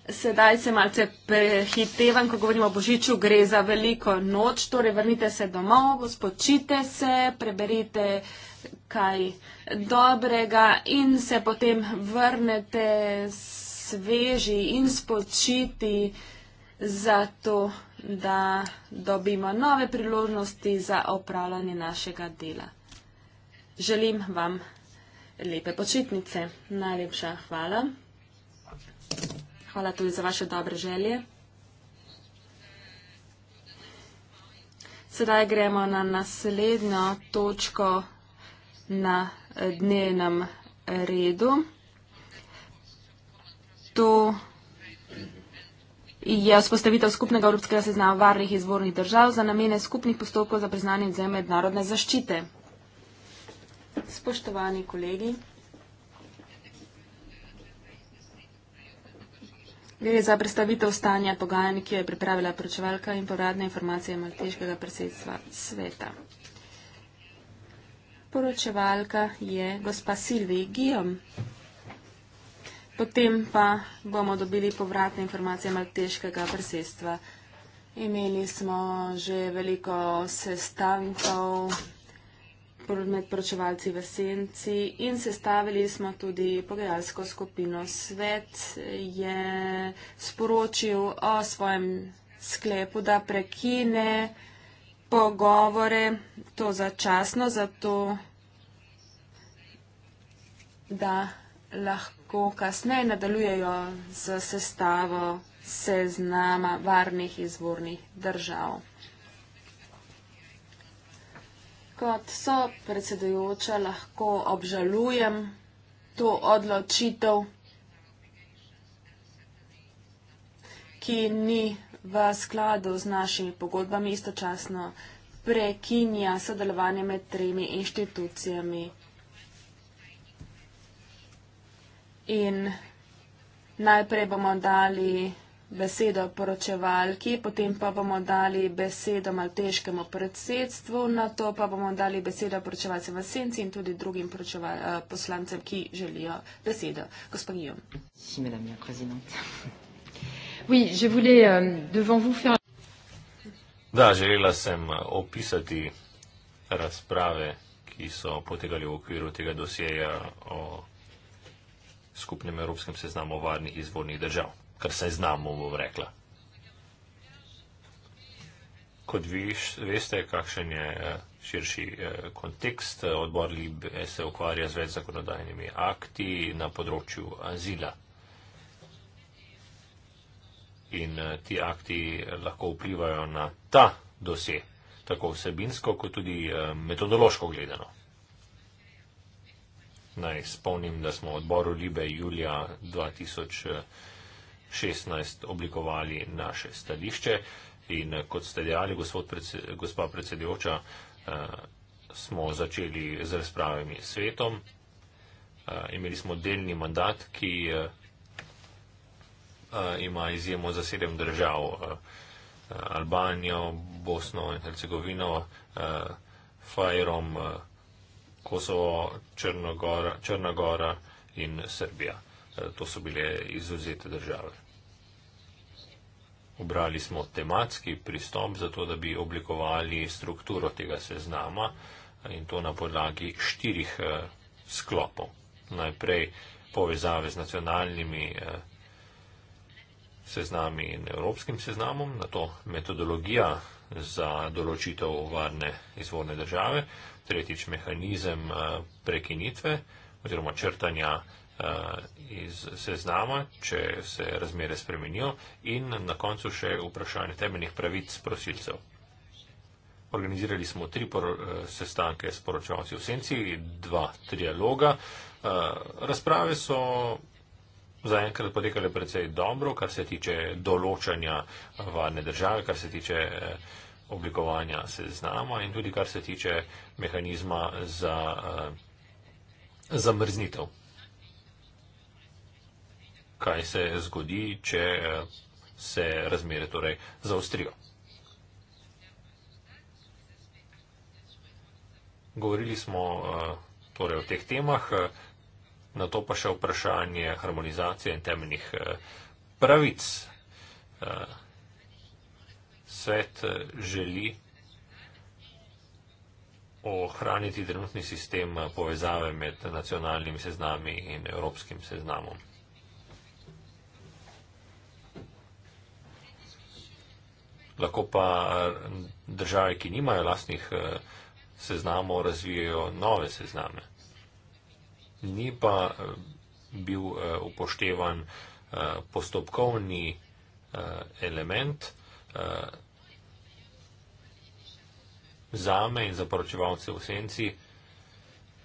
Sedaj se malce prehitevam, ko govorimo o Božiču, gre za veliko noč, torej vrnite se domov, spočite se, preberite kaj dobrega in se potem vrnete sveži in spočiti zato, da dobimo nove priložnosti za opravljanje našega dela. Želim vam lepe počitnice. Najlepša hvala. Hvala tudi za vaše dobre želje. Sedaj gremo na naslednjo točko na dnevnem redu. To je vzpostavitev skupnega evropskega seznama varnih izvornih držav za namene skupnih postopkov za priznanje vzem mednarodne zaščite. Spoštovani kolegi. Gre za predstavitev stanja pogajanj, ki jo je pripravila pročevalka in poradne informacije Maltežkega predsedstva sveta. Poročevalka je gospa Silvi Gijom. Potem pa bomo dobili povratne informacije Maltežkega predsedstva. Imeli smo že veliko sestankov med poročevalci v senci in sestavili smo tudi pogajalsko skupino. Svet je sporočil o svojem sklepu, da prekine pogovore to začasno, zato da lahko kasneje nadaljujejo z sestavo seznama varnih izvornih držav. kot so predsedujoča lahko obžalujem to odločitev, ki ni v skladu z našimi pogodbami istočasno prekinja sodelovanje med tremi inštitucijami in najprej bomo dali besedo poročevalki, potem pa bomo dali besedo malteškemu predsedstvu, na to pa bomo dali besedo poročevalcem v senci in tudi drugim eh, poslancem, ki želijo besedo. Gospod Jum. Euh, da, želela sem eh, opisati razprave, ki so potekali v okviru tega dosjeja o skupnem evropskem seznamu varnih izvornih držav kar se znamo, bom rekla. Kot vi veste, kakšen je eh, širši eh, kontekst, eh, odbor Libe se ukvarja z več zakonodajnimi akti na področju azila. In ti akti lahko vplivajo na ta dosje, tako vsebinsko, kot tudi metodološko gledano. Naj spomnim, da smo odboru Libe julija 2000. 16 oblikovali naše stališče in eh, kot ste dejali, predse, gospa predsedujoča, eh, smo začeli z razpravami s svetom. Eh, imeli smo delni mandat, ki eh, eh ima izjemo za sedem držav eh, Albanijo, Bosno in Hercegovino, eh, Fajrom, eh, Kosovo, Črnogora, Črnagora in Srbija. Eh, to so bile izuzete države. Obrali smo tematski pristop, zato da bi oblikovali strukturo tega seznama eh, in to na podlagi štirih eh, sklopov. Najprej povezave z nacionalnimi seznami in evropskim seznamom, na to metodologija za določitev varne izvorne države, tretjič mehanizem prekinitve oziroma črtanja Eh, iz seznama, če se razmere spremenijo in na koncu še vprašanje temeljnih pravic prosilcev. Organizirali smo tri eh, sestanke s poročevalci v Senci, dva trialoga. Eh, razprave so zaenkrat potekale predvsej dobro, kar se tiče določanja varne države, kar se tiče oblikovanja seznama in tudi kar se tiče mehanizma za zamrznitev kaj se zgodi, če eh, se razmere torej zaostrijo. Govorili smo eh, torej o teh temah, eh, na to pa še vprašanje harmonizacije in temeljnih pravic. Svet želi ohraniti trenutni sistem povezave med nacionalnimi seznami in evropskim seznamom. lahko pa eh, države, ki nimajo lastnih eh, seznamov, razvijajo nove sezname. Ni pa eh, bil upoštevan postopkovni element zame in za poročevalce v senci,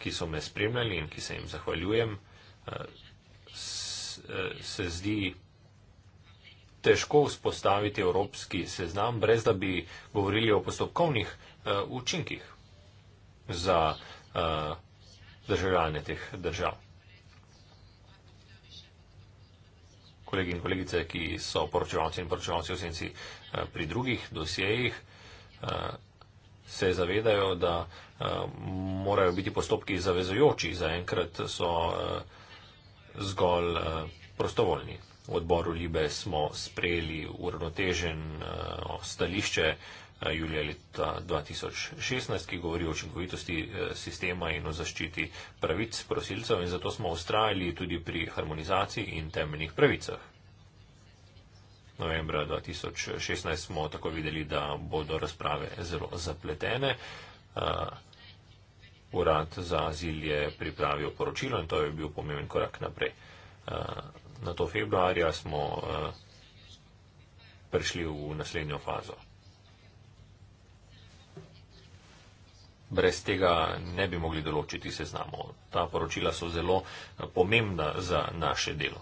ki so me spremljali in ki se jim zahvaljujem, se zdi težko vzpostaviti evropski seznam, brez da bi govorili o postopkovnih uh, učinkih za uh, državljane teh držav. Kolegi in kolegice, ki so poročevalci in poročevalci v senci uh, pri drugih dosjejih, uh, se zavedajo, da uh, morajo biti postopki zavezojoči, zaenkrat so uh, zgolj uh, prostovoljni odboru Libe smo sprejeli uravnotežen eh, stališče eh, julija leta 2016, ki govori o učinkovitosti eh, sistema in o zaščiti pravic prosilcev in zato smo ustrajali tudi pri harmonizaciji in temeljnih pravicah. Novembra 2016 smo tako videli, da bodo razprave zelo zapletene. Urad za azil je pripravil poročilo in to je bil pomemben korak naprej na to februarja smo eh, prišli v naslednjo fazo. Brez tega ne bi mogli določiti seznamov. Ta poročila so zelo eh, pomembna za naše delo.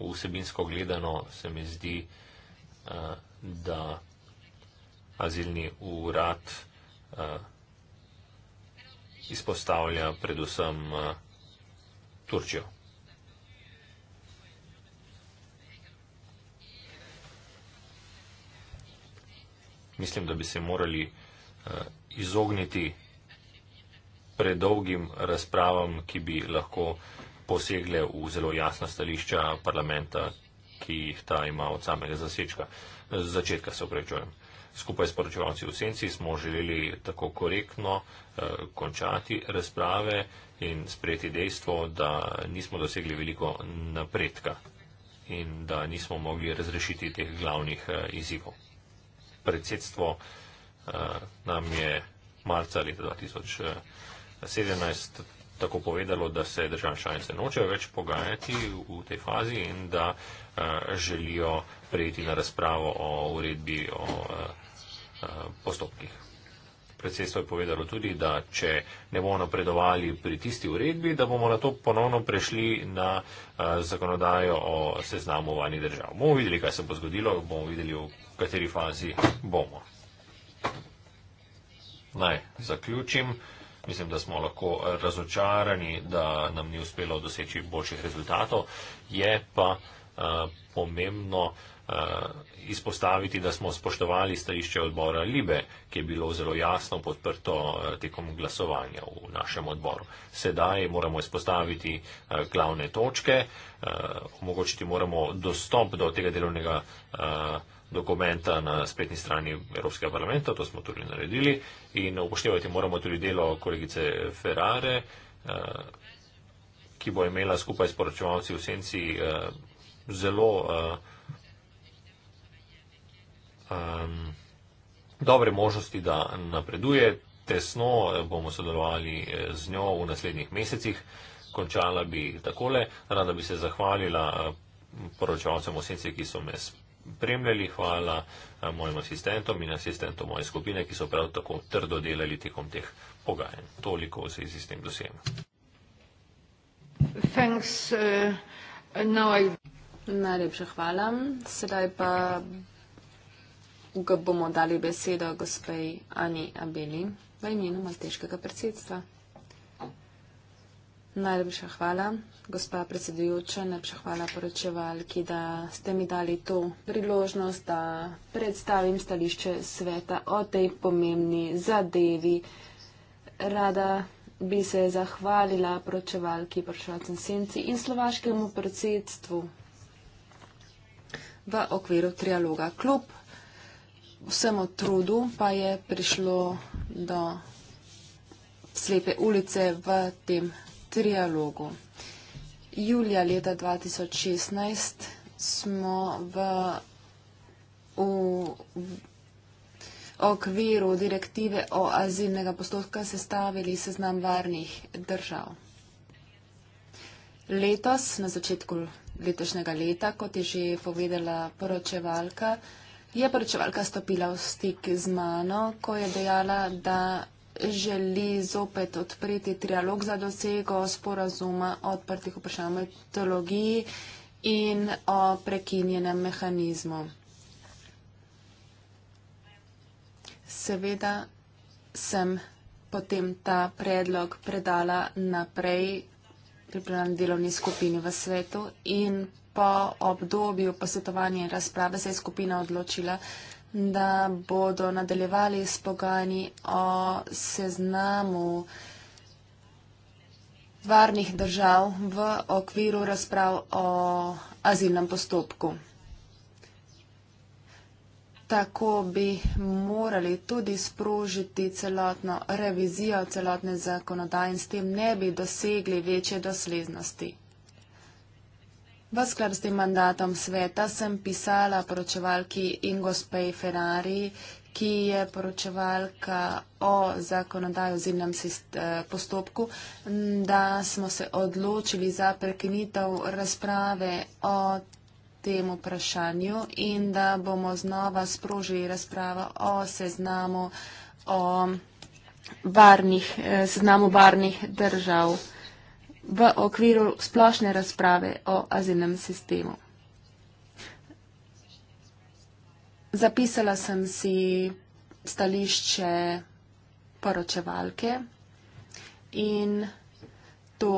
Vsebinsko gledano se mi zdi, eh, da azilni urad izpostavlja predvsem Turčijo. Mislim, da bi se morali eh, izogniti predolgim razpravam, ki bi lahko posegle v zelo jasna stališča parlamenta, ki jih ta ima od samega zasečka, začetka, se upravičujem skupaj s poročevalci v senci smo želeli tako korektno eh, končati razprave in sprejeti dejstvo, da nismo dosegli veliko napredka in da nismo mogli razrešiti teh glavnih eh, izzivov. Predsedstvo eh, nam je marca leta 2017 eh, tako povedalo, da se države članice nočejo več pogajati v tej fazi in da eh, želijo prejeti na razpravo o uredbi o eh, Eh, postopkih. Predsedstvo je povedalo tudi, da če ne bomo napredovali pri tisti uredbi, da bomo na to ponovno prešli na eh, zakonodajo o seznamovanju držav. Bomo videli, kaj se bo zgodilo, bomo videli, v kateri fazi bomo. Naj zaključim. Mislim, da smo lahko razočarani, da nam ni uspelo doseči boljših rezultatov. Je pa uh, pomembno uh, Eh, izpostaviti, da smo spoštovali stališče odbora Libe, ki je bilo zelo jasno podprto eh, tekom glasovanja v našem odboru. Sedaj moramo izpostaviti eh, glavne točke, omogočiti moramo dostop do tega delovnega dokumenta na spletni strani Evropskega parlamenta, to smo tudi naredili, in upoštevati moramo tudi delo kolegice Ferrare, ki bo imela skupaj s poročevalci v senci zelo um, dobre možnosti, da napreduje. Tesno eh, bomo sodelovali eh, z njo v naslednjih mesecih. Končala bi takole. Rada bi se zahvalila eh, poročevalcem osence, ki so me spremljali. Hvala mojim asistentom in asistentom moje skupine, ki so prav tako trdo delali tekom teh pogajanj. Toliko se iz sistem dosem. Thanks, uh, no, I... Najlepša hvala. Sedaj pa. Okay ga bomo dali besedo gospej Ani Abeli v imenu Malteškega predsedstva. Najlepša hvala, gospa predsedujoča, najlepša hvala poročevalki, da ste mi dali to priložnost, da predstavim stališče sveta o tej pomembni zadevi. Rada bi se zahvalila poročevalki, poročevalcem senci in slovaškemu predsedstvu v okviru trialoga klub vsemu trudu pa je prišlo do slepe ulice v tem trialogu. Julija leta 2016 smo v, v, v okviru direktive o azilnega postopka sestavili seznam varnih držav. Letos, na začetku letošnjega leta, kot je že povedala poročevalka, Je poročevalka stopila v stik z mano, ko je dejala, da želi zopet odpreti trialog za dosego sporazuma o odprtih vprašanj o metodologiji in o prekinjenem mehanizmu. Seveda sem potem ta predlog predala naprej pripravljeni delovni skupini v svetu in po obdobju posvetovanja in razprave se je skupina odločila, da bodo nadaljevali s pogajanji o seznamu varnih držav v okviru razprav o azilnem postopku. Tako bi morali tudi sprožiti celotno revizijo celotne zakonodaje in s tem ne bi dosegli večje doslednosti. V skladu s tem mandatom sveta sem pisala poročevalki Ingospej Ferrari, ki je poročevalka o zakonodaju v zimnem eh, postopku, da smo se odločili za prekinitev razprave o tem vprašanju in da bomo znova sprožili razpravo o seznamu o varnih, eh, seznamu varnih držav v okviru splošne razprave o azilnem sistemu. Zapisala sem si stališče poročevalke in to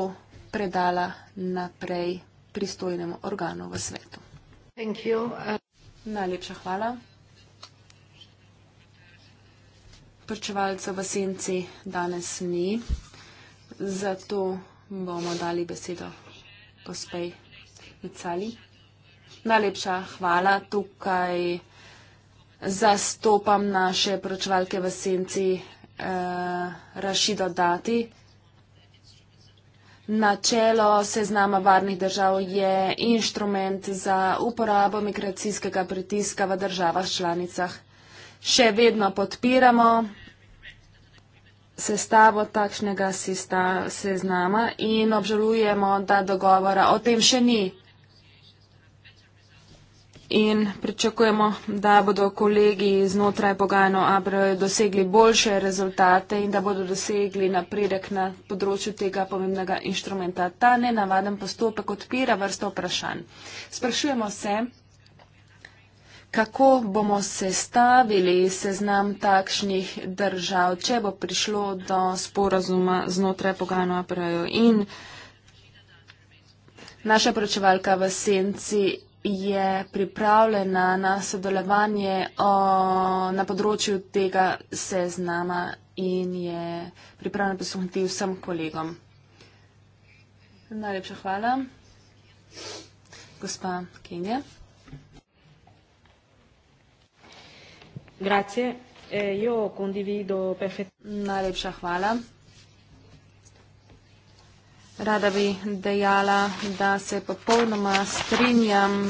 predala naprej pristojnemu organu v svetu. Najlepša hvala. Poročevalca v senci danes ni, zato bomo dali besedo gospej Micali. Najlepša hvala. Tukaj zastopam naše pročevalke v senci eh, Rašido Dati. Načelo seznama varnih držav je inštrument za uporabo migracijskega pritiska v državah članicah. Še vedno podpiramo sestavo takšnega sista, seznama in obžalujemo, da dogovora o tem še ni. In pričakujemo, da bodo kolegi znotraj pogajno Abrejo dosegli boljše rezultate in da bodo dosegli napredek na področju tega pomembnega inštrumenta. Ta nenavaden postopek odpira vrsto vprašanj. Sprašujemo se, kako bomo sestavili seznam takšnih držav, če bo prišlo do sporazuma znotraj pogajanja APR-ju. In naša pročevalka v senci je pripravljena na sodelovanje o, na področju tega seznama in je pripravljena poslušati vsem kolegom. Najlepša hvala. Gospa Kenge. Grazie. Eh, io condivido perfettamente. Najlepša hvala. Rada bi dejala, da se popolnoma strinjam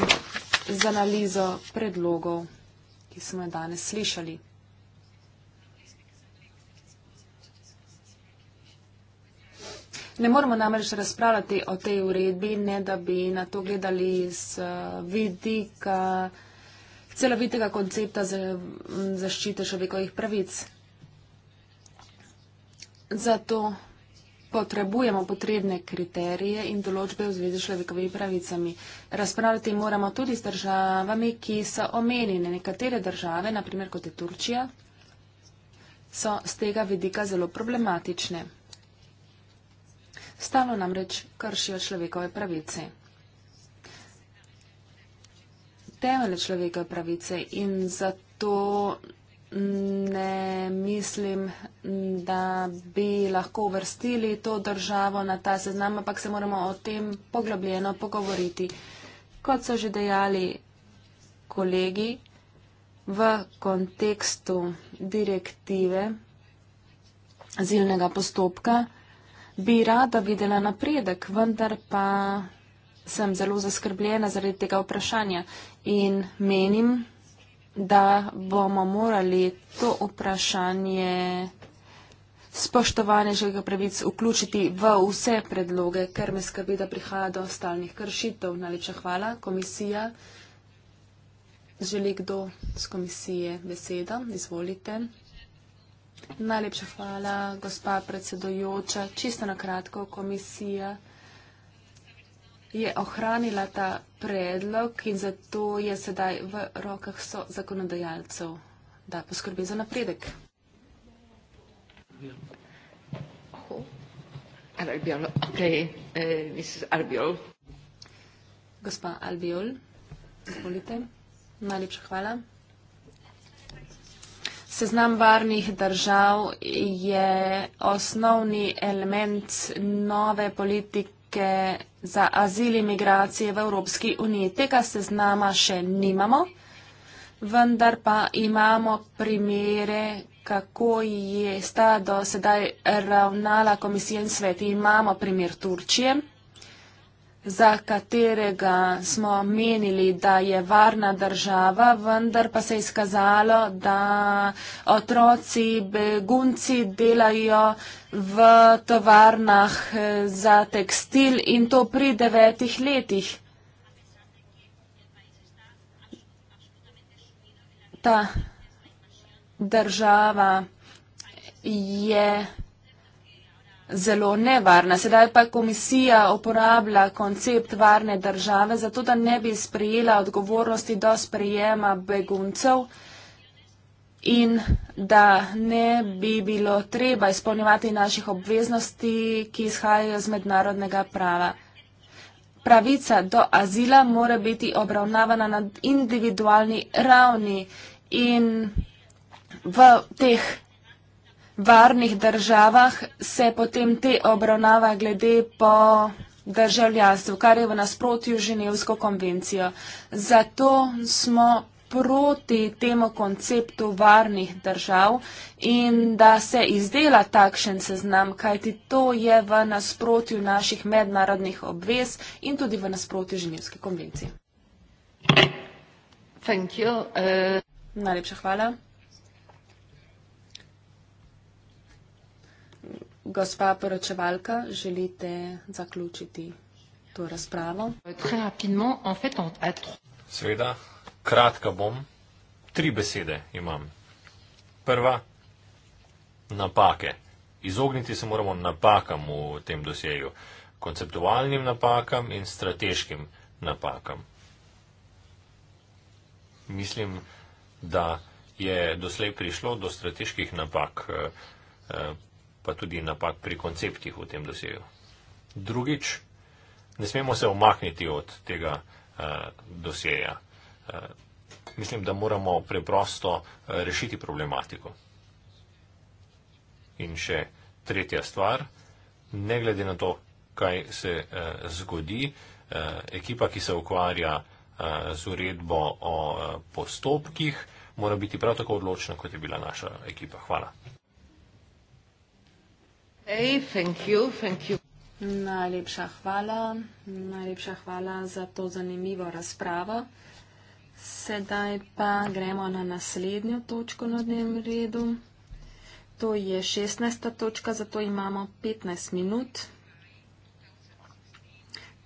z analizo predlogov, ki smo jo danes slišali. Ne moramo namreč razpravljati o tej uredbi, ne da bi na to gledali z eh, vidika. Uh, celovitega koncepta za, zaščite človekovih pravic. Zato potrebujemo potrebne kriterije in določbe v zvezi s človekovimi pravicami. Razpravljati moramo tudi s državami, ki so omenjene. Nekatere države, naprimer kot je Turčija, so z tega vidika zelo problematične. Stalo namreč kršijo človekove pravice temeljne človeka pravice in zato ne mislim, da bi lahko vrstili to državo na ta seznam, ampak se moramo o tem poglobljeno pogovoriti. Kot so že dejali kolegi, v kontekstu direktive zilnega postopka bi rada videla napredek, vendar pa sem zelo zaskrbljena zaradi tega vprašanja in menim, da bomo morali to vprašanje spoštovanje željega pravic vključiti v vse predloge, ker me skrbi, da prihaja do stalnih kršitev. Najlepša hvala. Komisija. Želi kdo z komisije besedo? Izvolite. Najlepša hvala, gospa predsedojoča. Čisto na kratko, komisija je ohranila ta predlog in zato je sedaj v rokah so zakonodajalcev, da poskrbi za napredek. Eh, Gospa Albiol, izvolite. Najlepša hvala. Seznam varnih držav je osnovni element nove politike za azil in migracije v Evropski uniji. Tega seznama še nimamo, vendar pa imamo primere, kako je sta do sedaj ravnala komisija in svet. Imamo primer Turčije za katerega smo menili, da je varna država, vendar pa se je izkazalo, da otroci, begunci delajo v tovarnah eh, za tekstil in to pri devetih letih. Ta država je zelo nevarna. Sedaj pa komisija uporablja koncept varne države, zato da ne bi sprejela odgovornosti do sprejema beguncev in da ne bi bilo treba izpolnjevati naših obveznosti, ki izhajajo z mednarodnega prava. Pravica do azila mora biti obravnavana na individualni ravni in v teh varnih državah se potem te obravnava glede po državljanstvu, kar je v nasprotju ženevsko konvencijo. Zato smo proti temu konceptu varnih držav in da se izdela takšen seznam, kajti to je v nasprotju naših mednarodnih obvez in tudi v nasprotju ženevske konvencije. Uh... Najlepša hvala. Gospa poročevalka, želite zaključiti to razpravo? Seveda, kratka bom. Tri besede imam. Prva, napake. Izogniti se moramo napakam v tem dosjeju. Konceptualnim napakam in strateškim napakam. Mislim, da je doslej prišlo do strateških napak. Eh, eh, pa tudi napak pri konceptih v tem dosegu. Drugič, ne smemo se omakniti od tega uh, eh, doseja. Uh, eh, mislim, da moramo preprosto uh, rešiti problematiko. In še tretja stvar, ne glede na to, kaj se uh, zgodi, uh, ekipa, ki se ukvarja uh, z uredbo o uh, postopkih, mora biti prav tako odločna, kot je bila naša ekipa. Hvala. Okay, thank you, thank you. Najlepša hvala. Najlepša hvala za to zanimivo razpravo. Sedaj pa gremo na naslednjo točko na dnevnem redu. To je 16. točka, zato imamo 15 minut.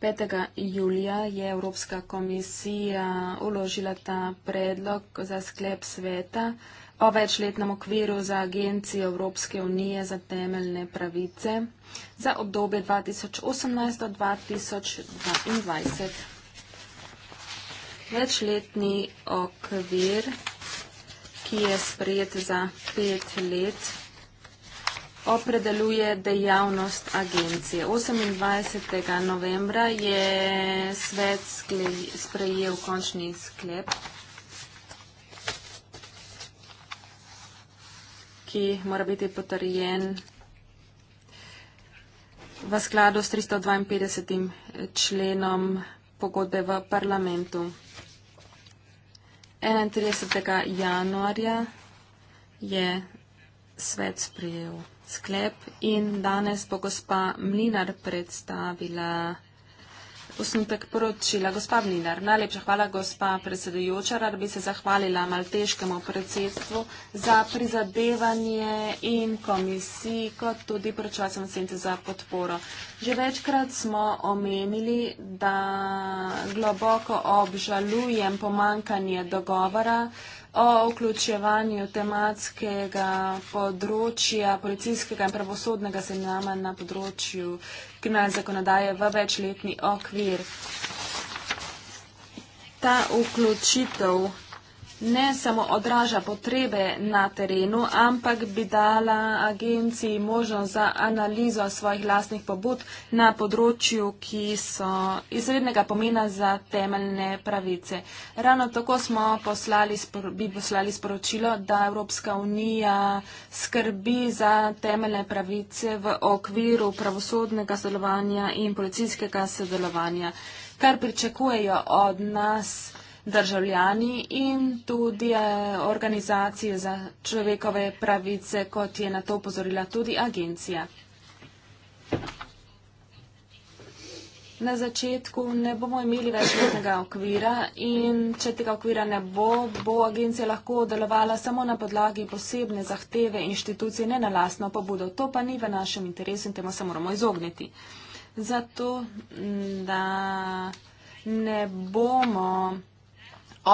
5. julija je Evropska komisija uložila ta predlog za sklep sveta, o večletnem okviru za Agencijo Evropske unije za temeljne pravice za obdobje 2018 do 2022. Večletni okvir, ki je sprejet za pet let, opredeluje dejavnost agencije. 28. novembra je svet sprejel končni sklep. ki mora biti potrjen v skladu s 352. členom pogodbe v parlamentu. 31. januarja je svet sprejel sklep in danes bo gospa Mlinar predstavila osnutek poročila. Gospa Mlinar, najlepša hvala, gospa predsedujoča. Rad bi se zahvalila malteškemu predsedstvu za prizadevanje in komisiji, kot tudi poročevalcem Sence za podporo. Že večkrat smo omenili, da globoko obžalujem pomankanje dogovora o vključevanju tematskega področja policijskega in pravosodnega seznama na področju kriminalne zakonodaje v večletni okvir. Ta vključitev ne samo odraža potrebe na terenu, ampak bi dala agenciji možnost za analizo svojih lastnih pobud na področju, ki so izrednega pomena za temeljne pravice. Ravno tako smo poslali, bi poslali sporočilo, da Evropska unija skrbi za temeljne pravice v okviru pravosodnega sodelovanja in policijskega sodelovanja. Kar pričakujejo od nas, državljani in tudi eh, organizacije za človekove pravice, kot je na to upozorila tudi agencija. Na začetku ne bomo imeli več letnega okvira in če tega okvira ne bo, bo agencija lahko delovala samo na podlagi posebne zahteve inštitucije, ne na lasno pobudo. To pa ni v našem interesu in temu se moramo izogniti. Zato, mm, da ne bomo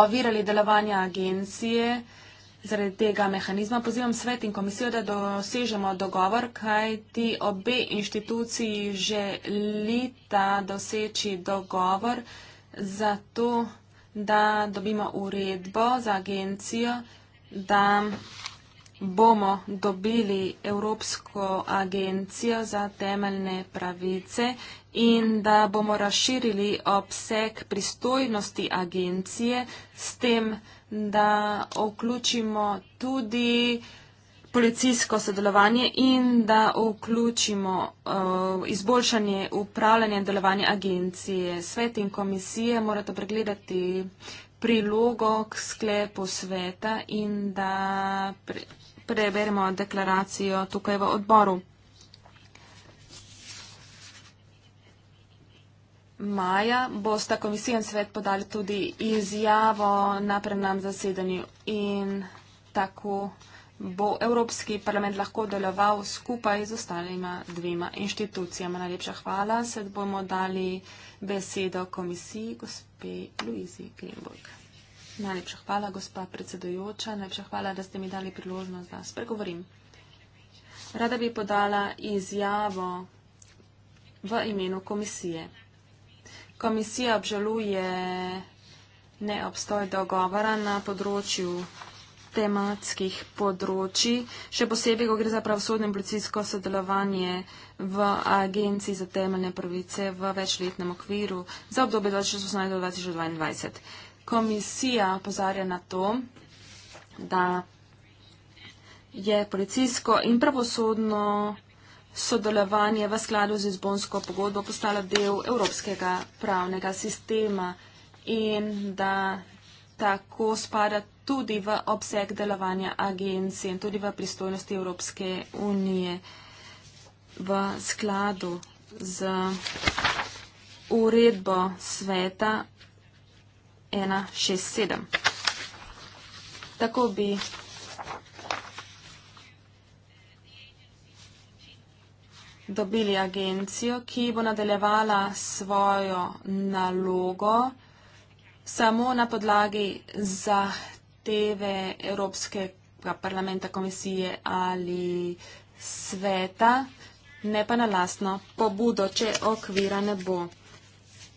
ovirali delovanje agencije. Zaradi tega mehanizma pozivam svet in komisijo, da dosežemo dogovor, kaj ti obe inštituciji želita doseči dogovor za to, da dobimo uredbo za agencijo, da bomo dobili Evropsko agencijo za temeljne pravice in da bomo razširili obseg pristojnosti agencije s tem, da vključimo tudi policijsko sodelovanje in da vključimo uh, izboljšanje upravljanja in delovanja agencije. Svet in komisije morate pregledati prilogo k sklepu sveta in da pre preberemo deklaracijo tukaj v odboru. maja bosta komisija in svet podali tudi izjavo na prenam zasedanju in tako bo Evropski parlament lahko deloval skupaj z ostalima dvema inštitucijama. Najlepša hvala. Sed bomo dali besedo komisiji gospe Luizi Greenburg. Najlepša hvala, gospa predsedujoča. Najlepša hvala, da ste mi dali priložnost, da spregovorim. Rada bi podala izjavo v imenu komisije. Komisija obžaluje neobstoj dogovora na področju tematskih področji, še posebej, ko gre za pravosodno in policijsko sodelovanje v Agenciji za temeljne pravice v večletnem okviru za obdobje 2018-2022. Komisija opozarja na to, da je policijsko in pravosodno sodelovanje v skladu z izbonsko pogodbo postala del evropskega pravnega sistema in da tako spada tudi v obseg delovanja agencije in tudi v pristojnosti Evropske unije v skladu z uredbo sveta 167. Tako bi dobili agencijo, ki bo nadaljevala svojo nalogo samo na podlagi zahteve Evropskega parlamenta, komisije ali sveta, ne pa na lastno pobudo, če okvira ne bo.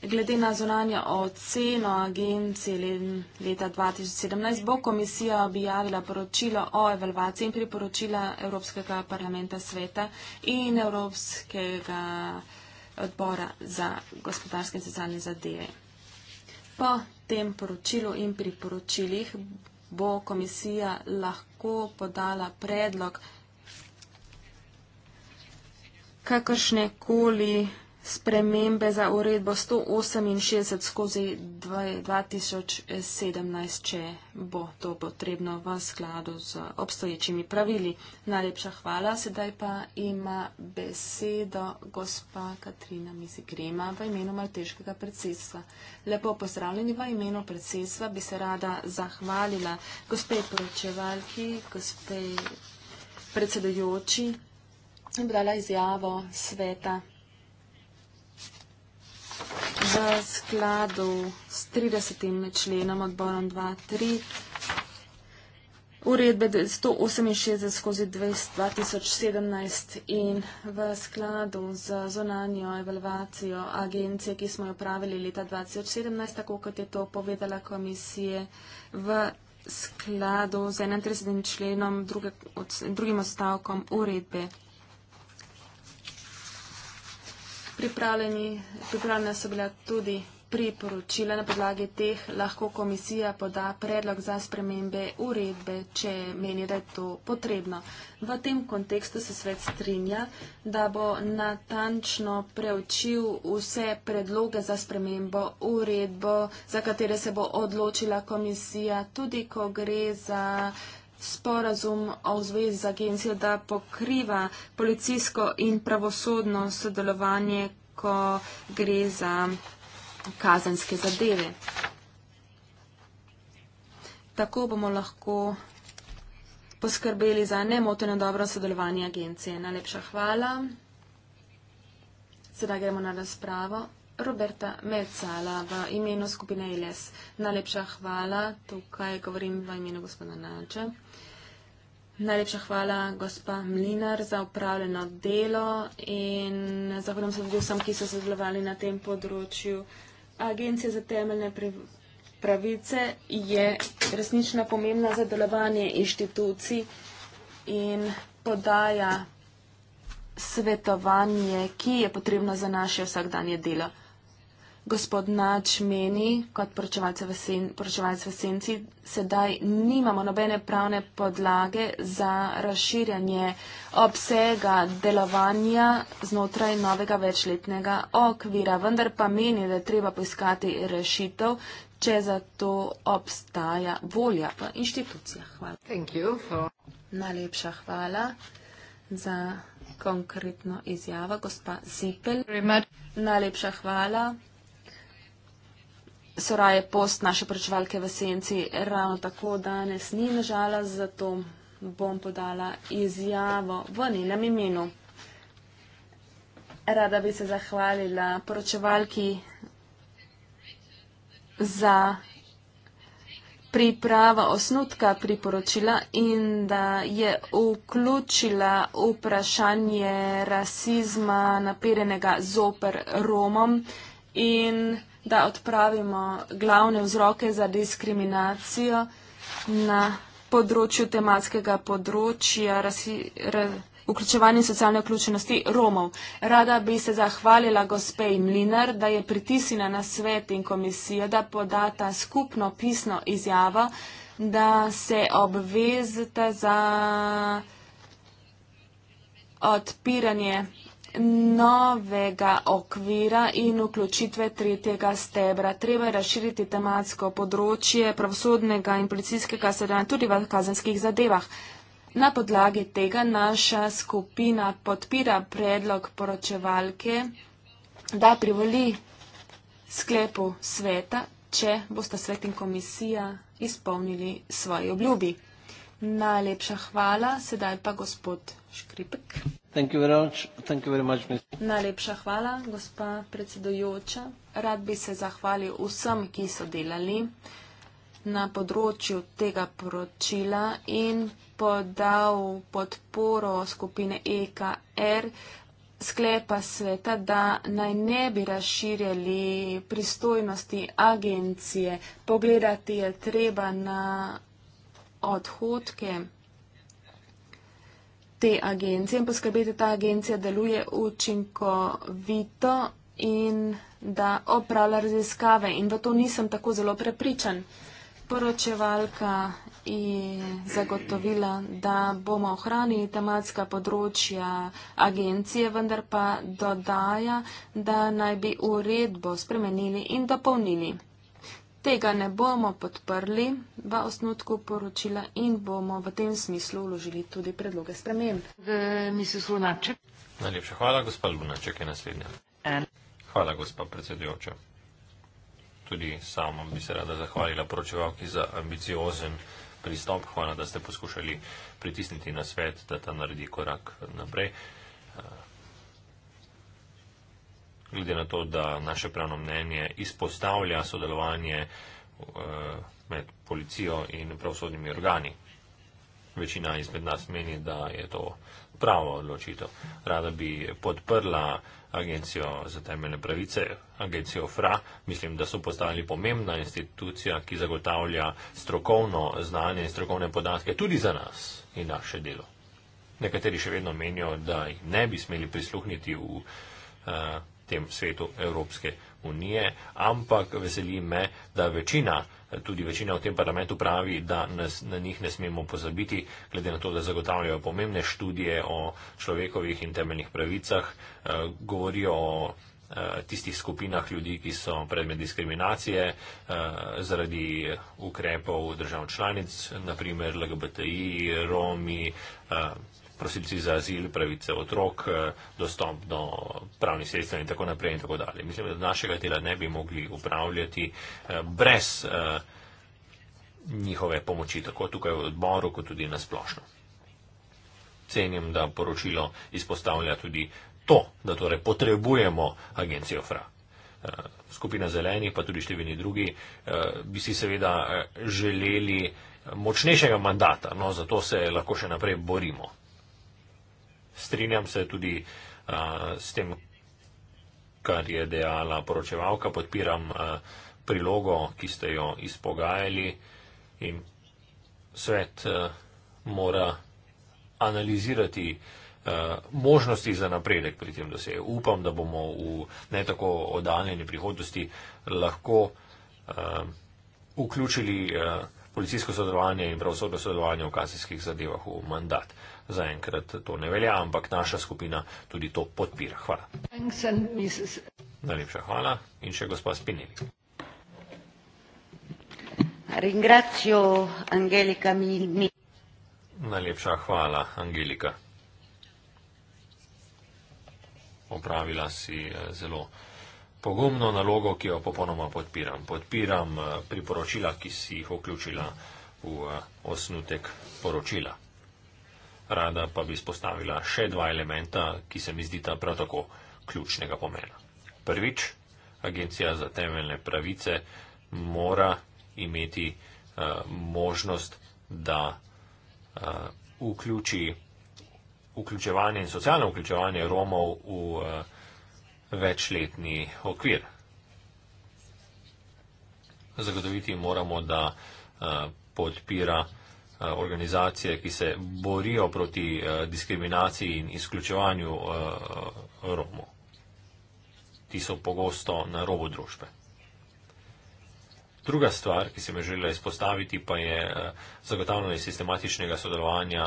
Glede na zonanje oceno agencije leta 2017 bo komisija objavila poročilo o evalvaciji in priporočila Evropskega parlamenta sveta in Evropskega odbora za gospodarske in socialne zadeve. Po tem poročilu in priporočilih bo komisija lahko podala predlog kakršnekoli koli spremembe za uredbo 168 skozi 2017, če bo to potrebno v skladu z obstoječimi pravili. Najlepša hvala. Sedaj pa ima besedo gospa Katrina Mizigrema v imenu Malteškega predsedstva. Lepo pozdravljeni v imenu predsedstva. Bi se rada zahvalila gospe poročevalki, gospe predsedajoči. Brala izjavo sveta v skladu s 30. členom odborom 2.3 uredbe 168 skozi 2017 in v skladu z zonanjo evalvacijo agencije, ki smo jo pravili leta 2017, tako kot je to povedala komisije v skladu z 31. členom drugim odstavkom uredbe Pripravljena so bila tudi priporočila. Na podlagi teh lahko komisija poda predlog za spremembe uredbe, če meni, da je to potrebno. V tem kontekstu se svet strinja, da bo natančno preučil vse predloge za spremembo uredbo, za katere se bo odločila komisija, tudi ko gre za sporazum o zvezi z agencijo, da pokriva policijsko in pravosodno sodelovanje, ko gre za kazenske zadeve. Tako bomo lahko poskrbeli za nemoteno dobro sodelovanje agencije. Najlepša hvala. Sedaj gremo na razpravo. Roberta Mecala v imenu skupine ILS. Najlepša hvala. Tukaj govorim v imenu gospoda Nače. Najlepša hvala, gospa Mlinar, za upravljeno delo in zahvaljujem se tudi vsem, ki so sodelovali na tem področju. Agencija za temeljne pravice je resnično pomembna za delovanje inštitucij in podaja svetovanje, ki je potrebno za naše vsakdanje delo gospod Nač meni, kot poročevalce v, sen, v senci, sedaj nimamo nobene pravne podlage za razširjanje obsega delovanja znotraj novega večletnega okvira, vendar pa meni, da je treba poiskati rešitev, če za to obstaja volja v inštitucijah. Hvala. For... Najlepša hvala za konkretno izjavo, gospa Zipel. Najlepša hvala so raje post naše poročevalke v senci. Ravno tako danes ni nažala, zato bom podala izjavo v njenem imenu. Rada bi se zahvalila poročevalki za pripravo osnutka priporočila in da je vključila vprašanje rasizma naperenega zoper Romom in vprašanje, da odpravimo glavne vzroke za diskriminacijo na področju tematskega področja vključevanja socialne vključenosti Romov. Rada bi se zahvalila gospe Mlinar, da je pritisnila na svet in komisijo, da podata skupno pisno izjavo, da se obvezite za odpiranje novega okvira in vključitve tretjega stebra. Treba je razširiti tematsko področje pravosodnega in policijskega sodelovanja tudi v kazenskih zadevah. Na podlagi tega naša skupina podpira predlog poročevalke, da privoli sklepu sveta, če bosta svet in komisija izpolnili svoje obljubi. Najlepša hvala, sedaj pa gospod Škripek. Najlepša hvala, gospa predsedojoča. Rad bi se zahvalil vsem, ki so delali na področju tega poročila in podal podporo skupine EKR sklepa sveta, da naj ne bi razširjali pristojnosti agencije. Pogledati je treba na odhodke te agencije in poskrbeti, da ta agencija deluje učinkovito in da opravlja raziskave. In v to nisem tako zelo prepričan. Poročevalka je zagotovila, da bomo ohranili tematska področja agencije, vendar pa dodaja, da naj bi uredbo spremenili in dopolnili tega ne bomo podprli v osnutku poročila in bomo v tem smislu vložili tudi predloge sprememb. Najlepša hvala, gospod Lunaček je naslednja. Hvala, gospod predsedujoča. Tudi sama bi se rada zahvalila poročevalki za ambiciozen pristop. Hvala, da ste poskušali pritisniti na svet, da ta naredi korak naprej. glede na to, da naše pravno mnenje izpostavlja sodelovanje eh, med policijo in pravosodnimi organi. Večina izmed nas meni, da je to pravo odločitev. Rada bi podprla Agencijo za temeljne pravice, Agencijo FRA. Mislim, da so postali pomembna institucija, ki zagotavlja strokovno znanje in strokovne podatke tudi za nas in naše delo. Nekateri še vedno menijo, da ne bi smeli prisluhniti v uh, tem svetu Evropske unije, ampak veseli me, da večina, tudi večina v tem parlamentu pravi, da nas, na njih ne smemo pozabiti, glede na to, da zagotavljajo pomembne študije o človekovih in temeljnih pravicah, eh, govorijo o eh, tistih skupinah ljudi, ki so predmet diskriminacije eh, zaradi ukrepov držav članic, naprimer LGBTI, Romi, prosilci za azil, pravice otrok, eh, dostop do pravnih sredstev in tako naprej in tako dalje. Mislim, da našega dela ne bi mogli upravljati eh, brez eh, njihove pomoči, tako tukaj v odboru, kot tudi na splošno. Cenim, da poročilo izpostavlja tudi to, da torej potrebujemo agencijo FRA. Skupina zelenih, pa tudi številni drugi, bi si seveda želeli močnejšega mandata, no zato se lahko še naprej borimo strinjam se tudi uh, s tem, kar je dejala poročevalka, podpiram uh, prilogo, ki ste jo izpogajali in svet uh, mora analizirati uh, možnosti za napredek pri tem, da se upam, da bomo v ne tako odaljeni prihodnosti lahko uh, vključili uh, policijsko sodelovanje in pravosodno sodelovanje v kazenskih zadevah v mandat. Uh, zaenkrat to ne velja, ampak naša skupina tudi to podpira. Hvala. Najlepša hvala in še gospod Spinelli. Najlepša hvala, Angelika. Opravila si eh, zelo pogumno nalogo, ki jo popolnoma podpiram. Podpiram eh, priporočila, ki si jih vključila v eh, osnutek poročila rada pa bi spostavila še dva elementa, ki se mi zdita prav tako ključnega pomena. Prvič, Agencija za temeljne pravice mora imeti uh, možnost, da uh, vključi vključevanje in socialno vključevanje Romov v uh, večletni okvir. Zagotoviti moramo, da uh, podpira Eh, organizacije, ki se borijo proti eh, diskriminaciji in izključevanju eh, Romov. Ti so pogosto na robu družbe. Druga stvar, ki se mi želela izpostaviti, pa je zagotavljanje sistematičnega sodelovanja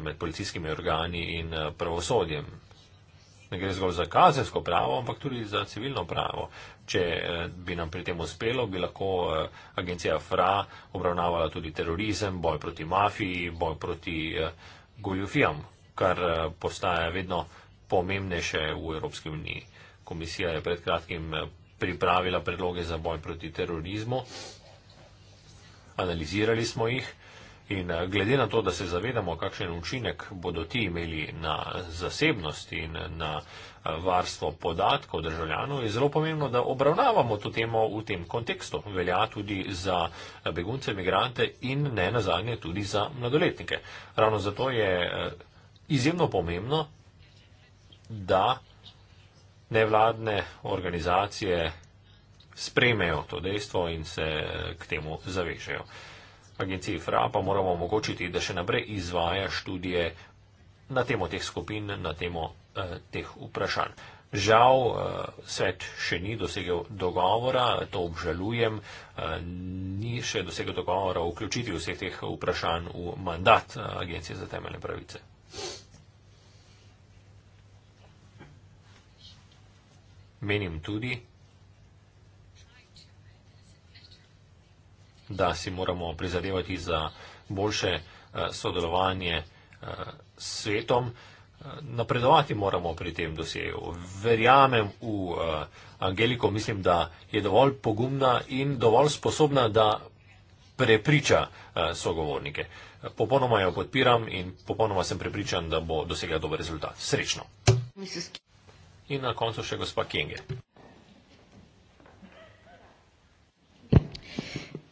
med policijskimi organi in pravosodjem ne gre zgolj za kazensko pravo, ampak tudi za civilno pravo. Če eh, bi nam pri tem uspelo, bi lahko eh, agencija FRA obravnavala tudi terorizem, boj proti mafiji, boj proti eh, goljufijam, kar postaja vedno pomembnejše v Evropski uniji. Komisija je pred kratkim pripravila predloge za boj proti terorizmu, analizirali smo jih. In eh, glede na to, da se zavedamo, kakšen učinek bodo ti imeli na zasebnost in eh, na eh, varstvo podatkov državljanov, je zelo pomembno, da obravnavamo to temo v tem kontekstu. Velja tudi za begunce, migrante in ne nazadnje tudi za mladoletnike. Ravno zato je izjemno pomembno, da nevladne organizacije spremejo to dejstvo in se k temu zavežejo. Agenciji FRA pa moramo omogočiti, da še naprej izvaja študije na temo teh skupin, na temo eh, teh vprašanj. Žal eh, svet še ni dosegel dogovora, to obžalujem, eh, ni še dosegel dogovora o vključitvi vseh teh vprašanj v mandat eh, Agencije za temeljne pravice. Menim tudi, da si moramo prizadevati za boljše eh, sodelovanje eh, s svetom. Eh, napredovati moramo pri tem dosegu. Verjamem v Angeliko, mislim, da je dovolj pogumna in dovolj sposobna, da prepriča sogovornike. Popolnoma jo podpiram in popolnoma sem prepričan, da bo dosegla dober rezultat. Srečno. In na koncu še gospa Kenge.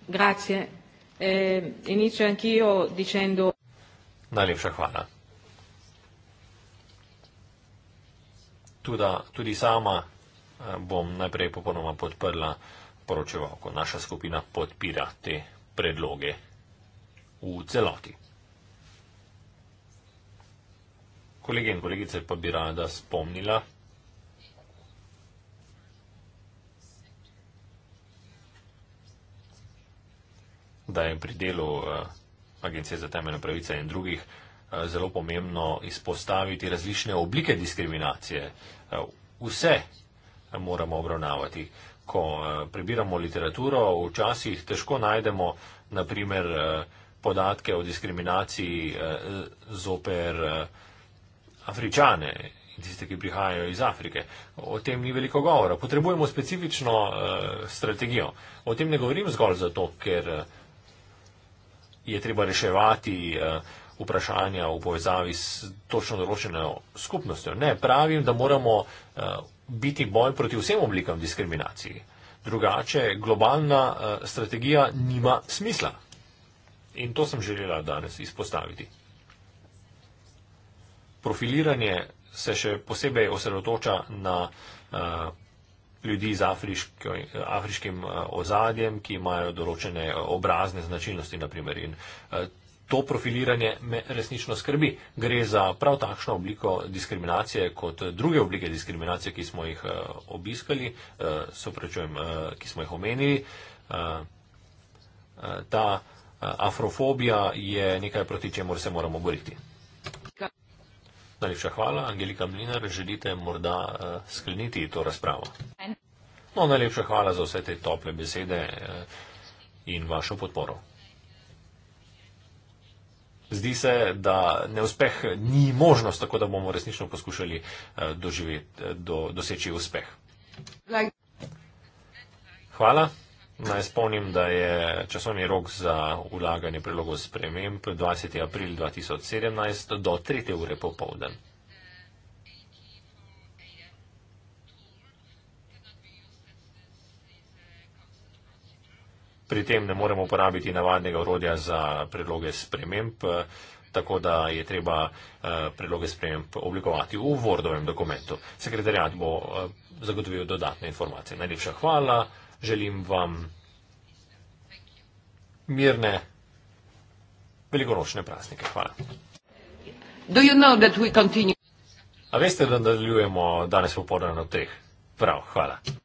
Grazie. Eh, inizio anch'io dicendo. Najlepša hvala. Tuda, tudi sama eh, bom najprej popolnoma podprla poročevalko. Naša skupina podpira te predloge v celoti. Kolegi in kolegice pa bi rada spomnila, da jim pri delu eh, Agencije za temeljne pravice in drugih eh, zelo pomembno izpostaviti različne oblike diskriminacije. Eh, vse moramo obravnavati. Ko prebiramo literaturo, včasih težko najdemo naprimer podatke o diskriminaciji zoper Afričane in tiste, ki prihajajo iz Afrike. O tem ni veliko govora. Potrebujemo specifično strategijo. O tem ne govorim zgolj zato, ker je treba reševati eh, vprašanja v povezavi s točno določeno skupnostjo. Ne, pravim, da moramo eh, biti boj proti vsem oblikam diskriminacije. Drugače, globalna eh, strategija nima smisla. In to sem želela danes izpostaviti. Profiliranje se še posebej osredotoča na ljudi z afriško, afriškim eh, ozadjem, ki imajo določene eh, obrazne značilnosti. In eh, to profiliranje me resnično skrbi. Gre za prav takšno obliko diskriminacije kot druge oblike diskriminacije, ki smo jih obiskali, soprečujem, ki smo jih omenili. Ta afrofobija je nekaj, proti čemu se moramo boriti. Najlepša hvala. Angelika Mlinar, želite morda uh, skleniti to razpravo? No, najlepša hvala za vse te tople besede uh, in vašo podporo. Zdi se, da neuspeh ni možnost, tako da bomo resnično poskušali uh, eh, doživeti, uh, do, doseči uspeh. Hvala. Naj spomnim, da je časovni rok za ulaganje prilogov sprememb 20. april 2017 do 3. ure popovden. Pri tem ne moremo uporabiti navadnega urodja za predloge sprememb, tako da je treba eh, predloge sprememb oblikovati v Wordovem dokumentu. Sekretarjat bo eh, zagotovil dodatne informacije. Najlepša hvala želim vam mirne, velikonočne praznike. Hvala. A veste, da nadaljujemo danes popoldne na teh? Prav, hvala.